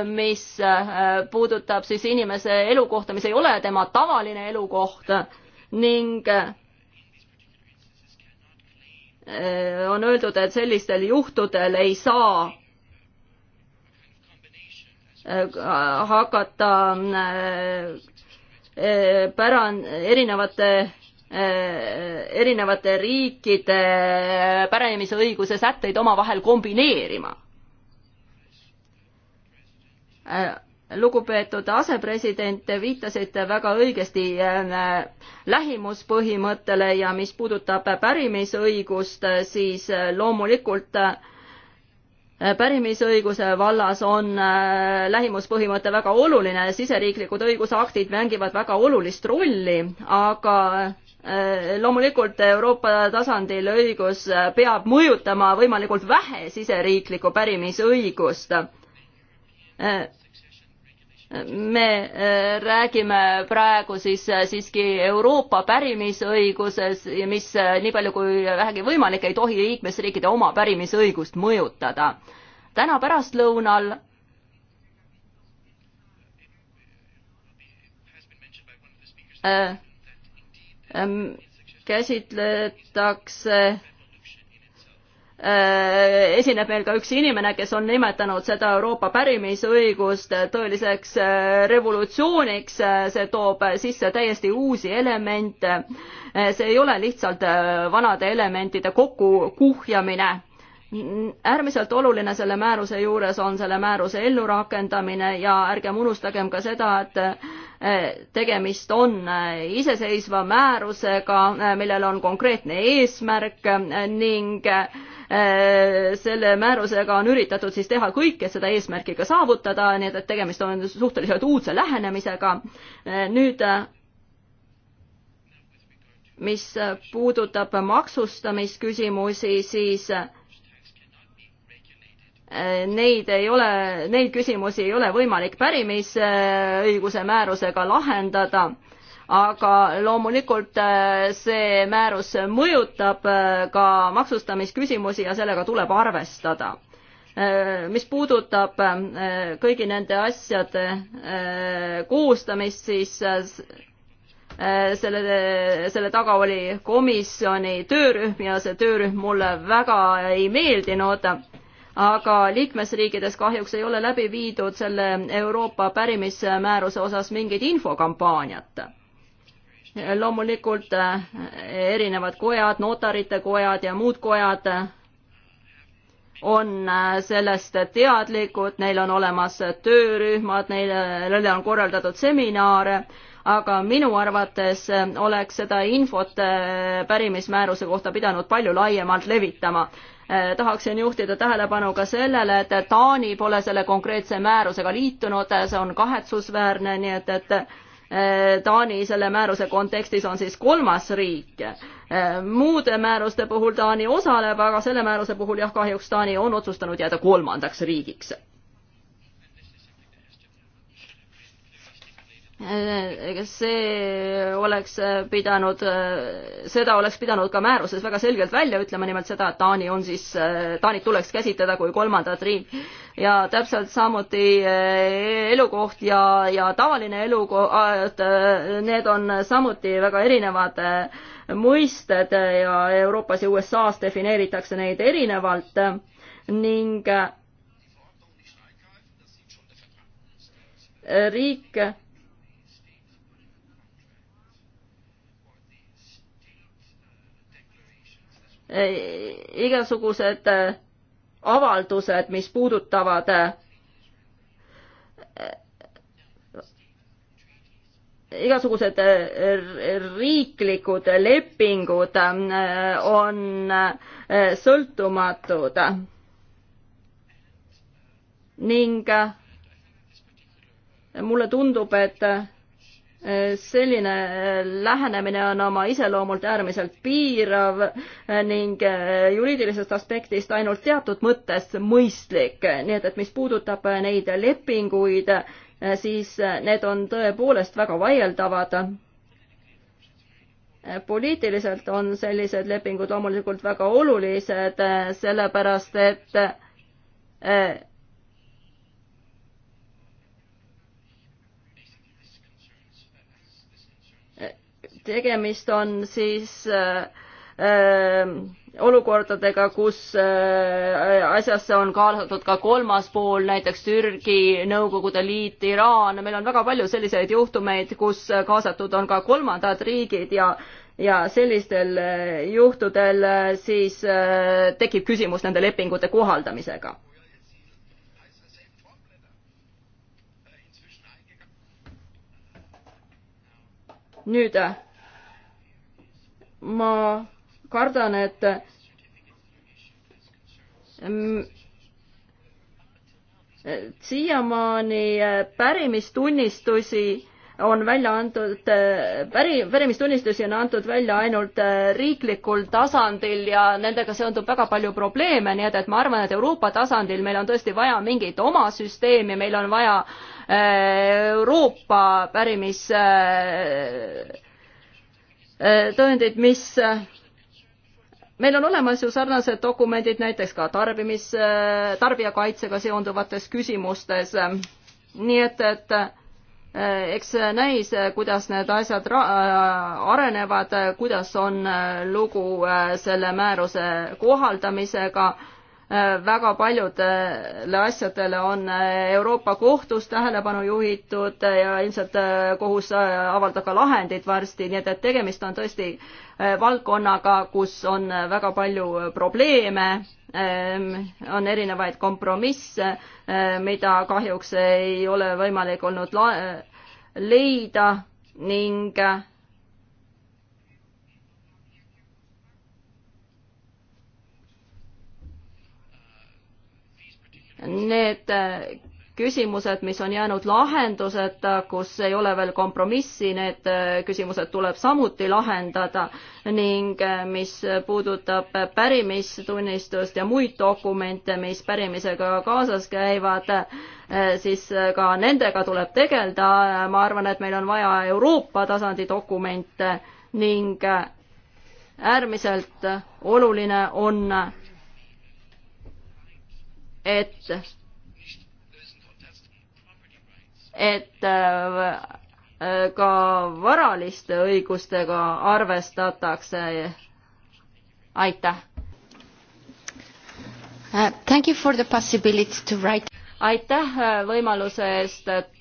[SPEAKER 2] mis äh, puudutab siis inimese elukohta, mis ei ole tema tavaline elukoht ning äh, on öeldud, et sellistel juhtudel ei saa äh, hakata päran-, erinevate Äh, erinevate riikide pärimisõiguse sätteid omavahel kombineerima. Äh, lugupeetud asepresident, te viitasite väga õigesti äh, lähimuspõhimõttele ja mis puudutab pärimisõigust, siis loomulikult pärimisõiguse vallas on lähimuspõhimõte väga oluline, siseriiklikud õigusaktid mängivad väga olulist rolli, aga Äh, loomulikult Euroopa tasandil õigus äh, peab mõjutama võimalikult vähe siseriiklikku pärimisõigust. Äh, me räägime praegu siis siiski Euroopa pärimisõiguses, mis nii palju kui vähegi võimalik, ei tohi liikmesriikide oma pärimisõigust mõjutada. täna pärastlõunal äh, Ähm, käsitletakse äh, esineb meil ka üks inimene, kes on nimetanud seda Euroopa pärimisõigust tõeliseks äh, revolutsiooniks, see toob sisse täiesti uusi elemente. Äh, see ei ole lihtsalt vanade elementide kokkukuhjamine. äärmiselt oluline selle määruse juures on selle määruse ellurakendamine ja ärgem unustagem ka seda, et tegemist on äh, iseseisva määrusega, äh, millel on konkreetne eesmärk äh, ning selle määrusega on üritatud siis teha kõike seda eesmärki ka saavutada, nii et, et tegemist on suhteliselt uudse lähenemisega. nüüd mis puudutab maksustamisküsimusi, siis neid ei ole, neid küsimusi ei ole võimalik pärimisõiguse määrusega lahendada, aga loomulikult äh, see määrus mõjutab äh, ka maksustamisküsimusi ja sellega tuleb arvestada. Äh, mis puudutab kõigi nende asjade koostamist, siis selle, selle taga oli komisjoni töörühm ja see töörühm mulle väga ei meeldinud aga liikmesriikides kahjuks ei ole läbi viidud selle Euroopa pärimismääruse osas mingit infokampaaniat loomulikult eh, erinevad kojad, notarite kojad ja muud kojad on eh, sellest teadlikud, neil on olemas töörühmad, neile on korraldatud seminare, aga minu arvates oleks seda infot eh, pärimismääruse kohta pidanud palju laiemalt levitama. Eh, tahaksin juhtida tähelepanu ka sellele, et Taani pole selle konkreetse määrusega liitunud, see on kahetsusväärne, nii et, et eh, Taani selle määruse kontekstis on siis kolmas riik. Eh, muude määruste puhul Taani osaleb, aga selle määruse puhul jah, kahjuks Taani on otsustanud jääda kolmandaks riigiks see oleks pidanud, seda oleks pidanud ka määruses väga selgelt välja ütlema, nimelt seda, et Taani on siis, Taanit tuleks käsitleda kui kolmandat riiki. ja täpselt samuti eh, elukoht ja, ja tavaline elukoht, eh, need on samuti väga erinevad eh, mõisted ja Euroopas ja USA-s defineeritakse neid erinevalt ning riik Äh, igasugused äh, avaldused, mis puudutavad äh, igasugused riiklikud lepingud on sõltumatud ning mulle tundub, et selline äh, lähenemine on oma iseloomult äärmiselt piirav äh, ning äh, juriidilisest aspektist ainult teatud mõttes mõistlik, nii et, et mis puudutab neid lepinguid, siis need on tõepoolest väga vaieldavad poliitiliselt on sellised lepingud loomulikult väga olulised, sellepärast et tegemist on siis äh, äh, olukordadega, kus äh, asjasse on kaasatud ka kolmas pool, näiteks Türgi, Nõukogude Liit, Iraan, meil on väga palju selliseid juhtumeid, kus kaasatud on ka kolmandad riigid ja ja sellistel juhtudel siis tekib küsimus nende lepingute kohaldamisega nüüd ma kardan, et mm, siiamaani pärimistunnistusi on välja antud, päri, pärimistunnistusi on antud välja ainult riiklikul tasandil ja nendega seondub väga palju probleeme, nii et, et ma arvan, et Euroopa tasandil meil on tõesti vaja mingit oma süsteemi, meil on vaja äh, Euroopa pärimis äh, Äh, tõendid, mis äh, meil on olemas ju sarnased dokumendid näiteks ka tarbimis, äh, tarbijakaitsega seonduvates küsimustes. nii et, et eks näis, kuidas need asjad arenevad, kuidas on lugu selle määruse kohaldamisega Äh, väga paljudele asjadele on äh, Euroopa kohtus tähelepanu juhitud äh, ja ilmselt kohus avaldab ka lahendid varsti, nii et, et tegemist on tõesti valdkonnaga, kus on väga palju probleeme, ähm, on erinevaid kompromisse, mida kahjuks ei ole võimalik olnud leida ning Need äh, küsimused, mis on jäänud lahenduseta, kus ei ole veel kompromissi, need äh, küsimused tuleb samuti lahendada ning äh, mis puudutab pärimistunnistust ja muid dokumente, mis pärimisega kaasas käivad, siis ka nendega tuleb tegeleda. ma arvan, et meil on vaja Euroopa tasandi dokumente ning äärmiselt oluline on et, et äh, ka varaliste õigustega arvestatakse. aitäh. Uh, thank you for the possibility to write aitäh äh, võimaluse eest, et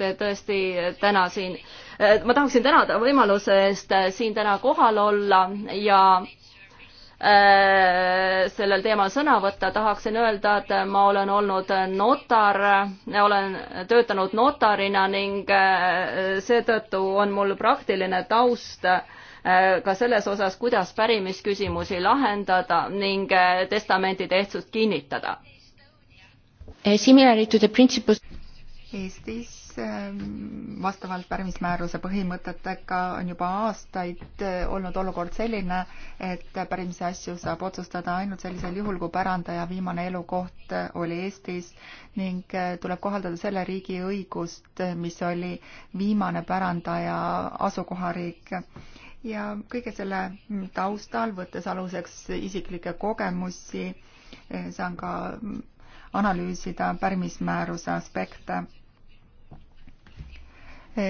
[SPEAKER 2] te tõesti täna siin, äh, ma tahaksin tänada võimaluse eest siin täna kohal olla ja Äh, sellel teemal sõna võtta, tahaksin öelda, et ma olen olnud notar, olen töötanud notarina ning äh, seetõttu on mul praktiline taust äh, ka selles osas, kuidas pärimisküsimusi lahendada ning testamenti tehtsust kinnitada.
[SPEAKER 3] Eh, similarly to the principles Eestis Ehm, vastavalt pärimismääruse põhimõtetega on juba aastaid eh, olnud olukord selline, et pärimise asju saab otsustada ainult sellisel juhul, kui pärandaja viimane elukoht eh, oli Eestis ning eh, tuleb kohaldada selle riigi õigust, mis oli viimane pärandaja asukohariik ja kõige selle taustal, võttes aluseks isiklikke kogemusi, saan ka analüüsida pärimismääruse aspekte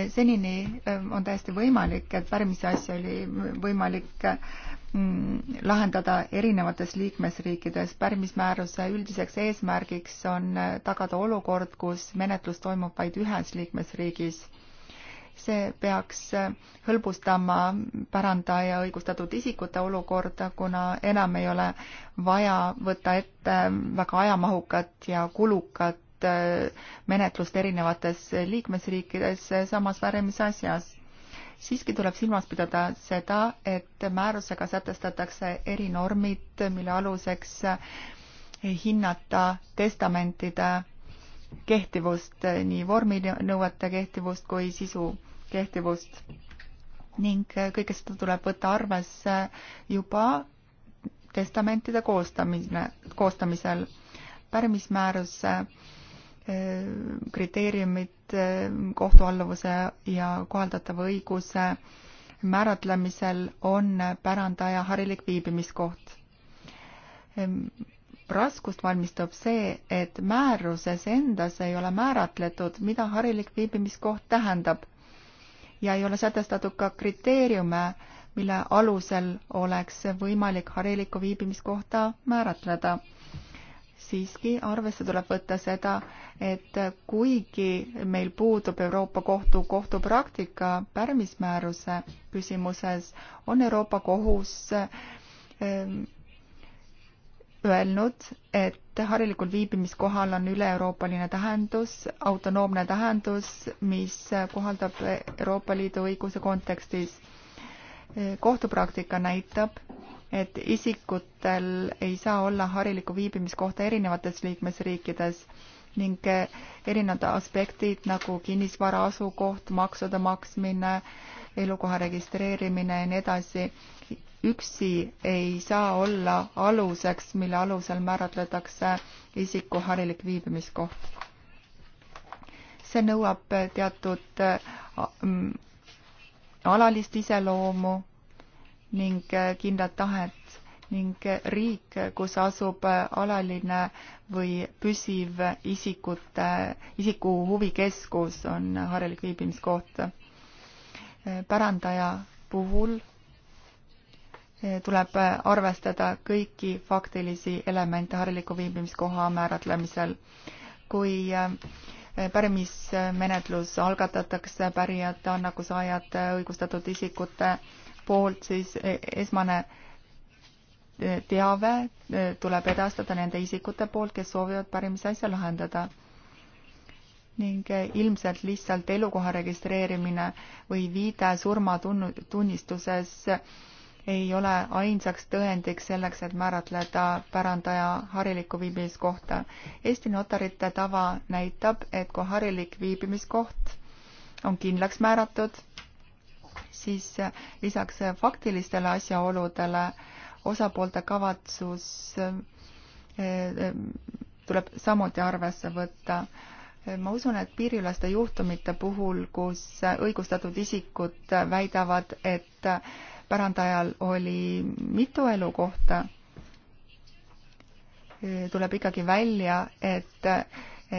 [SPEAKER 3] senini ähm, on täiesti võimalik, et värvmise asja oli võimalik mm, lahendada erinevates liikmesriikides. pärmismääruse üldiseks eesmärgiks on äh, tagada olukord, kus menetlus toimub vaid ühes liikmesriigis. see peaks äh, hõlbustama päranda ja õigustatud isikute olukorda, kuna enam ei ole vaja võtta ette äh, väga ajamahukat ja kulukat ühtset äh, menetlust erinevates liikmesriikides äh, samas väärimise asjas. siiski tuleb silmas pidada seda, et määrusega sätestatakse erinormid, mille aluseks äh, hinnata testamentide kehtivust, nii vorminõuete kehtivust kui sisu kehtivust. ning kõike seda tuleb võtta arvesse juba testamentide koostamine, koostamisel. pärimismääruse Eh, kriteeriumid eh, kohtualluvuse ja kohaldatava õiguse määratlemisel on pärandaja harilik viibimiskoht. raskust valmistab see, et määruses endas ei ole määratletud, mida harilik viibimiskoht tähendab ja ei ole sätestatud ka kriteeriume, mille alusel oleks võimalik harilikku viibimiskohta määratleda siiski arvesse tuleb võtta seda, et kuigi meil puudub Euroopa Kohtu kohtupraktika pärmismääruse küsimuses, on Euroopa Kohus ähm, öelnud, et harilikul viibimiskohal on üle-euroopaline tähendus, autonoomne tähendus, mis kohaldab Euroopa Liidu õiguse kontekstis. kohtupraktika näitab, et isikutel ei saa olla harilikku viibimiskohta erinevates liikmesriikides ning erinevad aspektid nagu kinnisvara asukoht, maksude maksmine, elukoha registreerimine ja nii edasi, üksi ei saa olla aluseks, mille alusel määratletakse isiku harilik viibimiskoht. see nõuab teatud mm, alalist iseloomu ning äh, kindlat tahet ning riik, kus asub äh, alaline või püsiv isikute, äh, isiku huvikeskus, on harilik viibimiskoht. pärandaja puhul tuleb arvestada kõiki faktilisi elemente hariliku viibimiskoha määratlemisel. kui pärimismenetlus algatatakse pärijate, annakusaajate, õigustatud isikute äh, poolt siis e, esmane e, teave e, tuleb edastada nende isikute poolt, kes soovivad pärimise asja lahendada. ning ilmselt lihtsalt elukoha registreerimine või viide surmatunnistuses ei ole ainsaks tõendiks selleks, et määratleda pärandaja harilikku viibimiskohta. Eesti notarite tava näitab, et kui harilik viibimiskoht on kindlaks määratud siis äh, lisaks äh, faktilistele asjaoludele osapoolte kavatsus äh, tuleb samuti arvesse võtta. ma usun, et piiriüleste juhtumite puhul, kus õigustatud isikud väidavad, et pärandajal oli mitu elukohta, tuleb ikkagi välja, et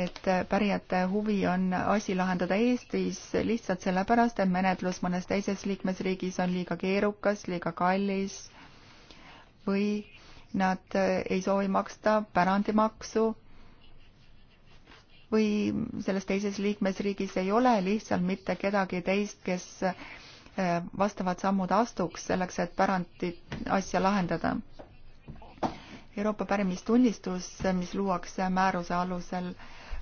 [SPEAKER 3] et pärijate huvi on asi lahendada Eestis lihtsalt sellepärast, et menetlus mõnes teises liikmesriigis on liiga keerukas, liiga kallis või nad ei soovi maksta pärandimaksu või selles teises liikmesriigis ei ole lihtsalt mitte kedagi teist, kes eh, vastavad sammud astuks selleks, et pärandi asja lahendada. Euroopa pärimistunnistus, mis luuakse määruse alusel,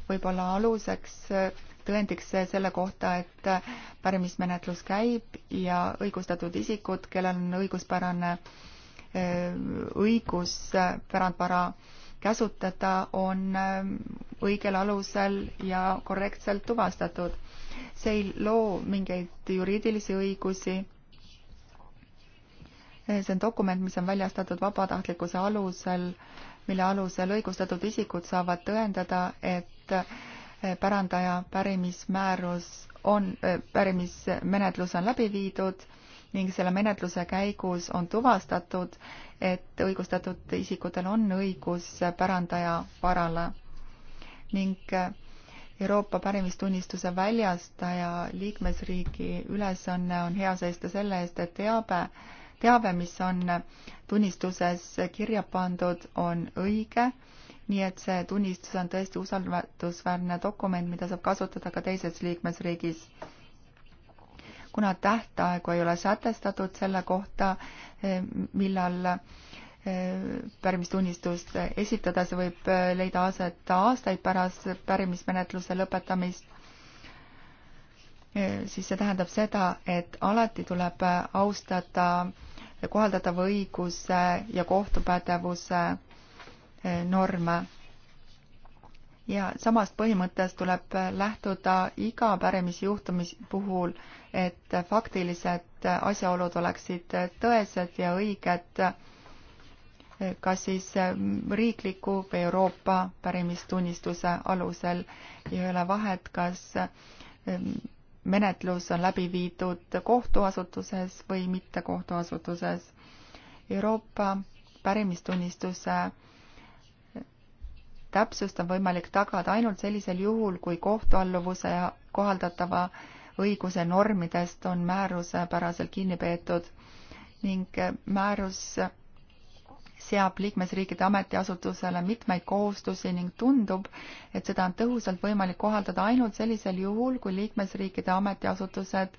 [SPEAKER 3] võib olla aluseks äh, tõendiks selle kohta, et äh, pärimismenetlus käib ja õigustatud isikud, kellel on õiguspärane äh, õigus pärandvara käsutada, on õigel alusel ja korrektselt tuvastatud. see ei loo mingeid juriidilisi õigusi. see on dokument, mis on väljastatud vabatahtlikkuse alusel äh, mille alusel õigustatud isikud saavad tõendada, et eh, pärandaja pärimismäärus on, eh, pärimismenetlus on läbi viidud ning selle menetluse käigus on tuvastatud, et õigustatud isikutel on õigus pärandaja varale ning eh, Euroopa pärimistunnistuse väljastaja liikmesriigi ülesanne on hea seista selle eest, et teabe, teave, mis on tunnistuses kirja pandud, on õige, nii et see tunnistus on tõesti usaldusväärne dokument, mida saab kasutada ka teises liikmesriigis. kuna tähtaegu ei ole sätestatud selle kohta, eh, millal eh, pärimistunnistust esitada, see võib eh, leida aset aastaid pärast pärimismenetluse lõpetamist, siis see tähendab seda, et alati tuleb austada kohaldatava õiguse ja kohtupädevuse eh, norme. ja samast põhimõttest tuleb eh, lähtuda iga pärimisjuhtumis puhul, et faktilised asjaolud oleksid eh, tõesed ja õiged kas siis riikliku või Euroopa pärimistunnistuse alusel ei ole vahet, kas menetlus on läbi viidud kohtuasutuses või mitte kohtuasutuses. Euroopa pärimistunnistuse täpsust on võimalik tagada ainult sellisel juhul, kui kohtualluvuse kohaldatava õiguse normidest on määruse päraselt kinni peetud ning määrus seab liikmesriikide ametiasutusele mitmeid kohustusi ning tundub, et seda on tõhusalt võimalik kohaldada ainult sellisel juhul, kui liikmesriikide ametiasutused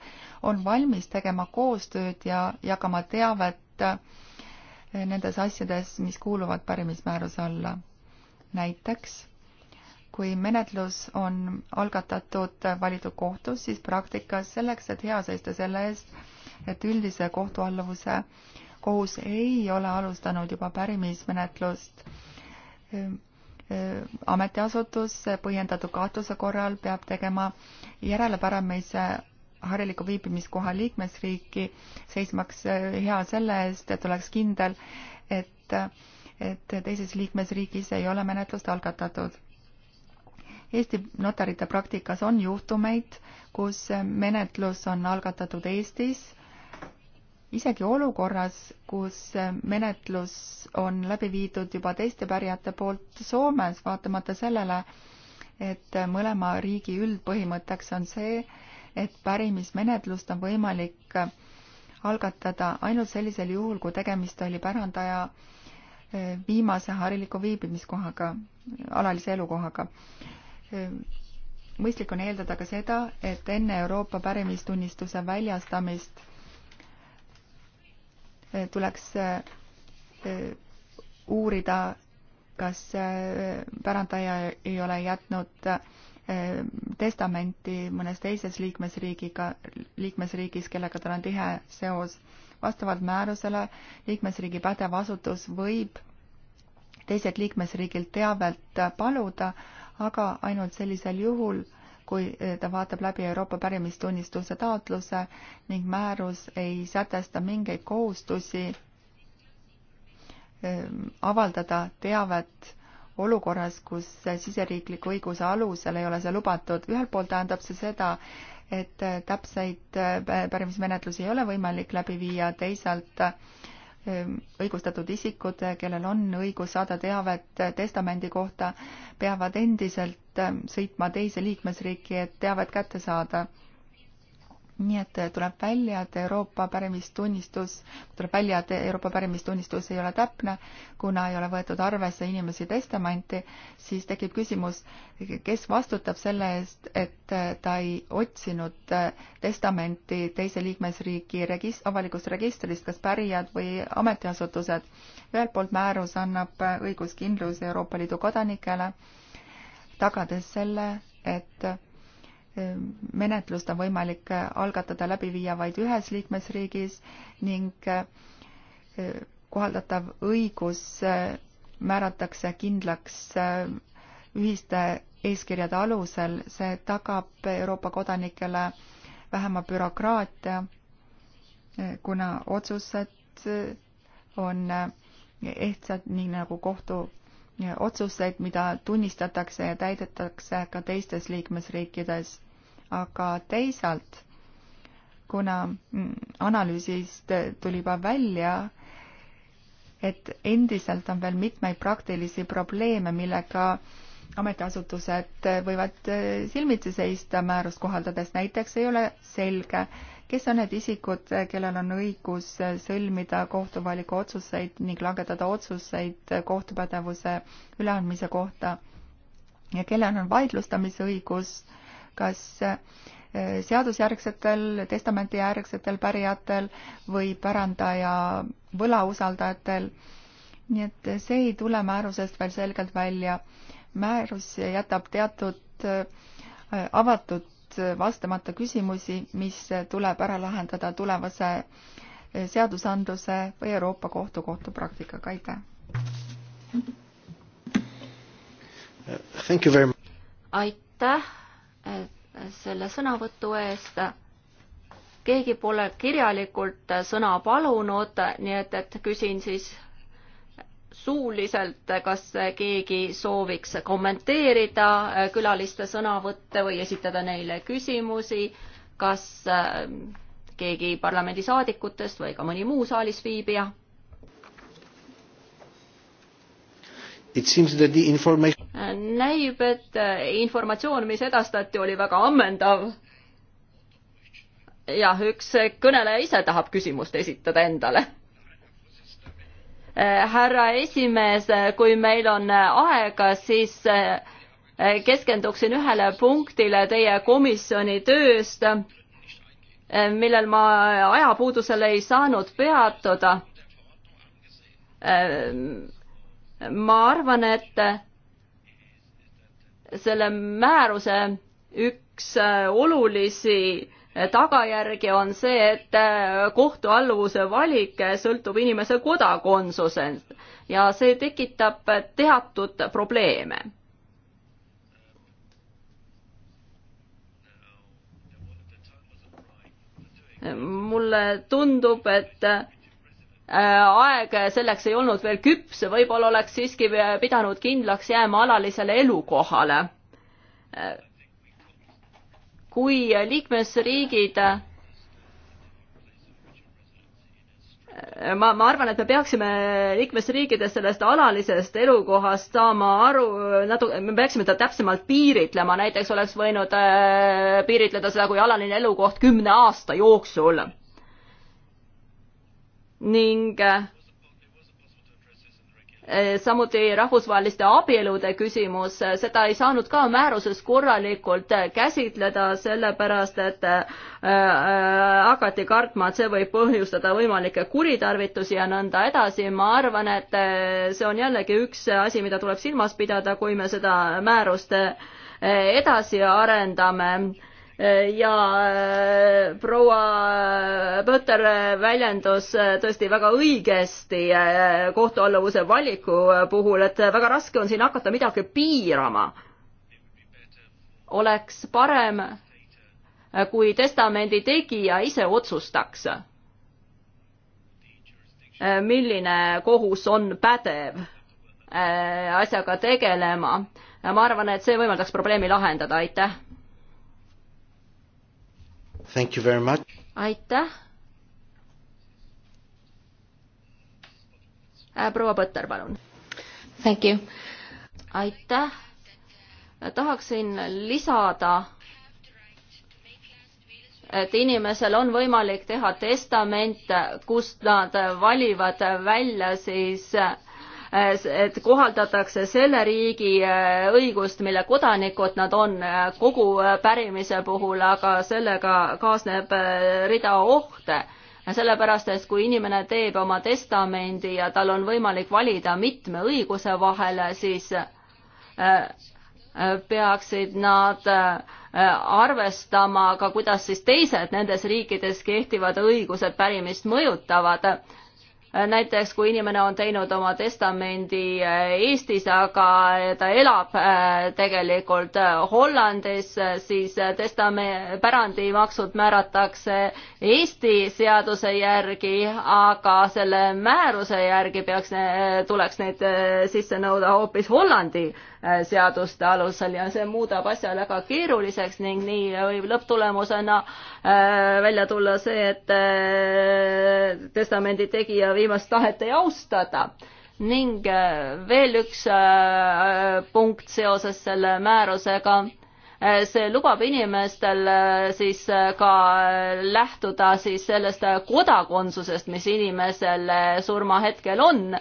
[SPEAKER 3] on valmis tegema koostööd ja jagama teavet eh, nendes asjades, mis kuuluvad pärimismääruse alla. näiteks kui menetlus on algatatud valitud kohtus, siis praktikas selleks, et hea seista selle eest, et üldise kohtualluvuse kohus ei ole alustanud juba pärimismenetlust. ametiasutus põhjendatud kahtluse korral peab tegema järelepäramise hariliku viibimiskoha liikmesriiki, seismaks hea selle eest, et oleks kindel, et, et teises liikmesriigis ei ole menetlust algatatud. Eesti notarite praktikas on juhtumeid, kus menetlus on algatatud Eestis isegi olukorras, kus menetlus on läbi viidud juba teiste pärijate poolt Soomes, vaatamata sellele, et mõlema riigi üldpõhimõtteks on see, et pärimismenetlust on võimalik algatada ainult sellisel juhul, kui tegemist oli pärandaja eh, viimase hariliku viibimiskohaga, alalise elukohaga eh, mõistlik on eeldada ka seda, et enne Euroopa pärimistunnistuse väljastamist tuleks eh, eh, uurida, kas eh, pärandaja ei ole jätnud testamenti mõnes teises liikmesriigiga, liikmesriigis, kellega tal on tihe seos. vastavalt määrusele liikmesriigi pädev asutus võib teiselt liikmesriigilt teavet paluda, aga ainult sellisel juhul, kui eh, ta vaatab läbi Euroopa pärimistunnistuse taotluse ning määrus ei sätesta mingeid kohustusi ehm, avaldada teavet olukorras, kus siseriikliku õiguse alusel ei ole see lubatud. ühelt poolt tähendab see seda, et eh, täpseid eh, pärimismenetlusi ei ole võimalik läbi viia, teisalt ehm, õigustatud isikud, kellel on õigus saada teavet testamendi kohta, peavad endiselt peavad äh, sõitma teise liikmesriiki, et teavet kätte saada. nii et äh, tuleb välja, et Euroopa pärimistunnistus, tuleb välja, et Euroopa pärimistunnistus ei ole täpne, kuna ei ole võetud arvesse inimesi testamanti, siis tekib küsimus, kes vastutab selle eest, et äh, ta ei otsinud testamenti teise liikmesriigi regist-, avalikust registrist, kas pärijad või ametiasutused. ühelt poolt määrus annab õiguskindluse Euroopa Liidu kodanikele tagades selle, et ehm, menetlust on võimalik algatada läbi viia vaid ühes liikmesriigis ning eh, kohaldatav õigus eh, määratakse kindlaks eh, ühiste eeskirjade alusel, see tagab Euroopa kodanikele vähema bürokraatia, kuna otsused on ehtsad, nii nagu kohtu otsuseid, mida tunnistatakse ja täidetakse ka teistes liikmesriikides. aga teisalt, kuna mm, analüüsist tuli juba välja, et endiselt on veel mitmeid praktilisi probleeme, millega ametiasutused võivad eh, silmitsi seista määrust kohaldades, näiteks ei ole selge, kes on need isikud, kellel on õigus sõlmida kohtuvaliku otsuseid ning langetada otsuseid kohtupädevuse üleandmise kohta ja kellel on vaidlustamise õigus, kas eh, seadusjärgsetel, testamendijärgsetel pärijatel või pärandaja võlausaldajatel. nii et see ei tule määrusest veel selgelt välja. määrus jätab teatud eh, avatud olnud vastamata küsimusi, mis tuleb ära lahendada tulevase eh, seadusandluse või Euroopa Kohtu kohtupraktikaga, aitäh! aitäh
[SPEAKER 2] eh, selle sõnavõtu eest! keegi pole kirjalikult eh, sõna palunud, nii et, et küsin siis suuliselt, kas keegi sooviks kommenteerida äh, külaliste sõnavõtte või esitada neile küsimusi, kas äh, keegi parlamendisaadikutest või ka mõni muu saalis viibija?
[SPEAKER 1] Information...
[SPEAKER 2] Äh, näib, et informatsioon, mis edastati, oli väga ammendav. jah, üks kõneleja ise tahab küsimust esitada endale Eh, härra esimees, eh, kui meil on eh, aega, siis keskenduksin ühele punktile teie komisjoni tööst, millel ma ajapuudusel ei saanud peatuda. ma arvan, et selle määruse üks olulisi tagajärgi on see, et äh, kohtualluvuse valik sõltub inimese kodakondsusest ja see tekitab teatud probleeme. mulle tundub, et äh, aeg selleks ei olnud veel küps, võib-olla oleks siiski pidanud kindlaks jääma alalisele elukohale äh, kui liikmesriigid ma, ma arvan, et me peaksime liikmesriikides sellest alalisest elukohast saama aru, natuke, me peaksime seda täpsemalt piiritlema, näiteks oleks võinud äh, piiritleda seda kui alaline elukoht kümne aasta jooksul. ning äh, Eh, samuti rahvusvaheliste abielude küsimus, eh, seda ei saanud ka määruses korralikult eh, käsitleda, sellepärast et hakati kartma, et see võib põhjustada võimalikke kuritarvitusi ja nõnda edasi. ma arvan, et see on jällegi üks asi, mida tuleb silmas pidada, kui me seda määrust edasi arendame ja äh, proua Põter väljendus äh, tõesti väga õigesti äh, kohtualluvuse valiku puhul, et väga raske on siin hakata midagi piirama. oleks parem, kui testamendi tegija ise otsustaks, milline kohus on pädev asjaga tegelema. ma arvan, et see võimaldaks probleemi lahendada, aitäh aitäh. Äh, proua Põtter, palun. aitäh. tahaksin lisada, et inimesel on võimalik teha testament, kust nad valivad välja siis äh, et kohaldatakse selle riigi äh, õigust, mille kodanikud nad on äh, kogu äh, pärimise puhul, aga sellega kaasneb rida ohte. sellepärast, et kui inimene teeb oma testamendi ja tal on võimalik valida mitme õiguse vahele, siis peaksid nad arvestama ka, kuidas siis teised nendes riikides kehtivad õigused pärimist mõjutavad näiteks kui inimene on teinud oma testamendi eh, Eestis, aga ta elab eh, tegelikult eh, Hollandis, siis testame-, pärandimaksud määratakse Eesti seaduse järgi, aga selle määruse järgi peaks, tuleks neid sisse nõuda hoopis Hollandi Äh, seaduste alusel ja see muudab asja väga keeruliseks ning nii võib lõpptulemusena äh, välja tulla see, et äh, testamendi tegija viimast tahet ei austada ning veel üks punkt seoses selle määrusega see lubab inimestel siis ka lähtuda siis sellest kodakondsusest, mis inimesel surma hetkel on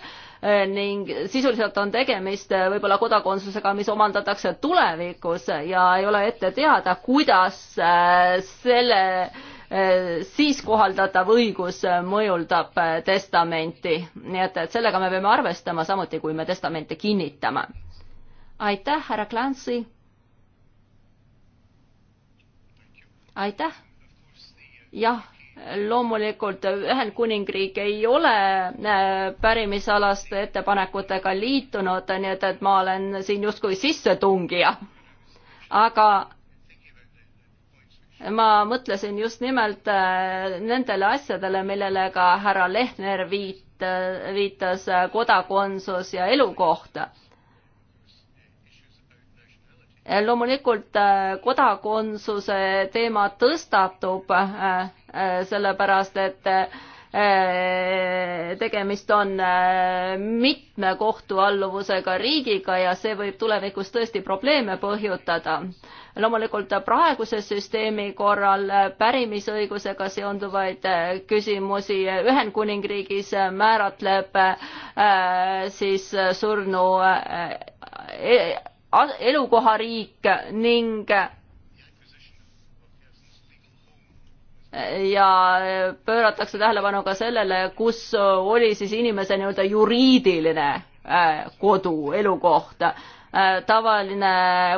[SPEAKER 2] ning sisuliselt on tegemist võib-olla kodakondsusega, mis omandatakse tulevikus ja ei ole ette teada, kuidas äh, selle äh, siis kohaldatav õigus mõjuldab äh, testamenti. nii et, et sellega me peame arvestama, samuti kui me testamente kinnitame. aitäh, härra Clancy. aitäh. jah loomulikult Ühendkuningriik ei ole äh, pärimisalaste ettepanekutega liitunud, nii et, et ma olen siin justkui sissetungija. aga ma mõtlesin just nimelt äh, nendele asjadele, millele ka härra Lehtner viit-, viitas äh, kodakondsus ja elukoht Eh, loomulikult eh, kodakondsuse teema tõstatub, eh, sellepärast et tegemist on mitme kohtualluvusega riigiga ja see võib tulevikus tõesti probleeme põhjutada. loomulikult praeguse süsteemi korral pärimisõigusega seonduvaid küsimusi Ühendkuningriigis määratleb siis surnu elukohariik ning ja pööratakse tähelepanu ka sellele, kus oli siis inimese nii-öelda juriidiline äh, kodu, elukoht äh, tavaline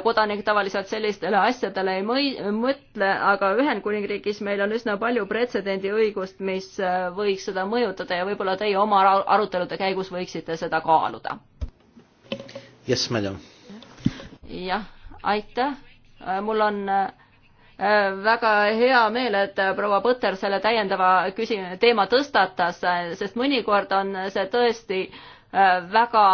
[SPEAKER 2] kodanik tavaliselt sellistele asjadele ei mõi-, mõtle, aga Ühendkuningriigis meil on üsna palju pretsedendiõigust, mis äh, võiks seda mõjutada ja võib-olla teie oma arutelude käigus võiksite seda kaaluda. jess, madam jah, aitäh. Äh, mul on äh, väga hea meel, et äh, proua Põter selle täiendava küsi-, teema tõstatas, sest mõnikord on see tõesti väga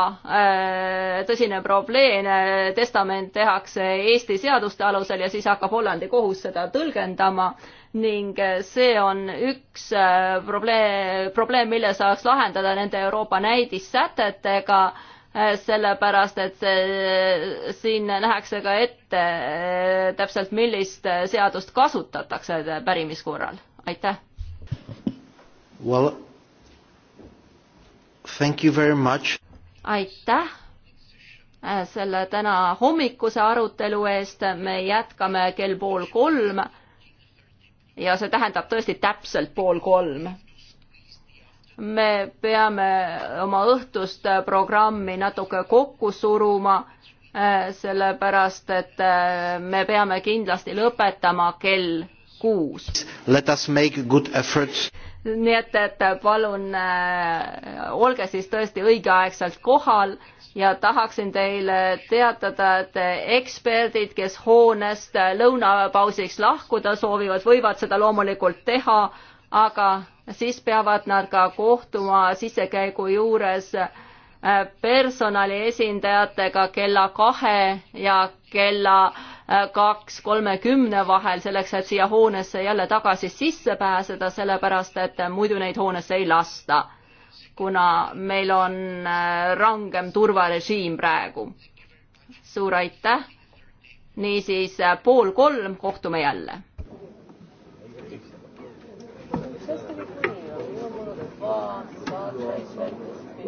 [SPEAKER 2] tõsine probleem, testament tehakse Eesti seaduste alusel ja siis hakkab Hollandi kohus seda tõlgendama ning see on üks probleem, probleem, mille saaks lahendada nende Euroopa näidissätetega Eh, sellepärast et see, siin nähakse ka ette eh, täpselt, millist eh, seadust kasutatakse pärimiskorral. aitäh well,! aitäh selle täna hommikuse arutelu eest, me jätkame kell pool kolm ja see tähendab tõesti täpselt pool kolm me peame oma õhtust programmi natuke kokku suruma, äh, sellepärast et äh, me peame kindlasti lõpetama kell kuus. nii et, et palun äh, olge siis tõesti õigeaegselt kohal ja tahaksin teile teatada, et eksperdid, kes hoonest lõunapausiks lahkuda soovivad, võivad seda loomulikult teha, aga siis peavad nad ka kohtuma sissekäigu juures äh, personali esindajatega kella kahe ja kella äh, kaks kolmekümne vahel, selleks et siia hoonesse jälle tagasi sisse pääseda, sellepärast et muidu neid hoonesse ei lasta, kuna meil on äh, rangem turvarežiim praegu. suur aitäh, niisiis pool kolm, kohtume jälle Lord, Lord, Lord, Lord.